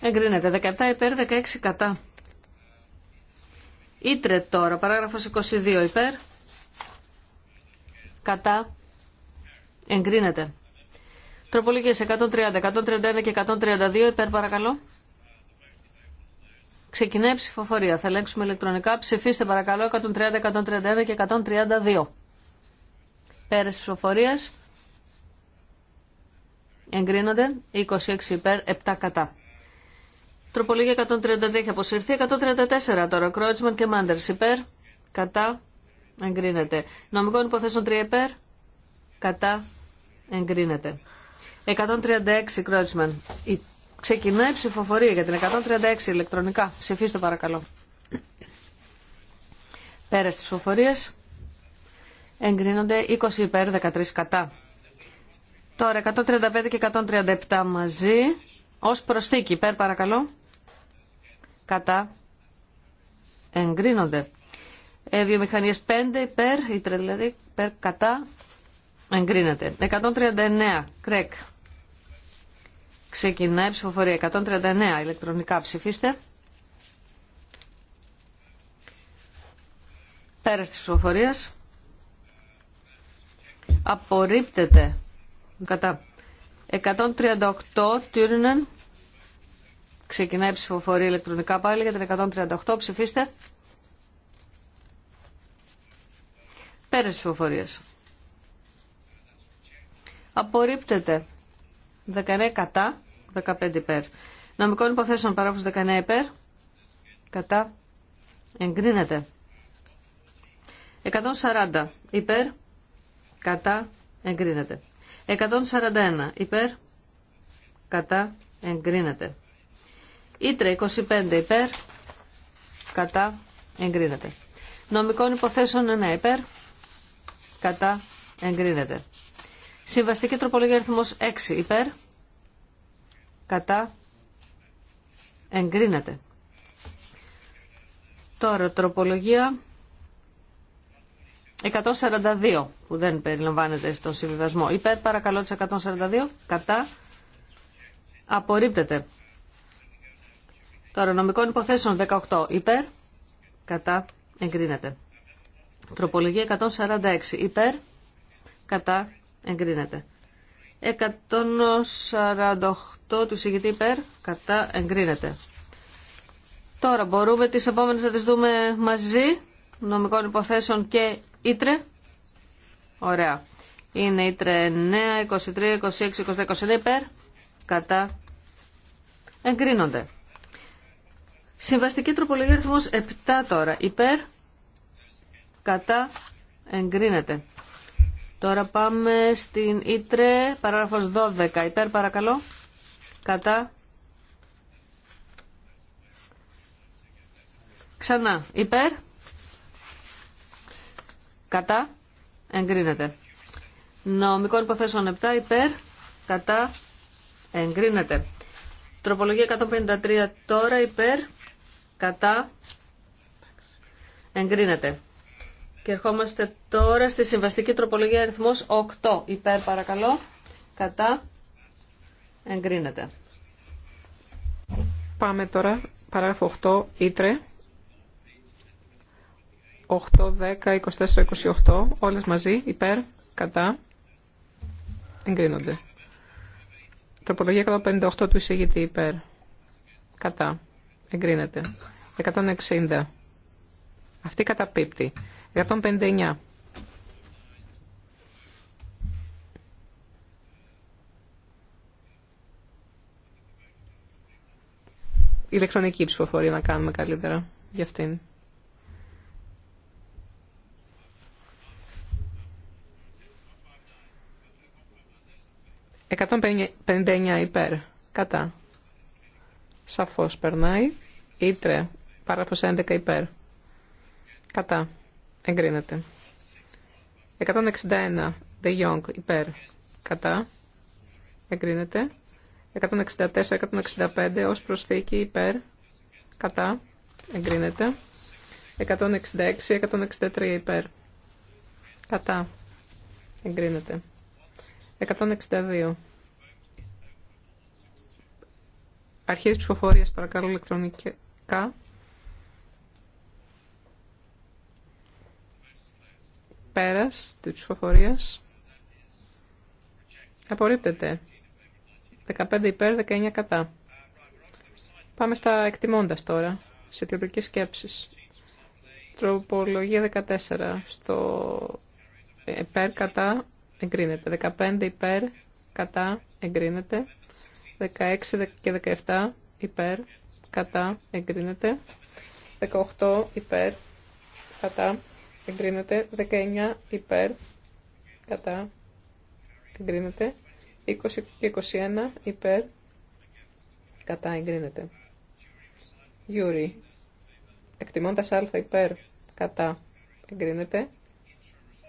Εγκρίνεται. 17 υπέρ, 16 κατά. Ήτρε τώρα, παράγραφος 22 υπέρ. Κατά. Εγκρίνεται. Τροπολογίες 130, 131 και 132 υπέρ παρακαλώ. Ξεκινάει η ψηφοφορία. Θα ελέγξουμε ηλεκτρονικά. Ψηφίστε παρακαλώ 130, 131 και 132. τη ψηφοφορία. Εγκρίνονται 26 υπέρ 7 κατά. Τροπολογία 133 έχει αποσυρθεί. 134 τώρα. Κρότσμαν και Μάντερ υπέρ. Κατά. Εγκρίνεται. Νομικών υποθέσεων 3 υπέρ. Κατά. Εγκρίνεται. 136 Κρότσμαν. Ξεκινάει η ψηφοφορία για την 136 ηλεκτρονικά. Ψηφίστε παρακαλώ. Πέρα στις ψηφοφορίες εγκρίνονται 20 υπέρ 13 κατά. Τώρα 135 και 137 μαζί ως προσθήκη. Υπέρ παρακαλώ. Κατά. Εγκρίνονται. Ε, 5 υπέρ, ήτρε δηλαδή, υπέρ κατά. Εγκρίνεται. 139. Κρέκ. Ξεκινάει ψηφοφορία 139 ηλεκτρονικά. Ψηφίστε. Πέρας τη ψηφοφορίας. Απορρίπτεται. Κατά. 138 Τύρνεν. Ξεκινάει ψηφοφορία ηλεκτρονικά πάλι για την 138. Ψηφίστε. Πέρας τη ψηφοφορίας. Απορρίπτεται. 19 κατά. 15 υπέρ. Νομικών υποθέσεων παράγραφος 19 υπέρ. Κατά. Εγκρίνεται. 140 υπέρ. Κατά. Εγκρίνεται. 141 υπέρ. Κατά. Εγκρίνεται. Ήτρε 25 υπέρ. Κατά. Εγκρίνεται. Νομικών υποθέσεων 1 υπέρ. Κατά. Εγκρίνεται. Συμβαστική τροπολογία αριθμός 6 υπέρ κατά εγκρίνεται. Τώρα τροπολογία 142 που δεν περιλαμβάνεται στον συμβιβασμό. Υπέρ παρακαλώ της 142 κατά απορρίπτεται. Τώρα νομικών υποθέσεων 18 υπέρ κατά εγκρίνεται. Τροπολογία 146 υπέρ κατά εγκρίνεται. 148 του συγκητή υπέρ κατά εγκρίνεται. Τώρα μπορούμε τις επόμενες να τις δούμε μαζί, νομικών υποθέσεων και ήτρε. Ωραία. Είναι ήτρε 9, 23, 26, 29 υπέρ κατά εγκρίνονται. Συμβαστική τροπολογία αριθμός 7 τώρα υπέρ κατά εγκρίνεται. Τώρα πάμε στην Ήτρε, παράγραφος 12. Υπέρ παρακαλώ. Κατά. Ξανά. Υπέρ. Κατά. Εγκρίνεται. Νομικών υποθέσεων 7. Υπέρ. Κατά. Εγκρίνεται. Τροπολογία 153 τώρα υπέρ. Κατά. Εγκρίνεται. Και ερχόμαστε τώρα στη συμβαστική τροπολογία αριθμός 8. Υπέρ παρακαλώ. Κατά. Εγκρίνεται. Πάμε τώρα. Παράγραφο 8. Ήτρε. 8, 10, 24, 28. Όλες μαζί. Υπέρ. Κατά. Εγκρίνονται. Τροπολογία 158 του εισηγητή υπέρ. Κατά. Εγκρίνεται. 160. Αυτή καταπίπτει. 159. Ηλεκτρονική ψηφοφορία να κάνουμε καλύτερα για αυτήν. «159 υπέρ, κατά». Σαφώς περνάει. Ήτρε, παράγραφος 11 υπέρ. Κατά. Εγκρίνεται. 161. De Jong. Υπέρ. Κατά. Εγκρίνεται. 164-165 ως προσθήκη υπέρ. Κατά. Εγκρίνεται. 166-163 υπέρ. Κατά. Εγκρίνεται. 162. Αρχές ψηφοφορίας παρακαλώ ηλεκτρονικά. Πέρας της ψηφοφορίας. Απορρίπτεται. 15 υπέρ, 19 κατά. Πάμε στα εκτιμώντας τώρα, σε θεωρητικές σκέψεις. Τροπολογία 14, στο υπέρ κατά εγκρίνεται. 15 υπέρ κατά εγκρίνεται. 16 και 17 υπέρ κατά εγκρίνεται. 18 υπέρ κατά εγκρίνεται. 19 υπέρ, κατά, εγκρίνεται. 20 και 21 υπέρ, κατά, εγκρίνεται. Γιούρι, εκτιμώντας α υπέρ, κατά, εγκρίνεται.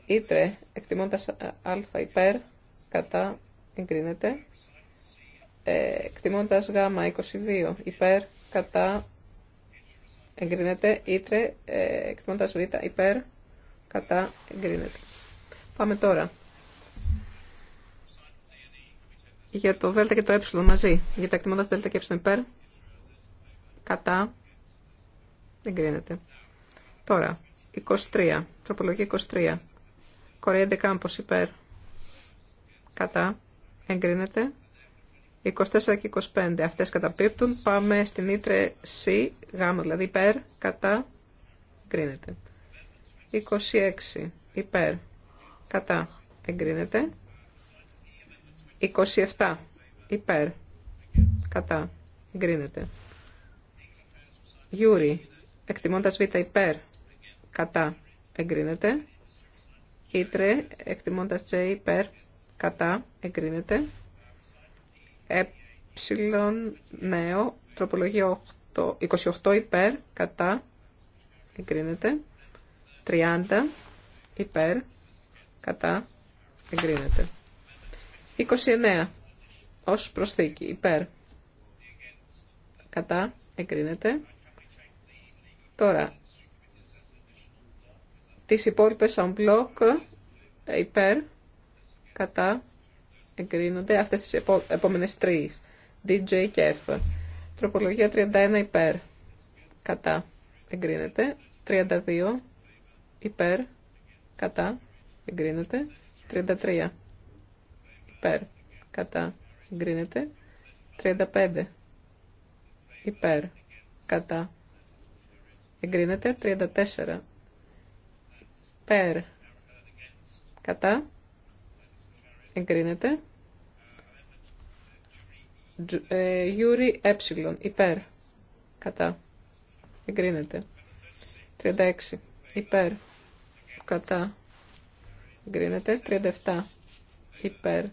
Ήτρε, εκτιμώντας α υπέρ, κατά, εγκρίνεται. Ε, εκτιμώντας γ 22 υπέρ, κατά, εγκρίνεται. Ήτρε, ε, εκτιμώντας β υπέρ, κατά εγκρίνεται. Πάμε τώρα. Για το ΔΕΛΤΑ και το Ε μαζί. Για τα το ΔΕΛΤΑ και Ε υπέρ. Κατά. Εγκρίνεται. Τώρα. 23. Τροπολογία 23. Κορέα Ντεκάμπος υπέρ. Κατά. Εγκρίνεται. 24 και 25. Αυτές καταπίπτουν. Πάμε στην ίτρε C. Γ. Δηλαδή υπέρ. Κατά. Εγκρίνεται. 26 υπέρ κατά εγκρίνεται 27 υπέρ κατά εγκρίνεται Γιούρι εκτιμώντας β υπέρ κατά εγκρίνεται Ήτρε εκτιμώντας J υπέρ κατά εγκρίνεται ε νέο τροπολογία 8, 28 υπέρ κατά εγκρίνεται 30 υπέρ κατά εγκρίνεται. 29 ως προσθήκη υπέρ κατά εγκρίνεται. Τώρα τις υπόλοιπες on block, υπέρ κατά εγκρίνονται αυτές τις επο, επόμενες τρεις DJ και F. Τροπολογία 31 υπέρ κατά εγκρίνεται. 32 υπέρ, κατά, εγκρίνεται. 33 υπέρ, κατά, εγκρίνεται. 35 υπέρ, κατά, εγκρίνεται. 34 υπέρ, κατά, εγκρίνεται. Ε, Γιούρι ε, ε, υπέρ, κατά, εγκρίνεται. 36 υπέρ, κατά, εγκρίνεται. 37 υπέρ,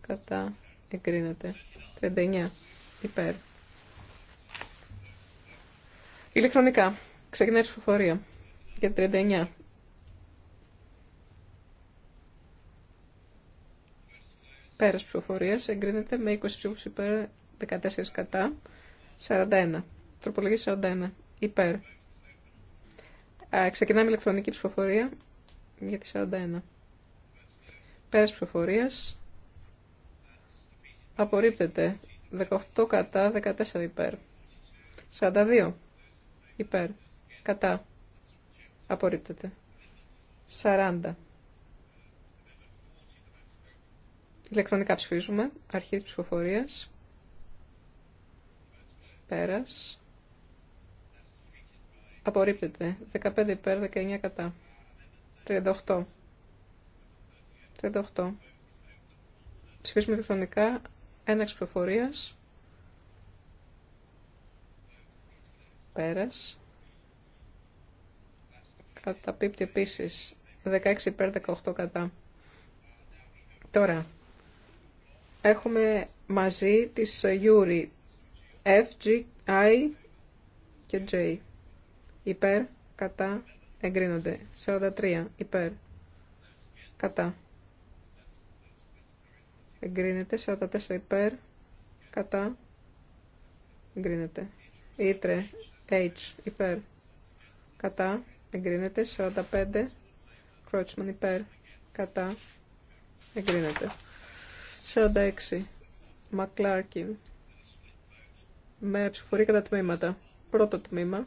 κατά, εγκρίνεται. 39 υπέρ. Ηλεκτρονικά. Ξεκινάει η ψηφοφορία. Για 39. Πέρας ψηφοφορίας εγκρίνεται με 20 ψήφους υπέρ, 14 κατά, 41. Τροπολογία 41. Υπέρ. Ε, ξεκινάμε ηλεκτρονική ψηφοφορία για τη 41. Πέρας ψηφοφορίας. Απορρίπτεται. 18 κατά, 14 υπέρ. 42 υπέρ. Κατά. Απορρίπτεται. 40. Ηλεκτρονικά ψηφίζουμε. Αρχή της ψηφοφορίας. Πέρας. Απορρίπτεται. 15 υπέρ, 19 κατά. 38. 38. Ψηφίσουμε ηλεκτρονικά. Ένα ψηφοφορία. Πέρας. Καταπίπτει επίση. 16 υπέρ, 18 κατά. Τώρα, έχουμε μαζί τις Γιούρι F, G, I και J υπέρ, κατά, εγκρίνονται. 43 υπέρ, κατά. Εγκρίνεται. 44 υπέρ, κατά. Εγκρίνεται. Ήτρε, H, υπέρ, κατά. Εγκρίνεται. 45, Κρότσμαν υπέρ, κατά. Εγκρίνεται. 46, Μακλάρκιν, με ψηφορή κατά τμήματα. Πρώτο τμήμα,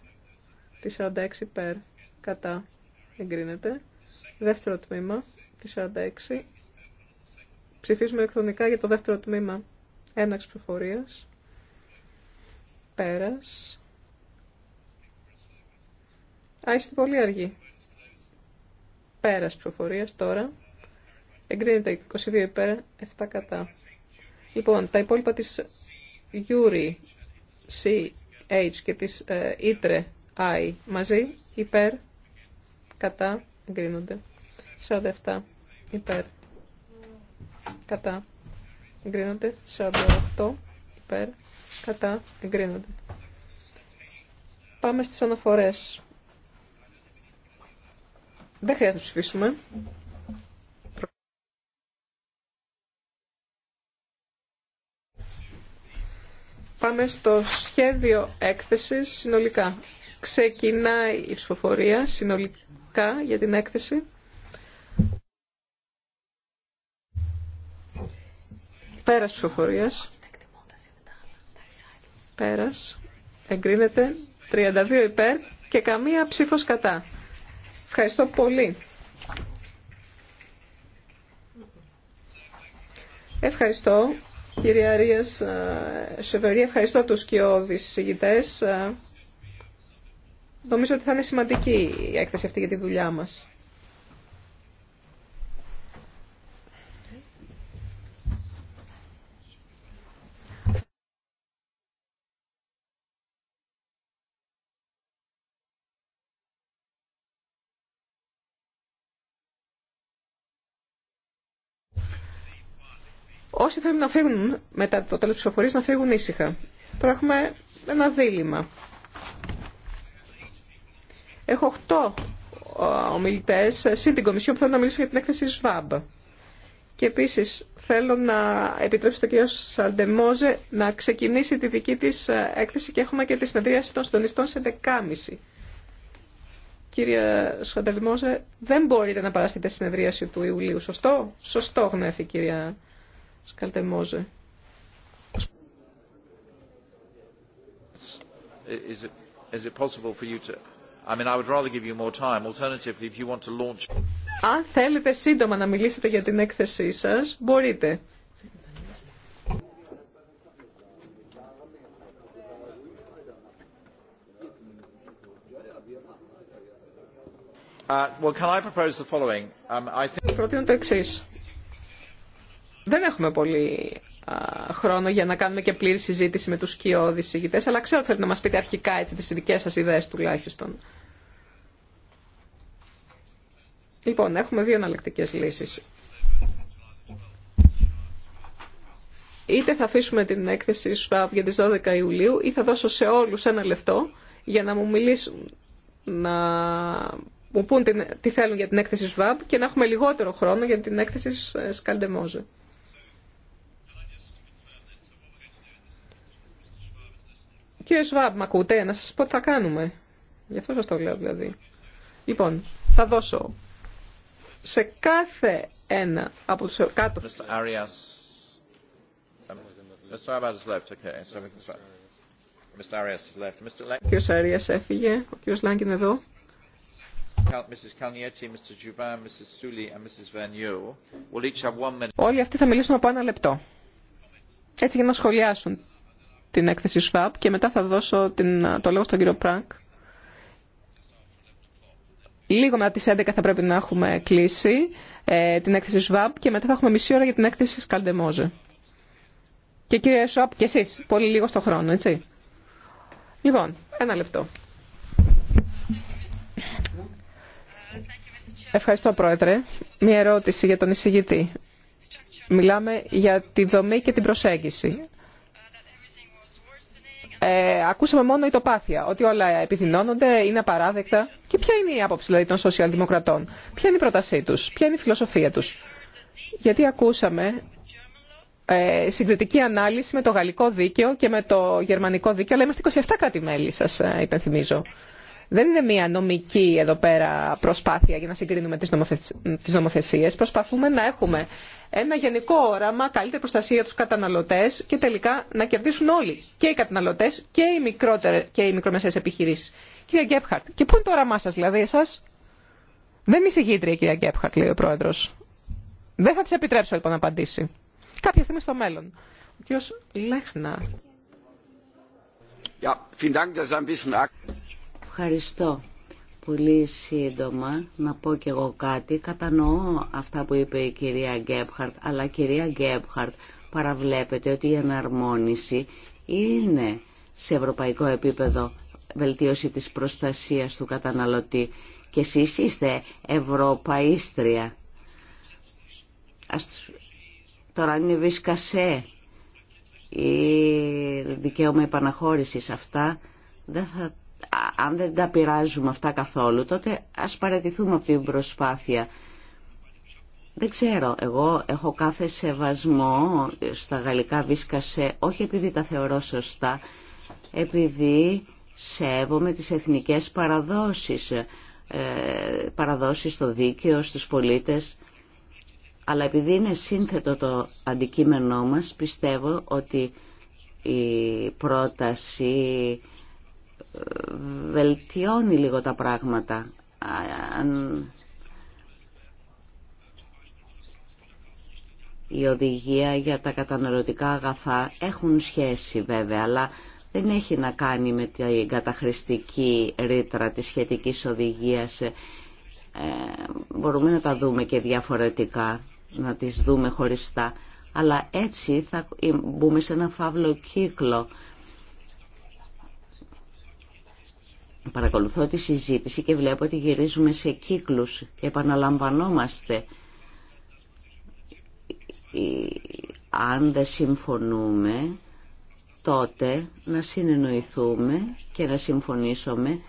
Τη 46 υπέρ κατά εγκρίνεται. Δεύτερο τμήμα. Τη 46. Ψηφίζουμε ηλεκτρονικά για το δεύτερο τμήμα έναξη ψηφοφορία. Πέρα. Α, είστε πολύ αργοί. Πέρα ψηφοφορία τώρα. Εγκρίνεται 22 υπέρ, 7 κατά. Λοιπόν, τα υπόλοιπα της C H και της ε, I μαζί, υπέρ, κατά, εγκρίνονται. 47 υπέρ, κατά, εγκρίνονται. 48 υπέρ, κατά, εγκρίνονται. Πάμε στις αναφορές. Δεν χρειάζεται να ψηφίσουμε. Πάμε στο σχέδιο έκθεσης συνολικά. Ξεκινάει η ψηφοφορία συνολικά για την έκθεση. Πέρας ψηφοφορίας. Πέρας. Εγκρίνεται 32 υπέρ και καμία ψήφος κατά. Ευχαριστώ πολύ. Ευχαριστώ κυρία Ρίας ε, Σεβερή, ευχαριστώ τους κοιόδης συγγητές. Ε, Νομίζω ότι θα είναι σημαντική η έκθεση αυτή για τη δουλειά μας. Όσοι θέλουν να φύγουν μετά το τέλος της να φύγουν ήσυχα. Τώρα έχουμε ένα δίλημα. Έχω 8 ε, ομιλητέ, ε, συν την Κομισιόν που θέλουν να μιλήσω για την έκθεση ΣΒΑΜΠ. Και επίση θέλω να επιτρέψω στον κύριο Σαντεμόζε να ξεκινήσει τη δική τη ε, έκθεση και έχουμε και τη συνεδρίαση των συντονιστών σε 10.30. Κύριε Σανταλμόζε, δεν μπορείτε να παραστείτε στη συνεδρίαση του Ιουλίου, σωστό? Σωστό γνέφει, κυρία Σκαλτεμόζε. I mean, I would rather give you more time. Alternatively, if you want to launch... Αν θέλετε σύντομα να μιλήσετε για την έκθεσή σας, μπορείτε. Uh, well, can I propose the following? Um, I think... Προτείνω το εξή. Δεν έχουμε πολύ χρόνο για να κάνουμε και πλήρη συζήτηση με τους σκιώδει ηγητέ, αλλά ξέρω ότι θέλετε να μας πείτε αρχικά έτσι, τις σα σας ιδέες τουλάχιστον. Λοιπόν, έχουμε δύο εναλλακτικέ λύσεις. Είτε θα αφήσουμε την έκθεση ΣΒΑΠ για τις 12 Ιουλίου ή θα δώσω σε όλους ένα λεπτό για να μου μιλήσουν, να μου πούν τι θέλουν για την έκθεση ΣΒΑΠ και να έχουμε λιγότερο χρόνο για την έκθεση ε, Σκαλντεμόζε. Κύριε Σβάμπ, με ακούτε, να σας πω τι θα κάνουμε. Γι' αυτό σας το λέω δηλαδή. Λοιπόν, θα δώσω σε κάθε ένα από τους κάτω... Ο κύριος Αρίας έφυγε, ο κύριος Λάγκ είναι εδώ. Όλοι αυτοί θα μιλήσουν από ένα λεπτό. Έτσι για να σχολιάσουν την έκθεση ΣΒΑΠ και μετά θα δώσω την, το λόγο στον κύριο Πράγκ. Λίγο μετά τις 11 θα πρέπει να έχουμε κλείσει ε, την έκθεση ΣΒΑΠ και μετά θα έχουμε μισή ώρα για την έκθεση Σκαλντεμόζε. Και κύριε Σουάπ, και εσείς, πολύ λίγο στο χρόνο, έτσι. Λοιπόν, ένα λεπτό. Ευχαριστώ, Πρόεδρε. Μία ερώτηση για τον εισηγητή. Μιλάμε για τη δομή και την προσέγγιση. Ε, ακούσαμε μόνο η τοπάθεια, ότι όλα επιδεινώνονται, είναι απαράδεκτα. Και ποια είναι η άποψη δηλαδή, των σοσιαλδημοκρατών, ποια είναι η πρότασή του, ποια είναι η φιλοσοφία του. Γιατί ακούσαμε ε, συγκριτική ανάλυση με το γαλλικό δίκαιο και με το γερμανικό δίκαιο, αλλά είμαστε 27 κράτη-μέλη, σα ε, υπενθυμίζω. Δεν είναι μια νομική εδώ πέρα προσπάθεια για να συγκρίνουμε τις νομοθεσίες. Προσπαθούμε να έχουμε ένα γενικό όραμα, καλύτερη προστασία για τους καταναλωτές και τελικά να κερδίσουν όλοι, και οι καταναλωτές και οι, μικρότερες, και οι μικρομεσαίες επιχειρήσεις. Κύριε Γκέπχαρτ, και πού είναι το όραμά σας δηλαδή εσάς? Δεν είναι εισηγήτρια κυρία Γκέπχαρτ, λέει ο πρόεδρος. Δεν θα της επιτρέψω λοιπόν να απαντήσει. Κάποια στιγμή στο μέλλον. Ο κύριος Λέχνα. Ευχαριστώ. Πολύ σύντομα να πω και εγώ κάτι. Κατανοώ αυτά που είπε η κυρία Γκέμπχαρτ, αλλά κυρία Γκέμπχαρτ παραβλέπετε ότι η εναρμόνιση είναι σε ευρωπαϊκό επίπεδο βελτίωση της προστασίας του καταναλωτή και εσείς είστε ευρωπαίστρια. Ας... Τώρα αν είναι βισκασέ ή δικαίωμα επαναχώρησης αυτά δεν θα αν δεν τα πειράζουμε αυτά καθόλου, τότε ας παρατηθούμε από την προσπάθεια. Δεν ξέρω, εγώ έχω κάθε σεβασμό στα γαλλικά βίσκασε, όχι επειδή τα θεωρώ σωστά, επειδή σέβομαι τις εθνικές παραδόσεις, ε, παραδόσεις στο δίκαιο, στους πολίτες. Αλλά επειδή είναι σύνθετο το αντικείμενό μας, πιστεύω ότι η πρόταση βελτιώνει λίγο τα πράγματα. Η οδηγία για τα καταναλωτικά αγαθά έχουν σχέση βέβαια, αλλά δεν έχει να κάνει με την καταχρηστική ρήτρα της σχετικής οδηγίας. Ε, μπορούμε να τα δούμε και διαφορετικά, να τις δούμε χωριστά. Αλλά έτσι θα μπούμε σε ένα φαύλο κύκλο Παρακολουθώ τη συζήτηση και βλέπω ότι γυρίζουμε σε κύκλους και επαναλαμβανόμαστε. Αν δεν συμφωνούμε, τότε να συνεννοηθούμε και να συμφωνήσουμε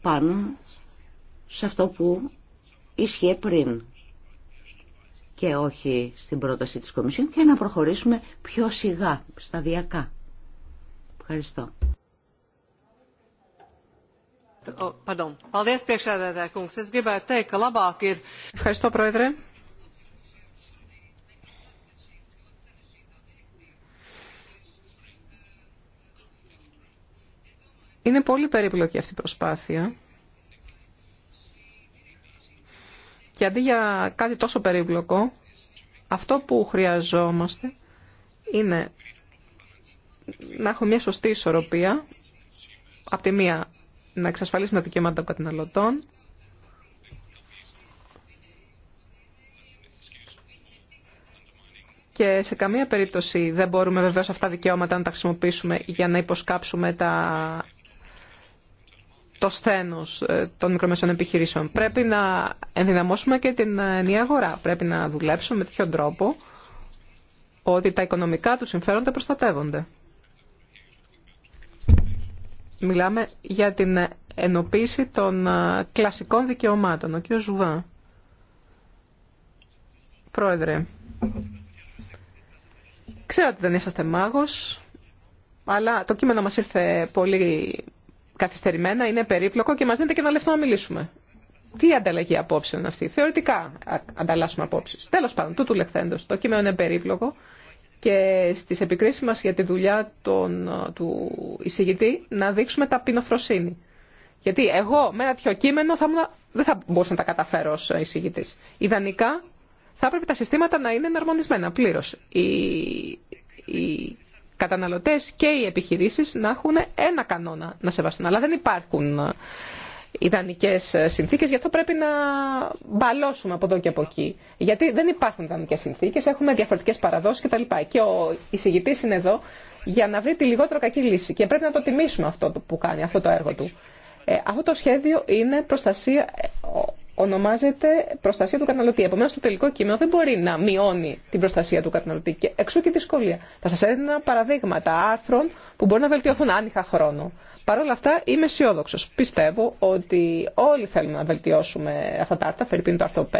πάνω σε αυτό που ίσχυε πριν και όχι στην πρόταση της Κομισιόν και να προχωρήσουμε πιο σιγά, σταδιακά. Ευχαριστώ. Ευχαριστώ, Πρόεδρε. Είναι πολύ περίπλοκη αυτή η προσπάθεια. Και αντί για κάτι τόσο περίπλοκο, αυτό που χρειαζόμαστε είναι να έχουμε μια σωστή ισορροπία από τη μία να εξασφαλίσουμε τα δικαιώματα των καταναλωτών. Και σε καμία περίπτωση δεν μπορούμε βεβαίως αυτά τα δικαιώματα να τα χρησιμοποιήσουμε για να υποσκάψουμε τα... το σθένος ε, των μικρομεσαίων επιχειρήσεων. Πρέπει να ενδυναμώσουμε και την ενιαία αγορά. Πρέπει να δουλέψουμε με τέτοιον τρόπο ότι τα οικονομικά του συμφέροντα προστατεύονται. Μιλάμε για την ενοποίηση των ε, κλασικών δικαιωμάτων. Ο κ. Ζουβά. Πρόεδρε, ξέρω ότι δεν είσαστε μάγος, αλλά το κείμενο μας ήρθε πολύ καθυστερημένα, είναι περίπλοκο και μας δίνεται και ένα λεφτό να μιλήσουμε. Τι ανταλλαγή απόψεων αυτή. Θεωρητικά ανταλλάσσουμε απόψεις. Τέλος πάντων, τούτου λεχθέντος. Το κείμενο είναι περίπλοκο και στις επικρίσεις μας για τη δουλειά των, του εισηγητή να δείξουμε ταπεινοφροσύνη. Γιατί εγώ με ένα τέτοιο κείμενο δεν θα μπορούσα να τα καταφέρω ως εισηγητής. Ιδανικά θα έπρεπε τα συστήματα να είναι εναρμονισμένα πλήρως. Οι, οι καταναλωτές και οι επιχειρήσεις να έχουν ένα κανόνα να σεβαστούν. Αλλά δεν υπάρχουν ιδανικέ ε, συνθήκε, γι' αυτό πρέπει να μπαλώσουμε από εδώ και από εκεί. Γιατί δεν υπάρχουν ιδανικέ συνθήκε, έχουμε διαφορετικέ παραδόσεις κτλ. Και ο εισηγητή είναι εδώ για να βρει τη λιγότερο κακή λύση και πρέπει να το τιμήσουμε αυτό που κάνει, αυτό το έργο του. Ε, αυτό το σχέδιο είναι προστασία, ονομάζεται προστασία του καταναλωτή. Επομένω, το τελικό κείμενο δεν μπορεί να μειώνει την προστασία του καταναλωτή. Και εξού και δυσκολία. Θα σα έδινα παραδείγματα άρθρων που μπορεί να βελτιωθούν αν είχα χρόνο. Παρ' όλα αυτά είμαι αισιόδοξο. Πιστεύω ότι όλοι θέλουμε να βελτιώσουμε αυτά τα άρθρα, φερειπίν το άρθρο 5,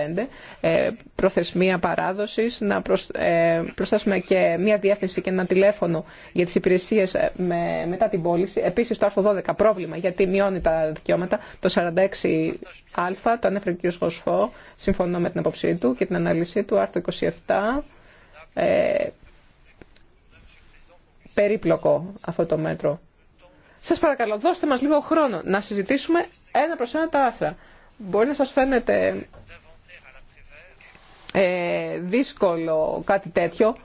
ε, προθεσμία παράδοση, να ε, προσθέσουμε και μία διεύθυνση και ένα τηλέφωνο για τι υπηρεσίε ε, με, μετά την πώληση. Επίση το άρθρο 12, πρόβλημα γιατί μειώνει τα δικαιώματα. Το 46α, το ανέφερε ο κ. Γοσφό, συμφωνώ με την απόψη του και την ανάλυση του, άρθρο 27. περίπλοκο αυτό το μέτρο. Σας παρακαλώ, δώστε μας λίγο χρόνο να συζητήσουμε ένα προς ένα τα άρθρα. Μπορεί να σας φαίνεται ε, δύσκολο κάτι τέτοιο,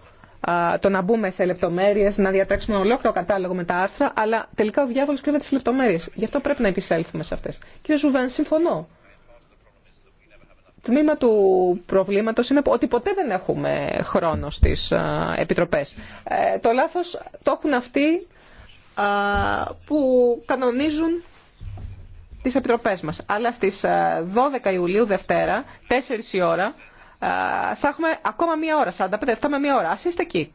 το να μπούμε σε λεπτομέρειες, να διατάξουμε ολόκληρο κατάλογο με τα άρθρα, αλλά τελικά ο διάβολος κρύβεται στι λεπτομέρειε. Γι' αυτό πρέπει να επισέλθουμε σε αυτές. Κύριε Ζουβέν, συμφωνώ. τμήμα του προβλήματος είναι ότι ποτέ δεν έχουμε χρόνο στι επιτροπέ. Ε, το λάθος το έχουν αυτοί που κανονίζουν τις επιτροπές μας. Αλλά στις 12 Ιουλίου, Δευτέρα, 4 η ώρα, θα έχουμε ακόμα μία ώρα, 45 λεπτά με μία ώρα. Ας είστε εκεί.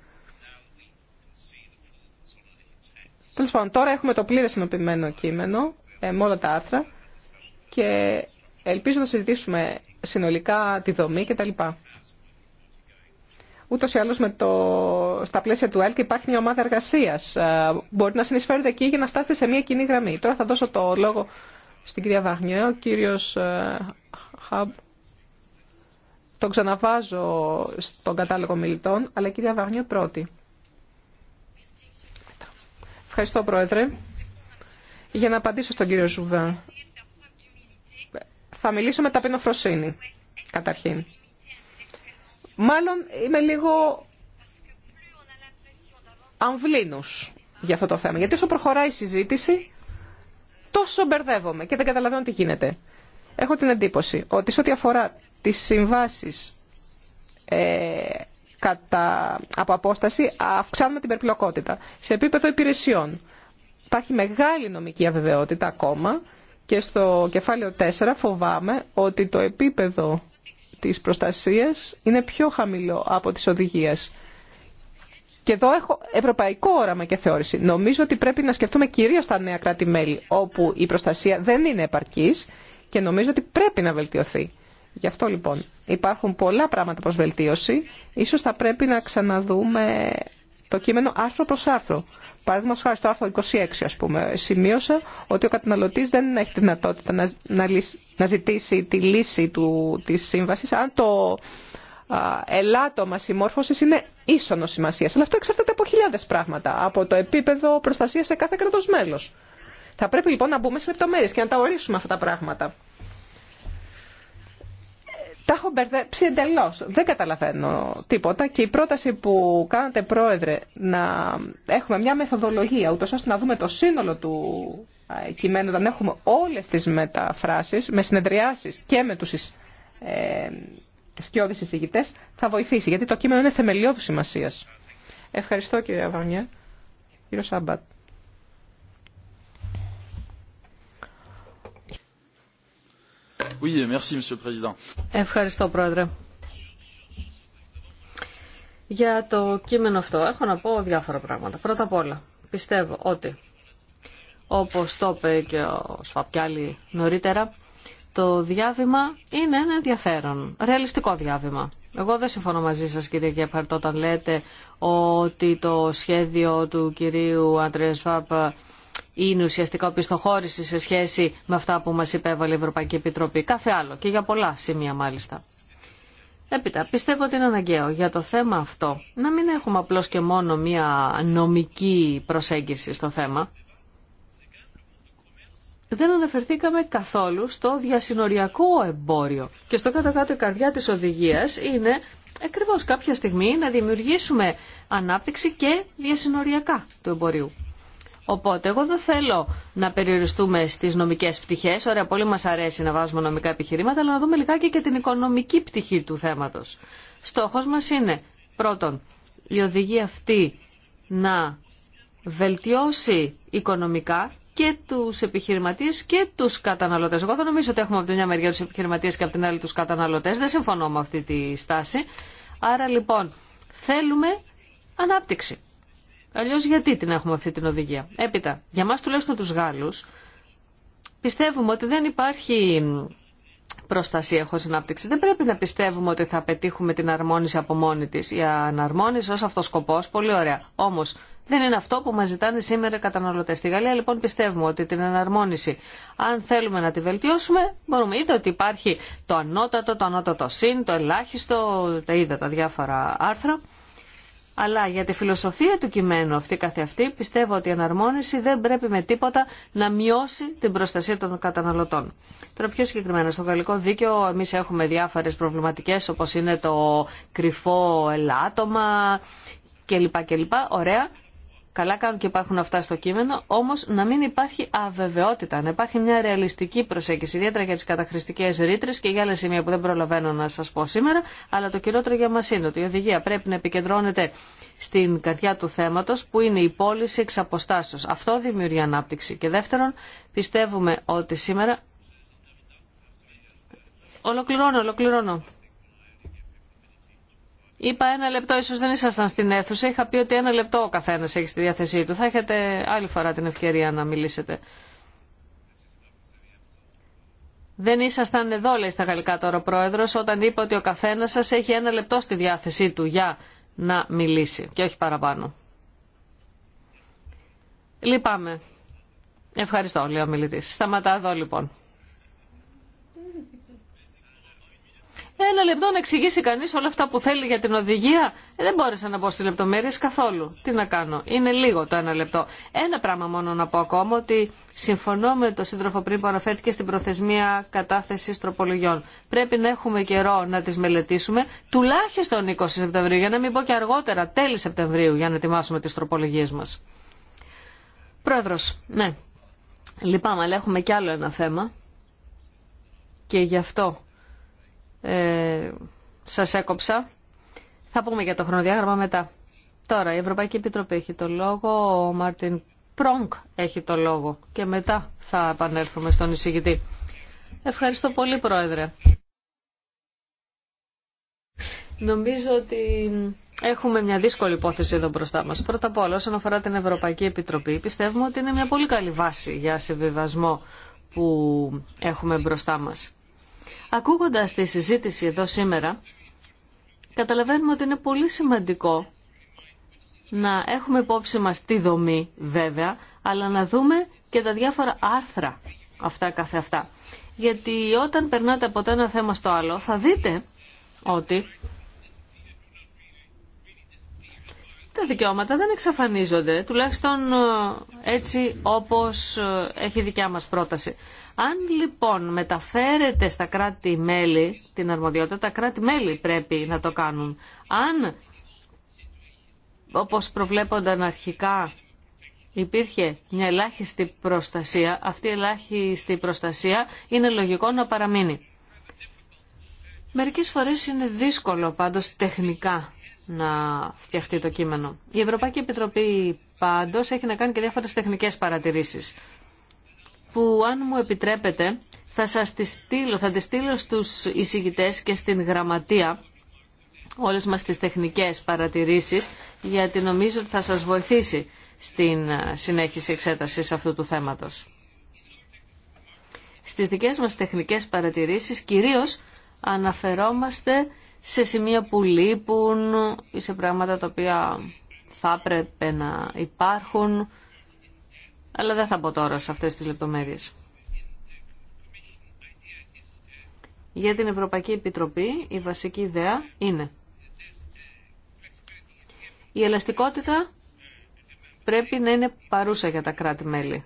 Τέλο πάντων, τώρα έχουμε το πλήρες συνοποιημένο κείμενο ε, με όλα τα άρθρα και ελπίζω να συζητήσουμε συνολικά τη δομή κτλ. Ούτως ή άλλως, με το στα πλαίσια του ΕΛΚ υπάρχει μια ομάδα εργασία. Ε, Μπορείτε να συνεισφέρετε εκεί για να φτάσετε σε μια κοινή γραμμή. Τώρα θα δώσω το λόγο στην κυρία Βαγνιέ. Ο κύριο ε, Χαμπ τον ξαναβάζω στον κατάλογο μιλητών, αλλά η κυρία Βαγνιέ πρώτη. Ευχαριστώ, Πρόεδρε. Για να απαντήσω στον κύριο Ζουβεν. Θα μιλήσω με ταπεινοφροσύνη, καταρχήν. Μάλλον είμαι λίγο αμβλήνους για αυτό το θέμα. Γιατί όσο προχωράει η συζήτηση, τόσο μπερδεύομαι και δεν καταλαβαίνω τι γίνεται. Έχω την εντύπωση ότι σε ό,τι αφορά τις συμβάσεις ε, κατά, από απόσταση, αυξάνουμε την περιπλοκότητα. Σε επίπεδο υπηρεσιών υπάρχει μεγάλη νομική αβεβαιότητα ακόμα και στο κεφάλαιο 4 φοβάμαι ότι το επίπεδο της προστασίας είναι πιο χαμηλό από τις οδηγίες και εδώ έχω ευρωπαϊκό όραμα και θεώρηση. Νομίζω ότι πρέπει να σκεφτούμε κυρίως τα νέα κράτη-μέλη, όπου η προστασία δεν είναι επαρκής και νομίζω ότι πρέπει να βελτιωθεί. Γι' αυτό λοιπόν υπάρχουν πολλά πράγματα προς βελτίωση. Ίσως θα πρέπει να ξαναδούμε το κείμενο άρθρο προς άρθρο. Παράδειγμα χάρη στο άρθρο 26 ας πούμε. Σημείωσα ότι ο καταναλωτής δεν έχει τη δυνατότητα να, ζητήσει τη λύση του, της σύμβασης αν το ελάττωμα συμμόρφωση είναι ίσονο σημασία. Αλλά αυτό εξαρτάται από χιλιάδε πράγματα. Από το επίπεδο προστασία σε κάθε κράτο μέλο. Θα πρέπει λοιπόν να μπούμε σε λεπτομέρειε και να τα ορίσουμε αυτά τα πράγματα. Τα έχω μπερδέψει εντελώ. Δεν καταλαβαίνω τίποτα και η πρόταση που κάνατε, Πρόεδρε, να έχουμε μια μεθοδολογία, ούτω ώστε να δούμε το σύνολο του κειμένου, όταν έχουμε όλε τι μεταφράσει, με συνεδριάσει και με του ε, θρησκειώδει συζητητέ θα βοηθήσει, γιατί το κείμενο είναι θεμελιώδη σημασία. Ευχαριστώ κύριε Αβανιέ. Κύριο Σάμπατ. Ευχαριστώ, Πρόεδρε. Για το κείμενο αυτό έχω να πω διάφορα πράγματα. Πρώτα απ' όλα, πιστεύω ότι, όπως το είπε και ο Σφαπιάλη νωρίτερα, το διάβημα είναι ένα ενδιαφέρον, ρεαλιστικό διάβημα. Εγώ δεν συμφωνώ μαζί σας κύριε Γκέφαρτ, όταν λέτε ότι το σχέδιο του κυρίου Αντρέα Σφάπ είναι ουσιαστικά οπισθοχώρηση σε σχέση με αυτά που μας υπέβαλε η Ευρωπαϊκή Επιτροπή. Κάθε άλλο και για πολλά σημεία μάλιστα. Έπειτα, πιστεύω ότι είναι αναγκαίο για το θέμα αυτό να μην έχουμε απλώς και μόνο μία νομική προσέγγιση στο θέμα δεν αναφερθήκαμε καθόλου στο διασυνοριακό εμπόριο. Και στο κάτω-κάτω η καρδιά της οδηγίας είναι ακριβώ κάποια στιγμή να δημιουργήσουμε ανάπτυξη και διασυνοριακά του εμπορίου. Οπότε εγώ δεν θέλω να περιοριστούμε στις νομικές πτυχές. Ωραία, πολύ μας αρέσει να βάζουμε νομικά επιχειρήματα, αλλά να δούμε λιγάκι και την οικονομική πτυχή του θέματος. Στόχος μας είναι, πρώτον, η οδηγία αυτή να βελτιώσει οικονομικά και του επιχειρηματίε και του καταναλωτέ. Εγώ θα νομίζω ότι έχουμε από την μια μεριά τους επιχειρηματίε και από την άλλη του καταναλωτέ, Δεν συμφωνώ με αυτή τη στάση. Άρα λοιπόν θέλουμε ανάπτυξη. Αλλιώ γιατί την έχουμε αυτή την οδηγία. Έπειτα, για εμά τουλάχιστον του Γάλλου, πιστεύουμε ότι δεν υπάρχει προστασία χωρί ανάπτυξη. Δεν πρέπει να πιστεύουμε ότι θα πετύχουμε την αρμόνιση από μόνη τη Η αναρμόνιση ως αυτό σκοπό, πολύ ωραία. Όμω, δεν είναι αυτό που μα ζητάνε σήμερα οι καταναλωτές. Στη Γαλλία λοιπόν πιστεύουμε ότι την εναρμόνιση, αν θέλουμε να τη βελτιώσουμε, μπορούμε. Είδα ότι υπάρχει το ανώτατο, το ανώτατο συν, το ελάχιστο, τα είδα τα διάφορα άρθρα. Αλλά για τη φιλοσοφία του κειμένου αυτή καθεαυτή πιστεύω ότι η εναρμόνιση δεν πρέπει με τίποτα να μειώσει την προστασία των καταναλωτών. Τώρα πιο συγκεκριμένα στο γαλλικό δίκαιο εμείς έχουμε διάφορες προβληματικές όπως είναι το κρυφό ελάττωμα κλπ. κλπ. Ωραία. Καλά κάνουν και υπάρχουν αυτά στο κείμενο, όμω να μην υπάρχει αβεβαιότητα, να υπάρχει μια ρεαλιστική προσέγγιση, ιδιαίτερα για τι καταχρηστικέ ρήτρε και για άλλα σημεία που δεν προλαβαίνω να σα πω σήμερα. Αλλά το κυριότερο για μα είναι ότι η οδηγία πρέπει να επικεντρώνεται στην καρδιά του θέματο, που είναι η πώληση εξ αποστάσεω. Αυτό δημιουργεί ανάπτυξη. Και δεύτερον, πιστεύουμε ότι σήμερα. Ολοκληρώνω, ολοκληρώνω. Είπα ένα λεπτό, ίσως δεν ήσασταν στην αίθουσα. Είχα πει ότι ένα λεπτό ο καθένα έχει στη διάθεσή του. Θα έχετε άλλη φορά την ευκαιρία να μιλήσετε. Δεν ήσασταν εδώ, λέει στα γαλλικά τώρα ο πρόεδρος, όταν είπε ότι ο καθένα σα έχει ένα λεπτό στη διάθεσή του για να μιλήσει και όχι παραπάνω. Λυπάμαι. Ευχαριστώ, λέει ο μιλητή. Σταματά εδώ λοιπόν. ένα λεπτό να εξηγήσει κανεί όλα αυτά που θέλει για την οδηγία. Ε, δεν μπόρεσα να μπω στι λεπτομέρειε καθόλου. Τι να κάνω. Είναι λίγο το ένα λεπτό. Ένα πράγμα μόνο να πω ακόμα, ότι συμφωνώ με τον σύντροφο πριν που αναφέρθηκε στην προθεσμία κατάθεση τροπολογιών. Πρέπει να έχουμε καιρό να τι μελετήσουμε, τουλάχιστον 20 Σεπτεμβρίου, για να μην πω και αργότερα, τέλη Σεπτεμβρίου, για να ετοιμάσουμε τι τροπολογίε μα. Πρόεδρο, ναι. Λυπάμαι, αλλά έχουμε κι άλλο ένα θέμα. Και γι' αυτό ε, σας έκοψα. Θα πούμε για το χρονοδιάγραμμα μετά. Τώρα η Ευρωπαϊκή Επιτροπή έχει το λόγο, ο Μάρτιν Πρόγκ έχει το λόγο και μετά θα επανέλθουμε στον εισηγητή. Ευχαριστώ πολύ Πρόεδρε. Νομίζω ότι έχουμε μια δύσκολη υπόθεση εδώ μπροστά μας. Πρώτα απ' όλα όσον αφορά την Ευρωπαϊκή Επιτροπή πιστεύουμε ότι είναι μια πολύ καλή βάση για συμβιβασμό που έχουμε μπροστά μας. Ακούγοντας τη συζήτηση εδώ σήμερα, καταλαβαίνουμε ότι είναι πολύ σημαντικό να έχουμε υπόψη μας τη δομή βέβαια, αλλά να δούμε και τα διάφορα άρθρα αυτά καθε αυτά. Γιατί όταν περνάτε από το ένα θέμα στο άλλο θα δείτε ότι τα δικαιώματα δεν εξαφανίζονται, τουλάχιστον ε, έτσι όπως ε, έχει δικιά μας πρόταση. Αν λοιπόν μεταφέρεται στα κράτη-μέλη την αρμοδιότητα, τα κράτη-μέλη πρέπει να το κάνουν. Αν, όπως προβλέπονταν αρχικά, υπήρχε μια ελάχιστη προστασία, αυτή η ελάχιστη προστασία είναι λογικό να παραμείνει. Μερικές φορές είναι δύσκολο πάντως τεχνικά να φτιαχτεί το κείμενο. Η Ευρωπαϊκή Επιτροπή πάντως έχει να κάνει και διάφορες τεχνικές παρατηρήσεις που αν μου επιτρέπετε θα σας τη στείλω, θα τη στείλω στους εισηγητές και στην γραμματεία όλες μας τις τεχνικές παρατηρήσεις γιατί νομίζω ότι θα σας βοηθήσει στην ε, συνέχιση εξέτασης αυτού του θέματος. Στις δικές μας τεχνικές παρατηρήσεις κυρίως αναφερόμαστε σε σημεία που λείπουν ή σε πράγματα τα οποία θα έπρεπε να υπάρχουν αλλά δεν θα μπω τώρα σε αυτές τις λεπτομέρειες. Για την Ευρωπαϊκή Επιτροπή η βασική ιδέα είναι η ελαστικότητα πρέπει να είναι παρούσα για τα κράτη-μέλη.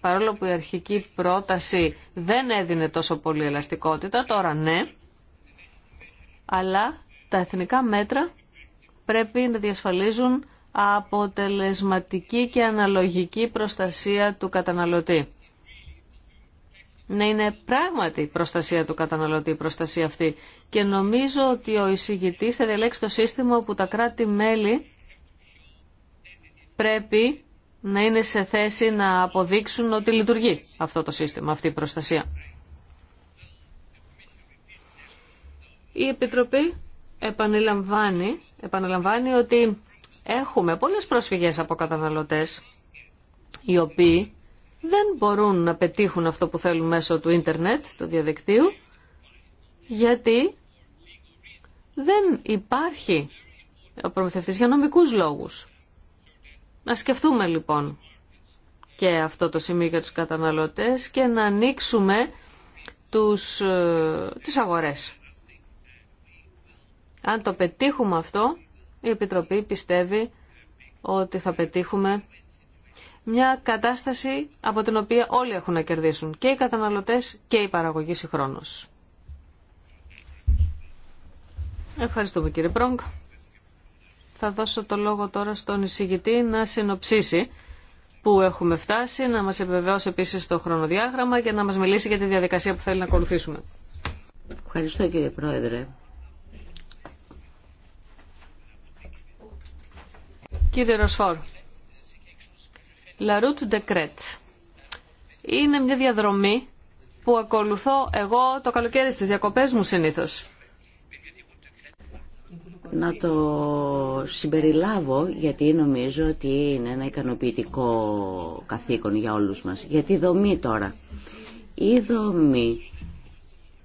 Παρόλο που η αρχική πρόταση δεν έδινε τόσο πολύ ελαστικότητα, τώρα ναι, αλλά τα εθνικά μέτρα πρέπει να διασφαλίζουν αποτελεσματική και αναλογική προστασία του καταναλωτή. Να είναι πράγματι προστασία του καταναλωτή, η προστασία αυτή. Και νομίζω ότι ο εισηγητής θα διαλέξει το σύστημα που τα κράτη-μέλη πρέπει να είναι σε θέση να αποδείξουν ότι λειτουργεί αυτό το σύστημα, αυτή η προστασία. Η Επιτροπή επαναλαμβάνει, επαναλαμβάνει ότι Έχουμε πολλές προσφυγές από καταναλωτές οι οποίοι δεν μπορούν να πετύχουν αυτό που θέλουν μέσω του ίντερνετ, του διαδικτύου, γιατί δεν υπάρχει ο προμηθευτής για νομικούς λόγους. Να σκεφτούμε λοιπόν και αυτό το σημείο για τους καταναλωτές και να ανοίξουμε τους, ε, τις αγορές. Αν το πετύχουμε αυτό, η Επιτροπή πιστεύει ότι θα πετύχουμε μια κατάσταση από την οποία όλοι έχουν να κερδίσουν και οι καταναλωτές και οι παραγωγή συγχρόνως. Ευχαριστούμε κύριε Πρόγκ. Θα δώσω το λόγο τώρα στον εισηγητή να συνοψίσει που έχουμε φτάσει, να μας επιβεβαιώσει επίσης το χρονοδιάγραμμα και να μας μιλήσει για τη διαδικασία που θέλει να ακολουθήσουμε. Ευχαριστώ κύριε Πρόεδρε. Κύριε Ροσφόρ, La Route είναι μια διαδρομή που ακολουθώ εγώ το καλοκαίρι στις διακοπές μου συνήθως. Να το συμπεριλάβω γιατί νομίζω ότι είναι ένα ικανοποιητικό καθήκον για όλους μας. Γιατί τη δομή τώρα. Η δομή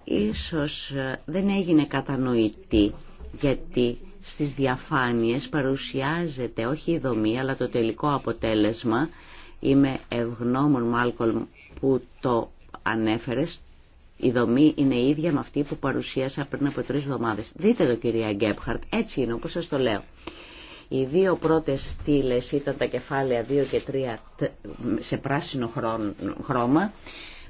ίσως δεν έγινε κατανοητή γιατί στις διαφάνειες παρουσιάζεται όχι η δομή αλλά το τελικό αποτέλεσμα. Είμαι ευγνώμων Μάλκολμ που το ανέφερες. Η δομή είναι ίδια με αυτή που παρουσίασα πριν από τρεις εβδομάδες. Δείτε το κυρία Γκέπχαρτ, έτσι είναι όπως σας το λέω. Οι δύο πρώτες στήλε ήταν τα κεφάλαια 2 και 3 σε πράσινο χρώμα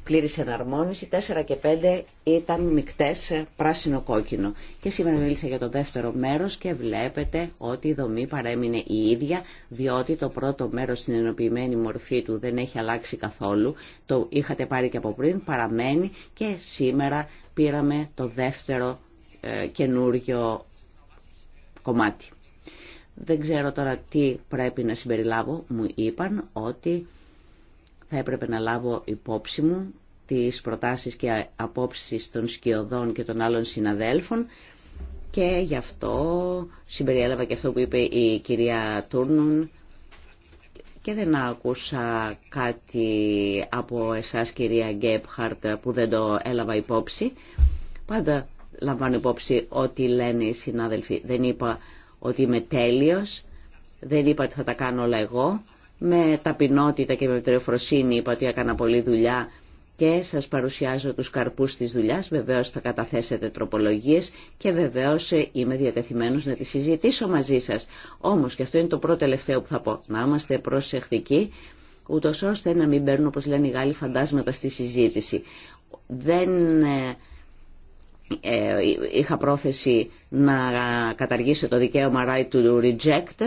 πλήρης εναρμόνιση, 4 και 5 ήταν μικτές πράσινο-κόκκινο. Και σήμερα μίλησα για το δεύτερο μέρος και βλέπετε ότι η δομή παρέμεινε η ίδια, διότι το πρώτο μέρος στην ενοποιημένη μορφή του δεν έχει αλλάξει καθόλου. Το είχατε πάρει και από πριν, παραμένει και σήμερα πήραμε το δεύτερο ε, καινούριο κομμάτι. Δεν ξέρω τώρα τι πρέπει να συμπεριλάβω. Μου είπαν ότι θα έπρεπε να λάβω υπόψη μου τις προτάσεις και απόψεις των σκιωδών και των άλλων συναδέλφων και γι' αυτό συμπεριέλαβα και αυτό που είπε η κυρία Τούρνουν και δεν άκουσα κάτι από εσάς κυρία Γκέπχαρτ που δεν το έλαβα υπόψη. Πάντα λαμβάνω υπόψη ό,τι λένε οι συνάδελφοι. Δεν είπα ότι είμαι τέλειος, δεν είπα ότι θα τα κάνω όλα εγώ με ταπεινότητα και με τριοφροσύνη είπα ότι έκανα πολλή δουλειά και σας παρουσιάζω τους καρπούς της δουλειάς, βεβαίως θα καταθέσετε τροπολογίες και βεβαίως ε, είμαι διατεθειμένος να τη συζητήσω μαζί σας. Όμως, και αυτό είναι το πρώτο τελευταίο που θα πω, να είμαστε προσεκτικοί, ούτω ώστε να μην παίρνουν, όπως λένε οι Γάλλοι, φαντάσματα στη συζήτηση. Δεν ε, ε, είχα πρόθεση να καταργήσω το δικαίωμα right to reject,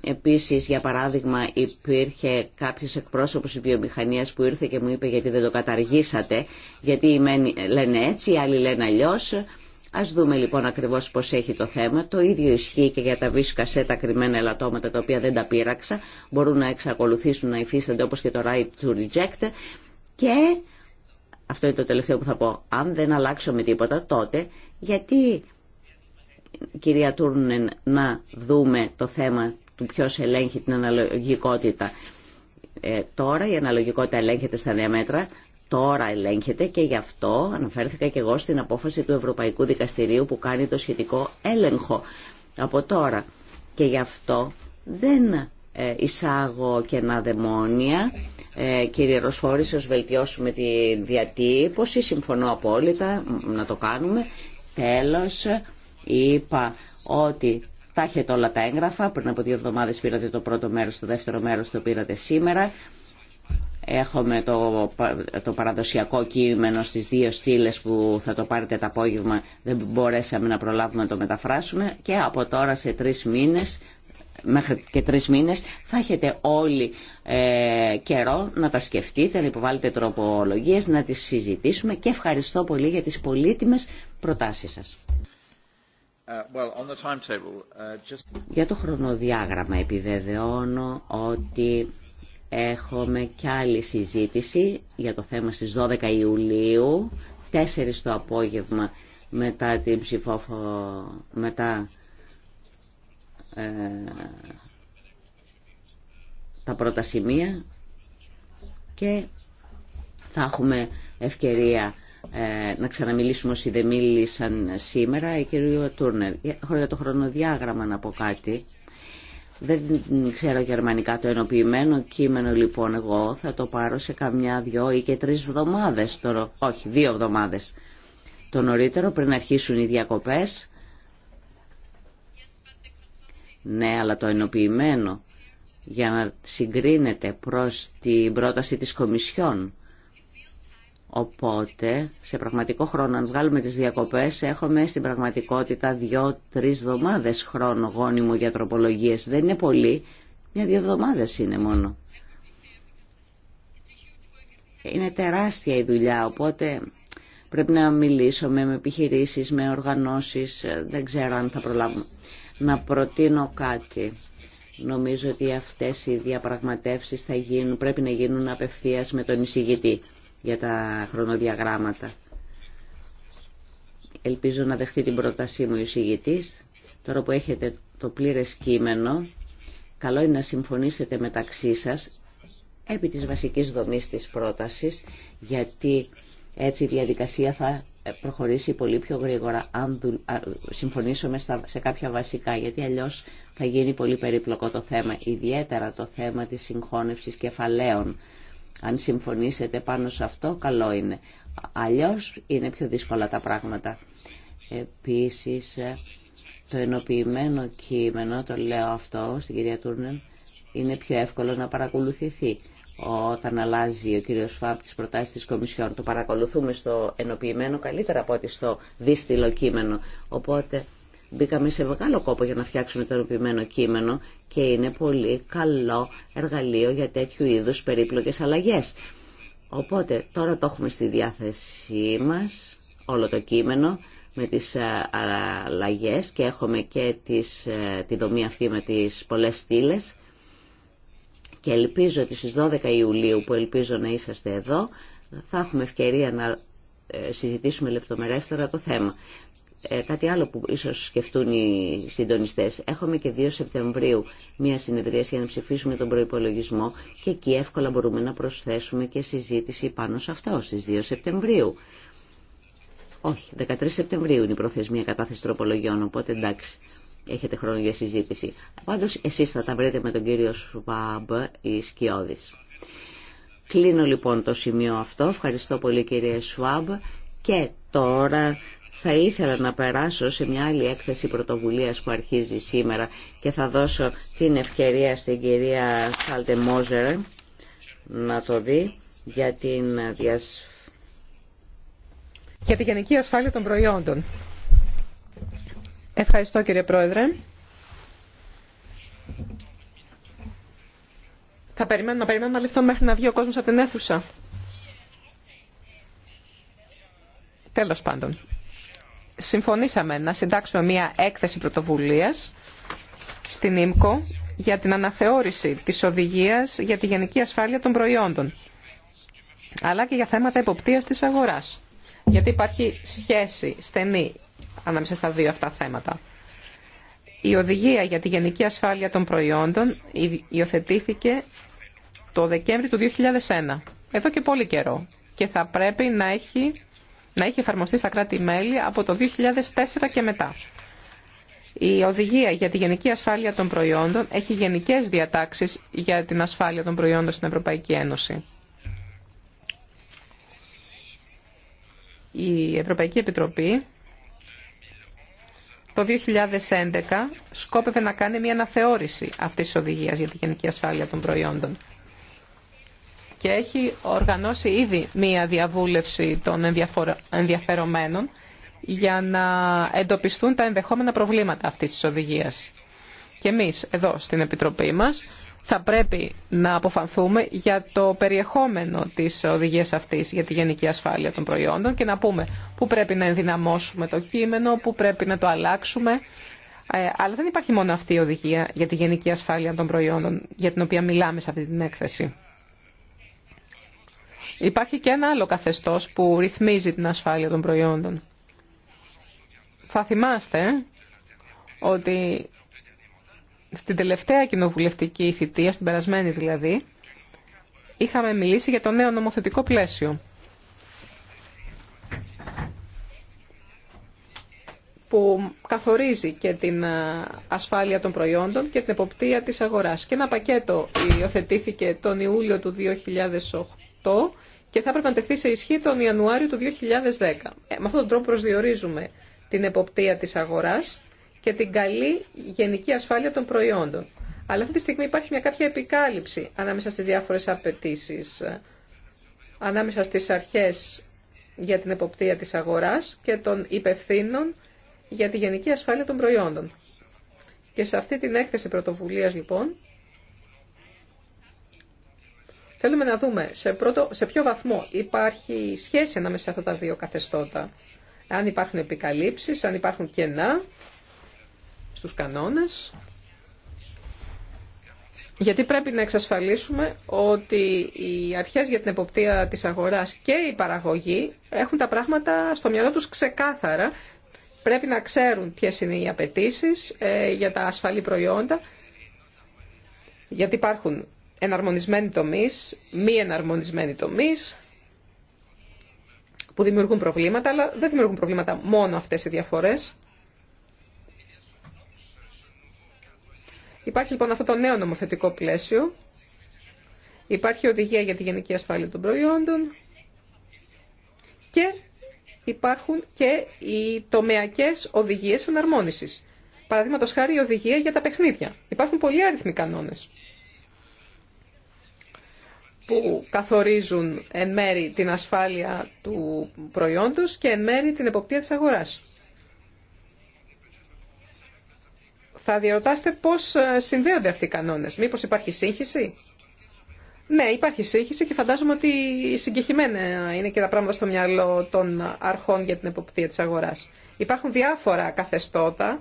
επίσης, για παράδειγμα, υπήρχε κάποιος εκπρόσωπος της βιομηχανίας που ήρθε και μου είπε γιατί δεν το καταργήσατε, γιατί οι μένοι λένε έτσι, οι άλλοι λένε αλλιώς. Ας δούμε λοιπόν ακριβώς πώς έχει το θέμα. Το ίδιο ισχύει και για τα σε τα κρυμμένα ελαττώματα τα οποία δεν τα πείραξα. Μπορούν να εξακολουθήσουν να υφίστανται όπως και το right to reject. Και αυτό είναι το τελευταίο που θα πω. Αν δεν με τίποτα τότε, γιατί κυρία Τούρνεν, να δούμε το θέμα του ποιο ελέγχει την αναλογικότητα. Ε, τώρα η αναλογικότητα ελέγχεται στα νέα μέτρα, τώρα ελέγχεται και γι' αυτό αναφέρθηκα και εγώ στην απόφαση του Ευρωπαϊκού Δικαστηρίου που κάνει το σχετικό έλεγχο από τώρα. Και γι' αυτό δεν ε, εισάγω κενά δαιμόνια. Ε, κύριε Ροσφόρη, σας βελτιώσουμε τη διατύπωση. Συμφωνώ απόλυτα να το κάνουμε. Τέλος, Είπα ότι τα έχετε όλα τα έγγραφα, πριν από δύο εβδομάδες πήρατε το πρώτο μέρος, το δεύτερο μέρος το πήρατε σήμερα. Έχουμε το, το παραδοσιακό κείμενο στις δύο στήλε που θα το πάρετε το απόγευμα. Δεν μπορέσαμε να προλάβουμε να το μεταφράσουμε και από τώρα σε τρεις μήνες μέχρι και τρεις μήνες θα έχετε όλοι ε, καιρό να τα σκεφτείτε, να υποβάλλετε τροπολογίες, να τις συζητήσουμε και ευχαριστώ πολύ για τις πολύτιμες προτάσεις σας. Uh, uh, για το χρονοδιάγραμμα επιβεβαιώνω ότι έχουμε κι άλλη συζήτηση για το θέμα στις 12 Ιουλίου, 4 το απόγευμα μετά την ψηφόφο... μετά ε, τα πρώτα σημεία και θα έχουμε ευκαιρία ε, να ξαναμιλήσουμε όσοι δεν μίλησαν σήμερα, η κυρία Τούρνερ. Για το χρονοδιάγραμμα να πω κάτι. Δεν ξέρω γερμανικά το ενοποιημένο κείμενο λοιπόν εγώ θα το πάρω σε καμιά δυο ή και τρεις εβδομάδες όχι δύο εβδομάδες το νωρίτερο πριν αρχίσουν οι διακοπές. Ναι, αλλά το ενοποιημένο για να συγκρίνεται προς την πρόταση της Κομισιόν Οπότε, σε πραγματικό χρόνο, αν βγάλουμε τις διακοπές, έχουμε στην πραγματικότητα δύο-τρεις εβδομάδες χρόνο γόνιμο για τροπολογίες. Δεν είναι πολύ, μια-δύο εβδομάδες είναι μόνο. Είναι τεράστια η δουλειά, οπότε πρέπει να μιλήσουμε με επιχειρήσεις, με οργανώσεις, δεν ξέρω αν θα προλάβουμε. Να προτείνω κάτι. Νομίζω ότι αυτές οι διαπραγματεύσεις θα γίνουν, πρέπει να γίνουν απευθείας με τον εισηγητή για τα χρονοδιαγράμματα. Ελπίζω να δεχτεί την πρότασή μου ο εισηγητής. Τώρα που έχετε το πλήρες κείμενο, καλό είναι να συμφωνήσετε μεταξύ σας επί της βασικής δομής της πρότασης, γιατί έτσι η διαδικασία θα προχωρήσει πολύ πιο γρήγορα αν συμφωνήσουμε σε κάποια βασικά, γιατί αλλιώς θα γίνει πολύ περίπλοκο το θέμα, ιδιαίτερα το θέμα της συγχώνευσης κεφαλαίων αν συμφωνήσετε πάνω σε αυτό, καλό είναι. Αλλιώς είναι πιο δύσκολα τα πράγματα. Επίσης, το ενοποιημένο κείμενο, το λέω αυτό στην κυρία Τούρνεν, είναι πιο εύκολο να παρακολουθηθεί. Όταν αλλάζει ο κύριο Φαπ τις προτάσει τη Κομισιόν, το παρακολουθούμε στο ενοποιημένο καλύτερα από ότι στο δίστηλο κείμενο. Οπότε Μπήκαμε σε μεγάλο κόπο για να φτιάξουμε το ενωπημένο κείμενο και είναι πολύ καλό εργαλείο για τέτοιου είδους περίπλοκες αλλαγές. Οπότε τώρα το έχουμε στη διάθεσή μας όλο το κείμενο με τις ε, αλλαγέ και έχουμε και τις, ε, τη δομή αυτή με τις πολλές στήλε. και ελπίζω ότι στις 12 Ιουλίου που ελπίζω να είσαστε εδώ θα έχουμε ευκαιρία να ε, συζητήσουμε λεπτομερέστερα το θέμα. Ε, κάτι άλλο που ίσως σκεφτούν οι συντονιστές. Έχουμε και 2 Σεπτεμβρίου μια συνεδρία για να ψηφίσουμε τον προϋπολογισμό και εκεί εύκολα μπορούμε να προσθέσουμε και συζήτηση πάνω σε αυτό στις 2 Σεπτεμβρίου. Όχι, 13 Σεπτεμβρίου είναι η προθεσμία κατάθεση τροπολογιών, οπότε εντάξει, έχετε χρόνο για συζήτηση. Πάντω εσεί θα τα βρείτε με τον κύριο Σουβάμπ ή Σκιώδη. Κλείνω λοιπόν το σημείο αυτό. Ευχαριστώ πολύ κύριε Σουάμπ και τώρα θα ήθελα να περάσω σε μια άλλη έκθεση πρωτοβουλίας που αρχίζει σήμερα και θα δώσω την ευκαιρία στην κυρία Χάλτε Μόζερ να το δει για την για τη γενική ασφάλεια των προϊόντων. Ευχαριστώ κύριε Πρόεδρε. Θα περιμένω να περιμένω να ληφθώ μέχρι να βγει ο κόσμος από την αίθουσα. Τέλος πάντων συμφωνήσαμε να συντάξουμε μια έκθεση πρωτοβουλίας στην ΙΜΚΟ για την αναθεώρηση της οδηγίας για τη γενική ασφάλεια των προϊόντων, αλλά και για θέματα εποπτείας της αγοράς, γιατί υπάρχει σχέση στενή ανάμεσα στα δύο αυτά θέματα. Η οδηγία για τη γενική ασφάλεια των προϊόντων υιοθετήθηκε το Δεκέμβρη του 2001, εδώ και πολύ καιρό, και θα πρέπει να έχει να έχει εφαρμοστεί στα κράτη-μέλη από το 2004 και μετά. Η οδηγία για τη γενική ασφάλεια των προϊόντων έχει γενικές διατάξεις για την ασφάλεια των προϊόντων στην Ευρωπαϊκή Ένωση. Η Ευρωπαϊκή Επιτροπή το 2011 σκόπευε να κάνει μια αναθεώρηση αυτής της οδηγίας για τη γενική ασφάλεια των προϊόντων και έχει οργανώσει ήδη μία διαβούλευση των ενδιαφερομένων για να εντοπιστούν τα ενδεχόμενα προβλήματα αυτής της οδηγίας. Και εμείς εδώ στην Επιτροπή μας θα πρέπει να αποφανθούμε για το περιεχόμενο της οδηγίας αυτής για τη γενική ασφάλεια των προϊόντων και να πούμε πού πρέπει να ενδυναμώσουμε το κείμενο, πού πρέπει να το αλλάξουμε. Ε, αλλά δεν υπάρχει μόνο αυτή η οδηγία για τη γενική ασφάλεια των προϊόντων για την οποία μιλάμε σε αυτή την έκθεση. Υπάρχει και ένα άλλο καθεστώς που ρυθμίζει την ασφάλεια των προϊόντων. Θα θυμάστε ότι στην τελευταία κοινοβουλευτική θητεία, στην περασμένη δηλαδή, είχαμε μιλήσει για το νέο νομοθετικό πλαίσιο. που καθορίζει και την ασφάλεια των προϊόντων και την εποπτεία της αγοράς. Και ένα πακέτο υιοθετήθηκε τον Ιούλιο του 2008 και θα έπρεπε να τεθεί σε ισχύ τον Ιανουάριο του 2010. Ε, με αυτόν τον τρόπο προσδιορίζουμε την εποπτεία της αγοράς και την καλή γενική ασφάλεια των προϊόντων. Αλλά αυτή τη στιγμή υπάρχει μια κάποια επικάλυψη ανάμεσα στις διάφορες απαιτήσει, ανάμεσα στις αρχές για την εποπτεία της αγοράς και των υπευθύνων για τη γενική ασφάλεια των προϊόντων. Και σε αυτή την έκθεση πρωτοβουλίας λοιπόν Θέλουμε να δούμε σε, πρώτο, σε ποιο βαθμό υπάρχει σχέση ανάμεσα σε αυτά τα δύο καθεστώτα. Αν υπάρχουν επικαλύψεις, αν υπάρχουν κενά στους κανόνες. Γιατί πρέπει να εξασφαλίσουμε ότι οι αρχές για την εποπτεία της αγοράς και η παραγωγή έχουν τα πράγματα στο μυαλό τους ξεκάθαρα. Πρέπει να ξέρουν ποιες είναι οι απαιτήσει ε, για τα ασφαλή προϊόντα, γιατί υπάρχουν Εναρμονισμένη τομής, μη εναρμονισμένη τομής που δημιουργούν προβλήματα, αλλά δεν δημιουργούν προβλήματα μόνο αυτές οι διαφορές. Υπάρχει λοιπόν αυτό το νέο νομοθετικό πλαίσιο. Υπάρχει οδηγία για τη γενική ασφάλεια των προϊόντων και υπάρχουν και οι τομεακές οδηγίες εναρμόνισης. Παραδείγματο χάρη η οδηγία για τα παιχνίδια. Υπάρχουν πολλοί αριθμοί κανόνες που καθορίζουν εν μέρη την ασφάλεια του προϊόντος και εν μέρη την εποπτεία της αγοράς. Θα διαρωτάστε πώς ε, συνδέονται αυτοί οι κανόνες. Μήπως υπάρχει σύγχυση. Ναι, υπάρχει σύγχυση και φαντάζομαι ότι συγκεχημένα είναι και τα πράγματα στο μυαλό των αρχών για την εποπτεία της αγοράς. Υπάρχουν διάφορα καθεστώτα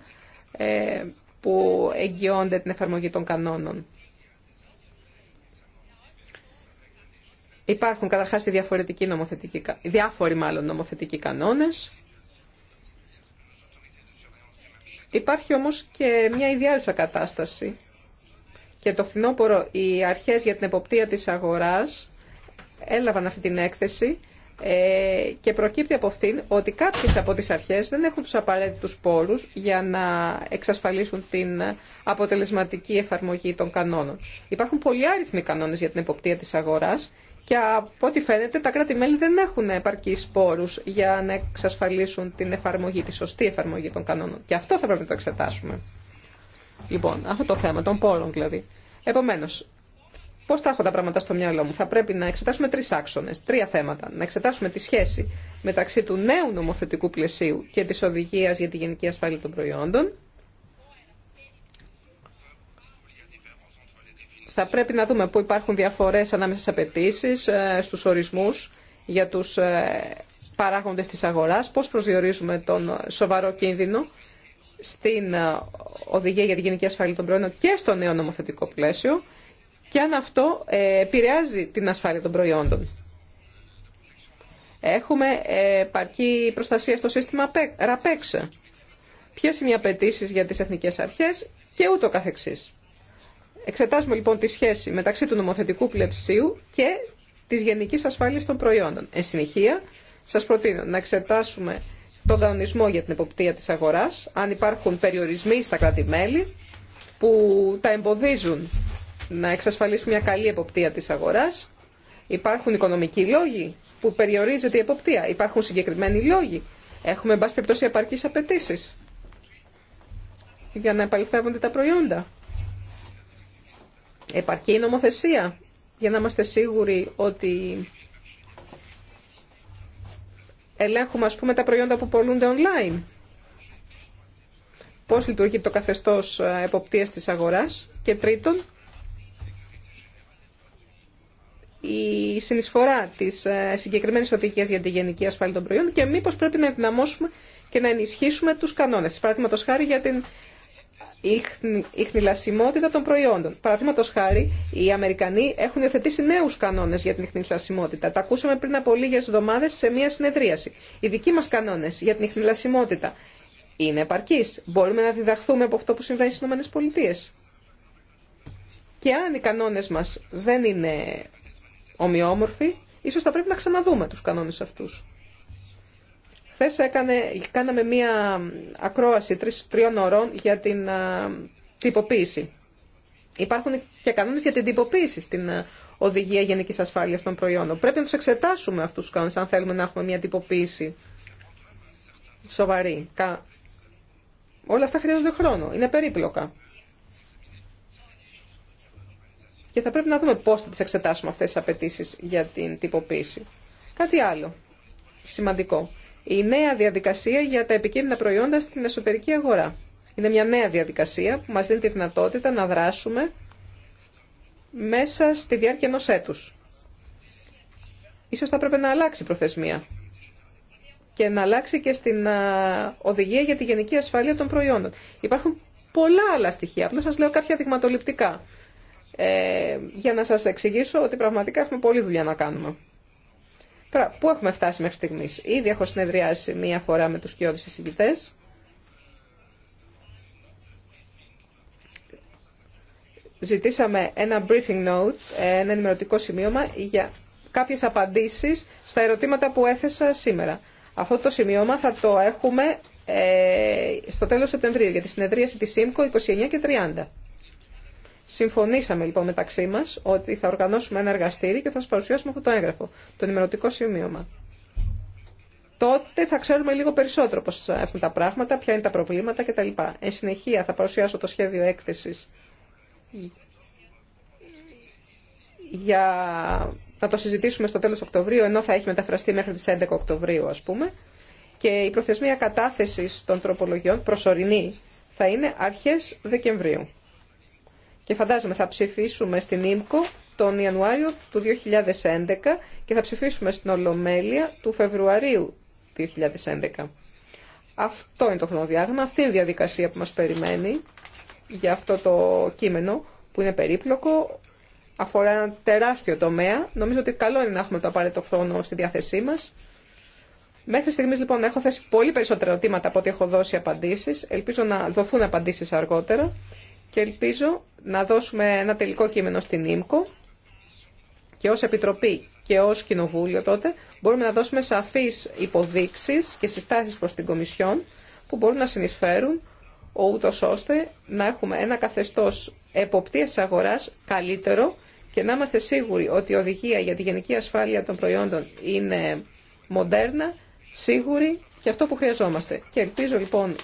ε, που εγγυώνται την εφαρμογή των κανόνων. Υπάρχουν καταρχά οι διαφορετικοί νομοθετικοί, διάφοροι μάλλον νομοθετικοί κανόνε. Υπάρχει όμως και μια ιδιάζουσα κατάσταση. Και το φθινόπωρο οι αρχές για την εποπτεία της αγοράς έλαβαν αυτή την έκθεση ε, και προκύπτει από αυτήν ότι κάποιες από τις αρχές δεν έχουν τους απαραίτητους πόρους για να εξασφαλίσουν την αποτελεσματική εφαρμογή των κανόνων. Υπάρχουν πολλοί άριθμοι κανόνες για την εποπτεία της αγοράς και από ό,τι φαίνεται τα κράτη-μέλη δεν έχουν επαρκεί πόρου για να εξασφαλίσουν την εφαρμογή, τη σωστή εφαρμογή των κανόνων. Και αυτό θα πρέπει να το εξετάσουμε. Λοιπόν, αυτό το θέμα των πόρων δηλαδή. Επομένω, πώ θα έχω τα πράγματα στο μυαλό μου. Θα πρέπει να εξετάσουμε τρει άξονε, τρία θέματα. Να εξετάσουμε τη σχέση μεταξύ του νέου νομοθετικού πλαισίου και τη οδηγία για τη γενική ασφάλεια των προϊόντων. θα πρέπει να δούμε πού υπάρχουν διαφορές ανάμεσα στις απαιτήσει, ε, στους ορισμούς για τους ε, παράγοντες της αγοράς, πώς προσδιορίζουμε τον σοβαρό κίνδυνο στην ε, οδηγία για την γενική ασφάλεια των προϊόντων και στο νέο νομοθετικό πλαίσιο και αν αυτό επηρεάζει την ασφάλεια των προϊόντων. Έχουμε παρκή προστασία στο σύστημα e RAPEX. Ποιες είναι οι απαιτήσει για τις εθνικές αρχές και ούτω καθεξής. Εξετάζουμε λοιπόν τη σχέση μεταξύ του νομοθετικού πλευσίου και τη γενική ασφάλεια των προϊόντων. Εν συνεχεία, σα προτείνω να εξετάσουμε τον κανονισμό για την εποπτεία τη αγορά. αν υπάρχουν περιορισμοί στα κράτη-μέλη που τα εμποδίζουν να εξασφαλίσουν μια καλή εποπτεία τη αγορά, Υπάρχουν οικονομικοί λόγοι που περιορίζεται η εποπτεία. Υπάρχουν συγκεκριμένοι λόγοι. Έχουμε, εν πάση περιπτώσει, επαρκείς απαιτήσει για να επαληθεύονται τα προϊόντα. Επαρκεί η νομοθεσία για να είμαστε σίγουροι ότι ελέγχουμε ας πούμε τα προϊόντα που πολλούνται online. Πώς λειτουργεί το καθεστώς ε, εποπτείας της αγοράς. Και τρίτον, η συνεισφορά της ε, συγκεκριμένης οδηγίας για τη γενική ασφάλεια των προϊόντων και μήπως πρέπει να ενδυναμώσουμε και να ενισχύσουμε τους κανόνες. χάρη για την η χνηλασιμότητα των προϊόντων. Παραδείγματο χάρη, οι Αμερικανοί έχουν υιοθετήσει νέου κανόνε για την χνηλασιμότητα. Τα ακούσαμε πριν από λίγε εβδομάδε σε μία συνεδρίαση. Οι δικοί μα κανόνε για την χνηλασιμότητα είναι επαρκεί. Μπορούμε να διδαχθούμε από αυτό που συμβαίνει στι ΗΠΑ. Και αν οι κανόνε μα δεν είναι ομοιόμορφοι, ίσω θα πρέπει να ξαναδούμε του κανόνε αυτού χθε κάναμε μία ακρόαση τριών ωρών για την α, τυποποίηση. Υπάρχουν και κανόνε για την τυποποίηση στην α, Οδηγία γενική ασφάλεια των Προϊόντων. Πρέπει να του εξετάσουμε αυτού του κανόνε, αν θέλουμε να έχουμε μία τυποποίηση σοβαρή. Κα... Όλα αυτά χρειάζονται χρόνο. Είναι περίπλοκα. Και θα πρέπει να δούμε πώς θα τις εξετάσουμε αυτές τις απαιτήσει για την τυποποίηση. Κάτι άλλο σημαντικό η νέα διαδικασία για τα επικίνδυνα προϊόντα στην εσωτερική αγορά. Είναι μια νέα διαδικασία που μας δίνει τη δυνατότητα να δράσουμε μέσα στη διάρκεια ενός έτους. Ίσως θα πρέπει να αλλάξει η προθεσμία και να αλλάξει και στην οδηγία για τη γενική ασφάλεια των προϊόντων. Υπάρχουν πολλά άλλα στοιχεία, απλώς σας λέω κάποια δειγματοληπτικά, ε, για να σας εξηγήσω ότι πραγματικά έχουμε πολλή δουλειά να κάνουμε. Τώρα, πού έχουμε φτάσει μέχρι στιγμή. Ήδη έχω συνεδριάσει μία φορά με τους κοιόδη εισηγητέ. Ζητήσαμε ένα briefing note, ένα ενημερωτικό σημείωμα για κάποιες απαντήσεις στα ερωτήματα που έθεσα σήμερα. Αυτό το σημείωμα θα το έχουμε ε, στο τέλος Σεπτεμβρίου για τη συνεδρίαση της ΣΥΜΚΟ 29 και 30. Συμφωνήσαμε λοιπόν μεταξύ μα ότι θα οργανώσουμε ένα εργαστήρι και θα σα παρουσιάσουμε αυτό το έγγραφο, το ενημερωτικό σημείωμα. Τότε θα ξέρουμε λίγο περισσότερο πώ έχουν τα πράγματα, ποια είναι τα προβλήματα κτλ. Εν συνεχεία θα παρουσιάσω το σχέδιο έκθεση για να το συζητήσουμε στο τέλος Οκτωβρίου, ενώ θα έχει μεταφραστεί μέχρι τις 11 Οκτωβρίου, ας πούμε. Και η προθεσμία κατάθεσης των τροπολογιών, προσωρινή, θα είναι αρχές Δεκεμβρίου και φαντάζομαι θα ψηφίσουμε στην ΙΜΚΟ τον Ιανουάριο του 2011 και θα ψηφίσουμε στην Ολομέλεια του Φεβρουαρίου 2011. Αυτό είναι το χρονοδιάγραμμα, αυτή είναι η διαδικασία που μας περιμένει για αυτό το κείμενο που είναι περίπλοκο, αφορά ένα τεράστιο τομέα. Νομίζω ότι καλό είναι να έχουμε το απαραίτητο χρόνο στη διάθεσή μας. Μέχρι στιγμής λοιπόν έχω θέσει πολύ περισσότερα ερωτήματα από ό,τι έχω δώσει απαντήσεις. Ελπίζω να δοθούν απαντήσεις αργότερα και ελπίζω να δώσουμε ένα τελικό κείμενο στην ΙΜΚΟ και ως Επιτροπή και ως Κοινοβούλιο τότε μπορούμε να δώσουμε σαφείς υποδείξεις και συστάσεις προς την Κομισιόν που μπορούν να συνεισφέρουν ούτως ώστε να έχουμε ένα καθεστώς εποπτείας αγοράς καλύτερο και να είμαστε σίγουροι ότι η οδηγία για τη γενική ασφάλεια των προϊόντων είναι μοντέρνα, σίγουρη και αυτό που χρειαζόμαστε. Και ελπίζω λοιπόν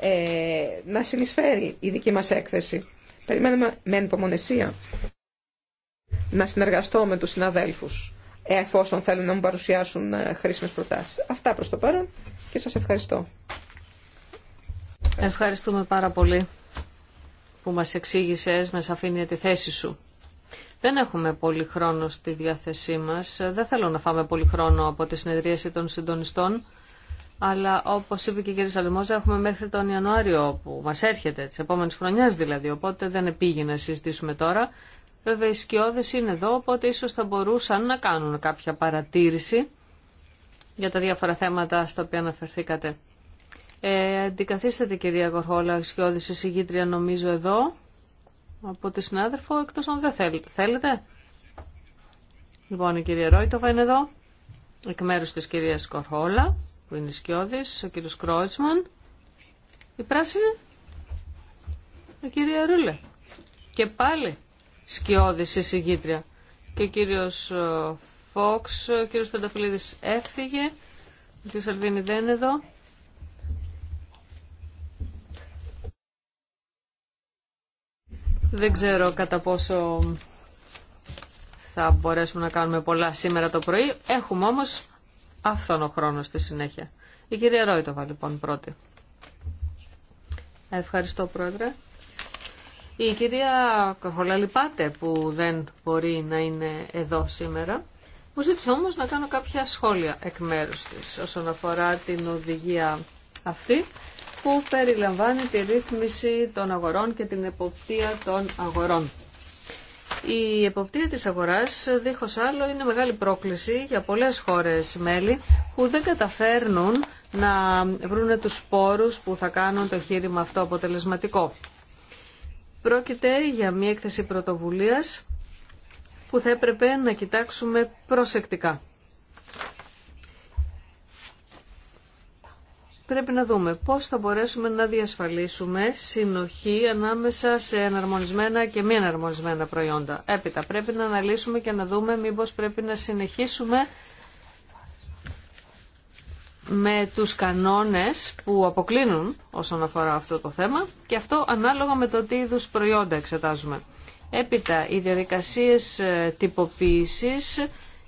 ε, να συνεισφέρει η δική μας έκθεση. Περιμένουμε με ανυπομονησία να συνεργαστώ με τους συναδέλφους εφόσον θέλουν να μου παρουσιάσουν ε, χρήσιμες προτάσεις. Αυτά προς το παρόν και σας ευχαριστώ. Ευχαριστούμε πάρα πολύ που μας εξήγησες με σαφήνεια τη θέση σου. Δεν έχουμε πολύ χρόνο στη διάθεσή μας. Δεν θέλω να φάμε πολύ χρόνο από τη συνεδρίαση των συντονιστών αλλά όπως είπε και η κυρία Σαλμόζα έχουμε μέχρι τον Ιανουάριο που μας έρχεται, της επόμενης χρονιάς δηλαδή, οπότε δεν επήγει να συζητήσουμε τώρα. Βέβαια οι σκιώδες είναι εδώ, οπότε ίσως θα μπορούσαν να κάνουν κάποια παρατήρηση για τα διάφορα θέματα στα οποία αναφερθήκατε. Ε, αντικαθίσταται κυρία Κορχόλα, σκιώδης εισηγήτρια νομίζω εδώ, από τη συνάδελφο, εκτός αν δεν θέλετε. Θέλετε? Λοιπόν, η κυρία Ρόιτοβα είναι εδώ, εκ μέρους της κυρίας Κορχόλα που είναι σκιώδης, ο κύριος Κρότσμαν, η πράσινη, η κυρία Ρούλε. Και πάλι σκιώδης εισηγήτρια. Και ο κύριος ε, Φόξ, ο κύριος Πενταφυλίδης έφυγε, ο κύριος Αλβίνη δεν είναι εδώ. Δεν ξέρω κατά πόσο θα μπορέσουμε να κάνουμε πολλά σήμερα το πρωί. Έχουμε όμως ο χρόνο στη συνέχεια. Η κυρία Ρόιτοβα λοιπόν πρώτη. Ευχαριστώ πρόεδρε. Η κυρία Καρχολά που δεν μπορεί να είναι εδώ σήμερα. Μου ζήτησε όμως να κάνω κάποια σχόλια εκ μέρου της όσον αφορά την οδηγία αυτή που περιλαμβάνει τη ρύθμιση των αγορών και την εποπτεία των αγορών. Η εποπτεία της αγοράς, δίχως άλλο, είναι μεγάλη πρόκληση για πολλές χώρες μέλη που δεν καταφέρνουν να βρουν τους σπόρους που θα κάνουν το χείρημα αυτό αποτελεσματικό. Πρόκειται για μια έκθεση πρωτοβουλίας που θα έπρεπε να κοιτάξουμε προσεκτικά. πρέπει να δούμε πώς θα μπορέσουμε να διασφαλίσουμε συνοχή ανάμεσα σε εναρμονισμένα και μη εναρμονισμένα προϊόντα. Έπειτα πρέπει να αναλύσουμε και να δούμε μήπως πρέπει να συνεχίσουμε με τους κανόνες που αποκλίνουν όσον αφορά αυτό το θέμα και αυτό ανάλογα με το τι είδου προϊόντα εξετάζουμε. Έπειτα, οι διαδικασίες ε, τυποποίησης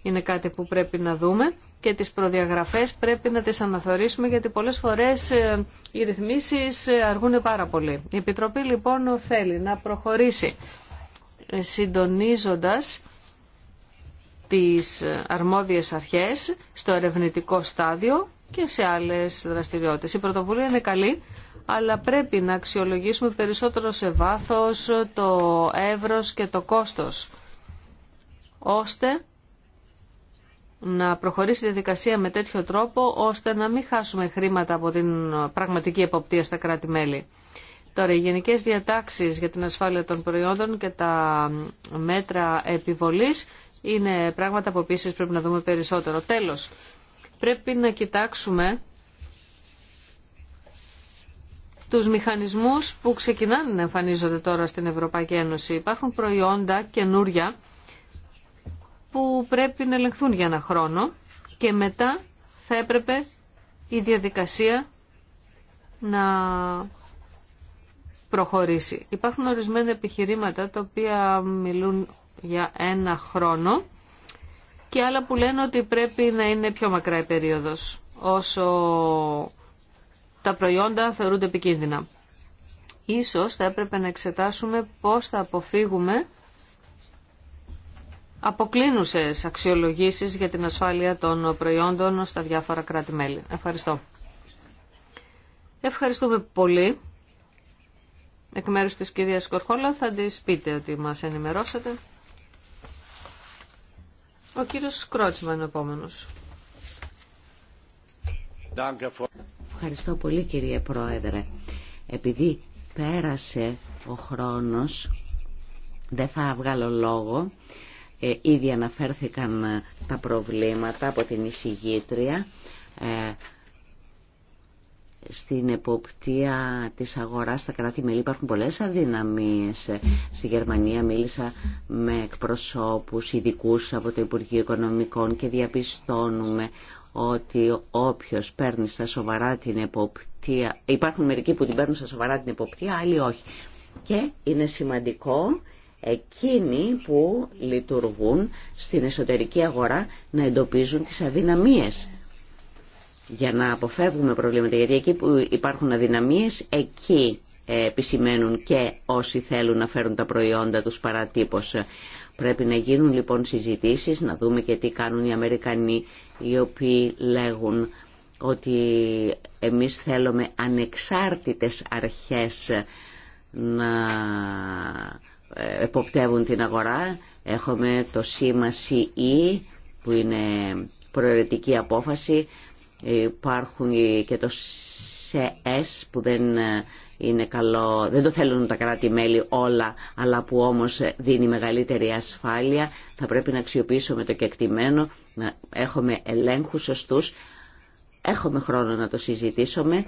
είναι κάτι που πρέπει να δούμε και τις προδιαγραφές πρέπει να τις αναθεωρήσουμε γιατί πολλές φορές ε, οι ρυθμίσεις ε, αργούν πάρα πολύ. Η Επιτροπή λοιπόν θέλει να προχωρήσει ε, συντονίζοντας τις αρμόδιες αρχές στο ερευνητικό στάδιο και σε άλλες δραστηριότητες. Η πρωτοβουλία είναι καλή, αλλά πρέπει να αξιολογήσουμε περισσότερο σε βάθος το εύρος και το κόστος, ώστε να προχωρήσει η διαδικασία με τέτοιο τρόπο ώστε να μην χάσουμε χρήματα από την πραγματική εποπτεία στα κράτη-μέλη. Τώρα, οι γενικέ διατάξει για την ασφάλεια των προϊόντων και τα μέτρα επιβολή είναι πράγματα που επίση πρέπει να δούμε περισσότερο. Τέλο, πρέπει να κοιτάξουμε τους μηχανισμούς που ξεκινάνε να εμφανίζονται τώρα στην Ευρωπαϊκή Ένωση. Υπάρχουν προϊόντα καινούρια που πρέπει να ελεγχθούν για ένα χρόνο και μετά θα έπρεπε η διαδικασία να προχωρήσει. Υπάρχουν ορισμένα επιχειρήματα τα οποία μιλούν για ένα χρόνο και άλλα που λένε ότι πρέπει να είναι πιο μακρά η περίοδος όσο τα προϊόντα θεωρούνται επικίνδυνα. Ίσως θα έπρεπε να εξετάσουμε πώς θα αποφύγουμε αποκλίνουσες αξιολογήσεις για την ασφάλεια των προϊόντων στα διάφορα κράτη-μέλη. Ευχαριστώ. Ευχαριστούμε πολύ. Εκ μέρου τη κυρία Κορχόλα θα της πείτε ότι μας ενημερώσατε. Ο κύριος Κρότσμα είναι ο επόμενος. Ευχαριστώ πολύ κύριε Πρόεδρε. Επειδή πέρασε ο χρόνος, δεν θα βγάλω λόγο. Ε, ήδη αναφέρθηκαν ε, τα προβλήματα από την εισηγήτρια ε, στην εποπτεία της αγοράς στα κράτη-μέλη υπάρχουν πολλές αδυναμίες. Στη Γερμανία μίλησα με εκπροσώπους ειδικού από το Υπουργείο Οικονομικών και διαπιστώνουμε ότι όποιος παίρνει στα σοβαρά την εποπτεία, υπάρχουν μερικοί που την παίρνουν στα σοβαρά την εποπτεία, άλλοι όχι. Και είναι σημαντικό εκείνοι που λειτουργούν στην εσωτερική αγορά να εντοπίζουν τις αδυναμίες για να αποφεύγουμε προβλήματα. Γιατί εκεί που υπάρχουν αδυναμίες, εκεί ε, επισημαίνουν και όσοι θέλουν να φέρουν τα προϊόντα τους παρατύπως. Πρέπει να γίνουν λοιπόν συζητήσεις, να δούμε και τι κάνουν οι Αμερικανοί οι οποίοι λέγουν ότι εμείς θέλουμε ανεξάρτητες αρχές να εποπτεύουν την αγορά. Έχουμε το σήμα CE που είναι προαιρετική απόφαση. Υπάρχουν και το CS που δεν ε, είναι καλό, δεν το θέλουν τα κράτη-μέλη όλα, αλλά που όμως δίνει μεγαλύτερη ασφάλεια. Θα πρέπει να αξιοποιήσουμε το κεκτημένο, να έχουμε ελέγχους σωστούς. Έχουμε χρόνο να το συζητήσουμε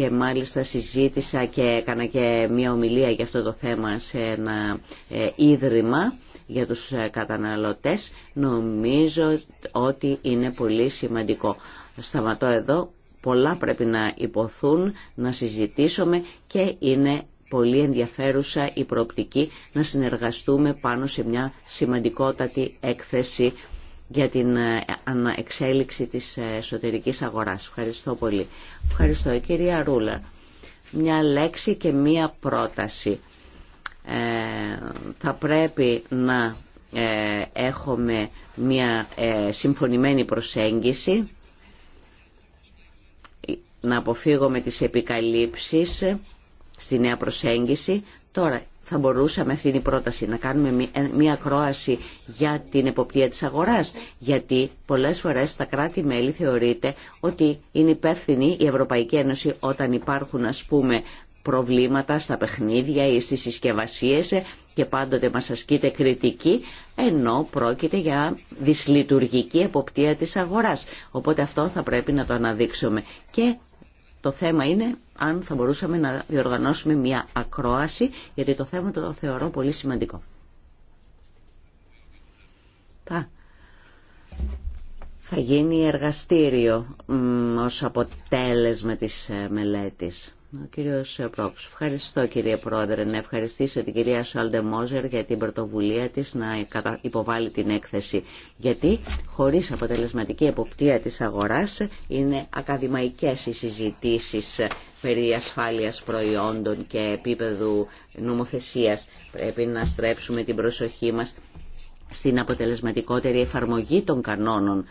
και μάλιστα συζήτησα και έκανα και μία ομιλία για αυτό το θέμα σε ένα ε, ίδρυμα για τους ε, καταναλωτές. Νομίζω ότι είναι πολύ σημαντικό. Σταματώ εδώ. Πολλά πρέπει να υποθούν, να συζητήσουμε και είναι πολύ ενδιαφέρουσα η προοπτική να συνεργαστούμε πάνω σε μια σημαντικότατη έκθεση για την ε, αναεξέλιξη της εσωτερικής αγοράς. Ευχαριστώ πολύ. Ευχαριστώ κυρία Ρούλα. Μια λέξη και μία πρόταση. Ε, θα πρέπει να ε, έχουμε μια ε, συμφωνημένη προσέγγιση, να αποφύγουμε τις επικαλύψεις στη νέα προσέγγιση. Τώρα, θα μπορούσαμε αυτή την πρόταση να κάνουμε μια ε, κρόαση για την εποπτεία της αγοράς, γιατί πολλές φορές τα κράτη-μέλη θεωρείται ότι είναι υπεύθυνη η Ευρωπαϊκή Ένωση όταν υπάρχουν ας πούμε προβλήματα στα παιχνίδια ή στις συσκευασίες ε, και πάντοτε μας ασκείται κριτική ενώ πρόκειται για δυσλειτουργική εποπτεία της αγοράς. Οπότε αυτό θα πρέπει να το αναδείξουμε. Και το θέμα είναι αν θα μπορούσαμε να διοργανώσουμε μια ακρόαση, γιατί το θέμα το θεωρώ πολύ σημαντικό. Θα γίνει εργαστήριο ως αποτέλεσμα της ε, μελέτης. Ο κύριος Πρόξ. Ευχαριστώ κύριε Πρόεδρε. Να ευχαριστήσω την κυρία Σάλντε Μόζερ για την πρωτοβουλία της να υποβάλει την έκθεση. Γιατί χωρίς αποτελεσματική εποπτεία της αγοράς είναι ακαδημαϊκές οι συζητήσεις περί ασφάλειας προϊόντων και επίπεδου νομοθεσίας. Πρέπει να στρέψουμε την προσοχή μας στην αποτελεσματικότερη εφαρμογή των κανόνων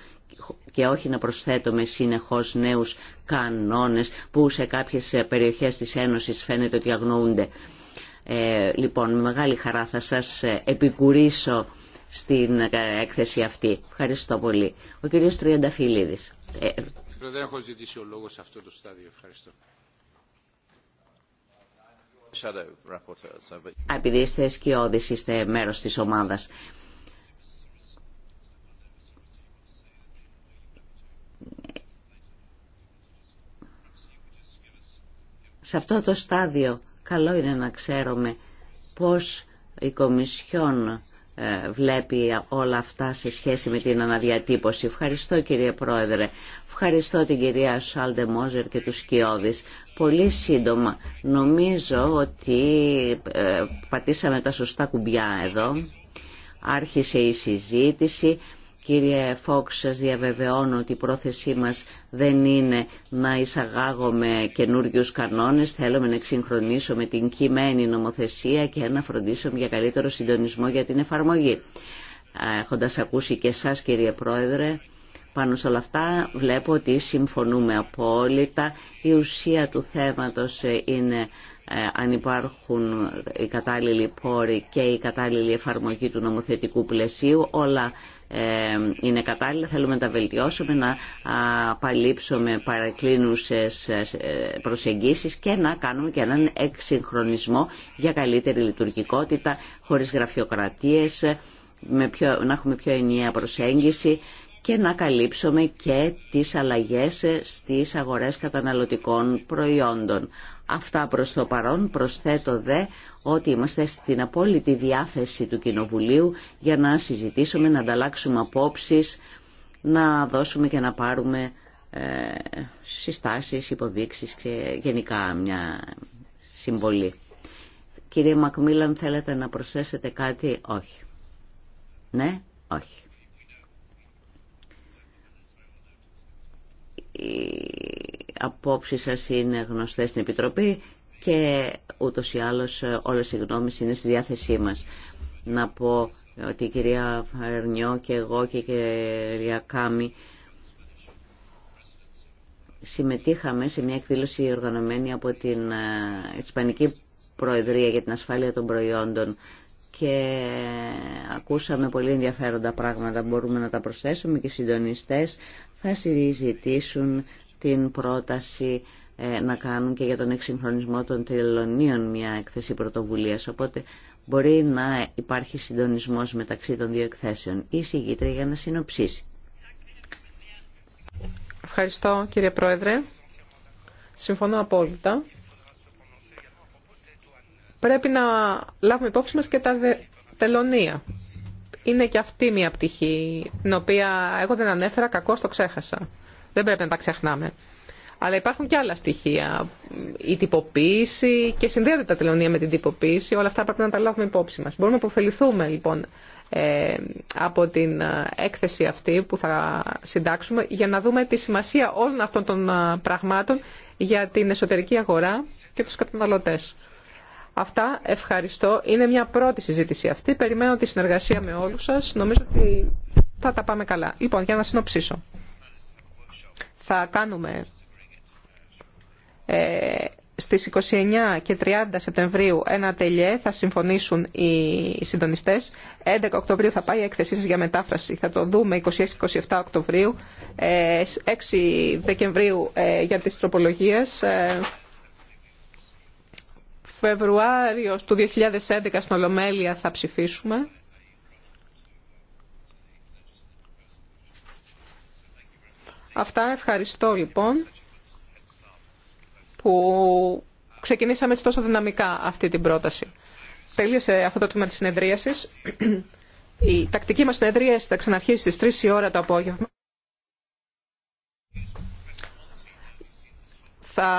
και όχι να προσθέτουμε συνεχώς νέους κανόνες που σε κάποιες περιοχές της Ένωσης φαίνεται ότι αγνοούνται. Ε, λοιπόν, με μεγάλη χαρά θα σας ε, επικουρήσω στην ε, έκθεση αυτή. Ευχαριστώ πολύ. Ο κύριος Τριανταφυλλίδης. Δεν έχω ζητήσει αυτό το στάδιο. Ευχαριστώ. Επειδή είστε σκιώδης, είστε μέρος της ομάδας. Σε αυτό το στάδιο καλό είναι να ξέρουμε πώς η Κομισιόν ε, βλέπει όλα αυτά σε σχέση με την αναδιατύπωση. Ευχαριστώ κύριε Πρόεδρε. Ευχαριστώ την κυρία Σάλτε Μόζερ και τους Σκιώδης. Πολύ σύντομα. Νομίζω ότι ε, πατήσαμε τα σωστά κουμπιά εδώ. Άρχισε η συζήτηση. Κύριε Φόξ, σας διαβεβαιώνω ότι η πρόθεσή μας δεν είναι να εισαγάγουμε καινούριου κανόνες. Θέλουμε να εξυγχρονίσουμε την κειμένη νομοθεσία και να φροντίσουμε για καλύτερο συντονισμό για την εφαρμογή. Έχοντα ακούσει και εσά, κύριε Πρόεδρε, πάνω σε όλα αυτά βλέπω ότι συμφωνούμε απόλυτα. Η ουσία του θέματος είναι ε, αν υπάρχουν οι κατάλληλοι πόροι και η κατάλληλη εφαρμογή του νομοθετικού πλαισίου. Όλα ε, είναι κατάλληλα, θέλουμε να τα βελτιώσουμε, να παλύψουμε παρακλίνουσες ε, ε, προσεγγίσεις και να κάνουμε και έναν εξυγχρονισμό για καλύτερη λειτουργικότητα, χωρίς γραφειοκρατίες, με πιο, να έχουμε πιο ενιαία προσέγγιση και να καλύψουμε και τις αλλαγές στις αγορές καταναλωτικών προϊόντων. Αυτά προς το παρόν προσθέτω δε ότι είμαστε στην απόλυτη διάθεση του Κοινοβουλίου για να συζητήσουμε, να ανταλλάξουμε απόψεις, να δώσουμε και να πάρουμε ε, συστάσεις, υποδείξεις και γενικά μια συμβολή. Κύριε Μακμίλαν, θέλετε να προσθέσετε κάτι, όχι. Ναι, όχι. Οι απόψεις σας είναι γνωστές στην Επιτροπή και ούτως ή άλλως όλες οι γνώμες είναι στη διάθεσή μας. Να πω ότι η κυρία Φαρνιό και εγώ και η κυρία Κάμι συμμετείχαμε σε μια εκδήλωση οργανωμένη από την ε, Ισπανική Προεδρία για την Ασφάλεια των Προϊόντων και ακούσαμε πολύ ενδιαφέροντα πράγματα. Μπορούμε να τα προσθέσουμε και οι συντονιστές θα συζητήσουν την πρόταση ε, να κάνουν και για τον εξυγχρονισμό των τελωνίων μια εκθέση πρωτοβουλίας. Οπότε μπορεί να υπάρχει συντονισμό μεταξύ των δύο εκθέσεων. Η συγγήτρια για να συνοψίσει. Ευχαριστώ κύριε Πρόεδρε. Συμφωνώ απόλυτα. Πρέπει να λάβουμε υπόψη μας και τα τελωνία. Είναι και αυτή μια πτυχή, την οποία εγώ δεν ανέφερα, κακώς το ξέχασα. Δεν πρέπει να τα ξεχνάμε. Αλλά υπάρχουν και άλλα στοιχεία. Η τυποποίηση και συνδέεται τα τελωνία με την τυποποίηση. Όλα αυτά πρέπει να τα λάβουμε υπόψη μα. Μπορούμε να αποφεληθούμε λοιπόν ε, από την ε, έκθεση αυτή που θα συντάξουμε για να δούμε τη σημασία όλων αυτών των ε, πραγμάτων για την εσωτερική αγορά και τους καταναλωτές. Αυτά, ευχαριστώ. Είναι μια πρώτη συζήτηση αυτή. Περιμένω τη συνεργασία με όλους σας. Νομίζω ότι θα τα πάμε καλά. Λοιπόν, για να συνοψίσω. Θα κάνουμε ε, στις 29 και 30 Σεπτεμβρίου ένα τελιέ θα συμφωνήσουν οι συντονιστές. 11 Οκτωβρίου θα πάει η έκθεσή σας για μετάφραση. Θα το δούμε 26-27 Οκτωβρίου. 6 ε, Δεκεμβρίου ε, για τις τροπολογίες. Φεβρουάριο του 2011 στην Ολομέλεια θα ψηφίσουμε. Αυτά ευχαριστώ λοιπόν που ξεκινήσαμε έτσι τόσο δυναμικά αυτή την πρόταση. Τελείωσε αυτό το τμήμα τη συνεδρίαση. Η τακτική μας συνεδρίαση θα ξαναρχίσει στι 3 η ώρα το απόγευμα. Θα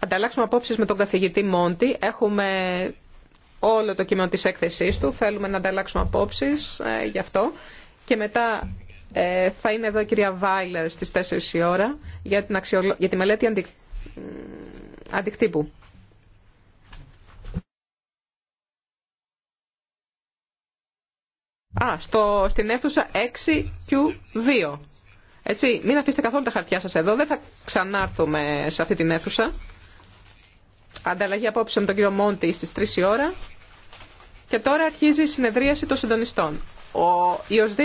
ανταλλάξουμε απόψεις με τον καθηγητή Μόντι. Έχουμε όλο το κείμενο της έκθεσής του. Θέλουμε να ανταλλάξουμε απόψεις ε, γι' αυτό. Και μετά ε, θα είναι εδώ η κυρία Βάιλερ στις 4 η ώρα για, την για τη μελέτη αντικτύπου αντικτύπου. Α, στο, στην αίθουσα 6Q2. Έτσι, μην αφήσετε καθόλου τα χαρτιά σας εδώ. Δεν θα ξανάρθουμε σε αυτή την αίθουσα. Ανταλλαγή απόψε με τον κύριο Μόντι στις 3 η ώρα. Και τώρα αρχίζει η συνεδρίαση των συντονιστών. Ο,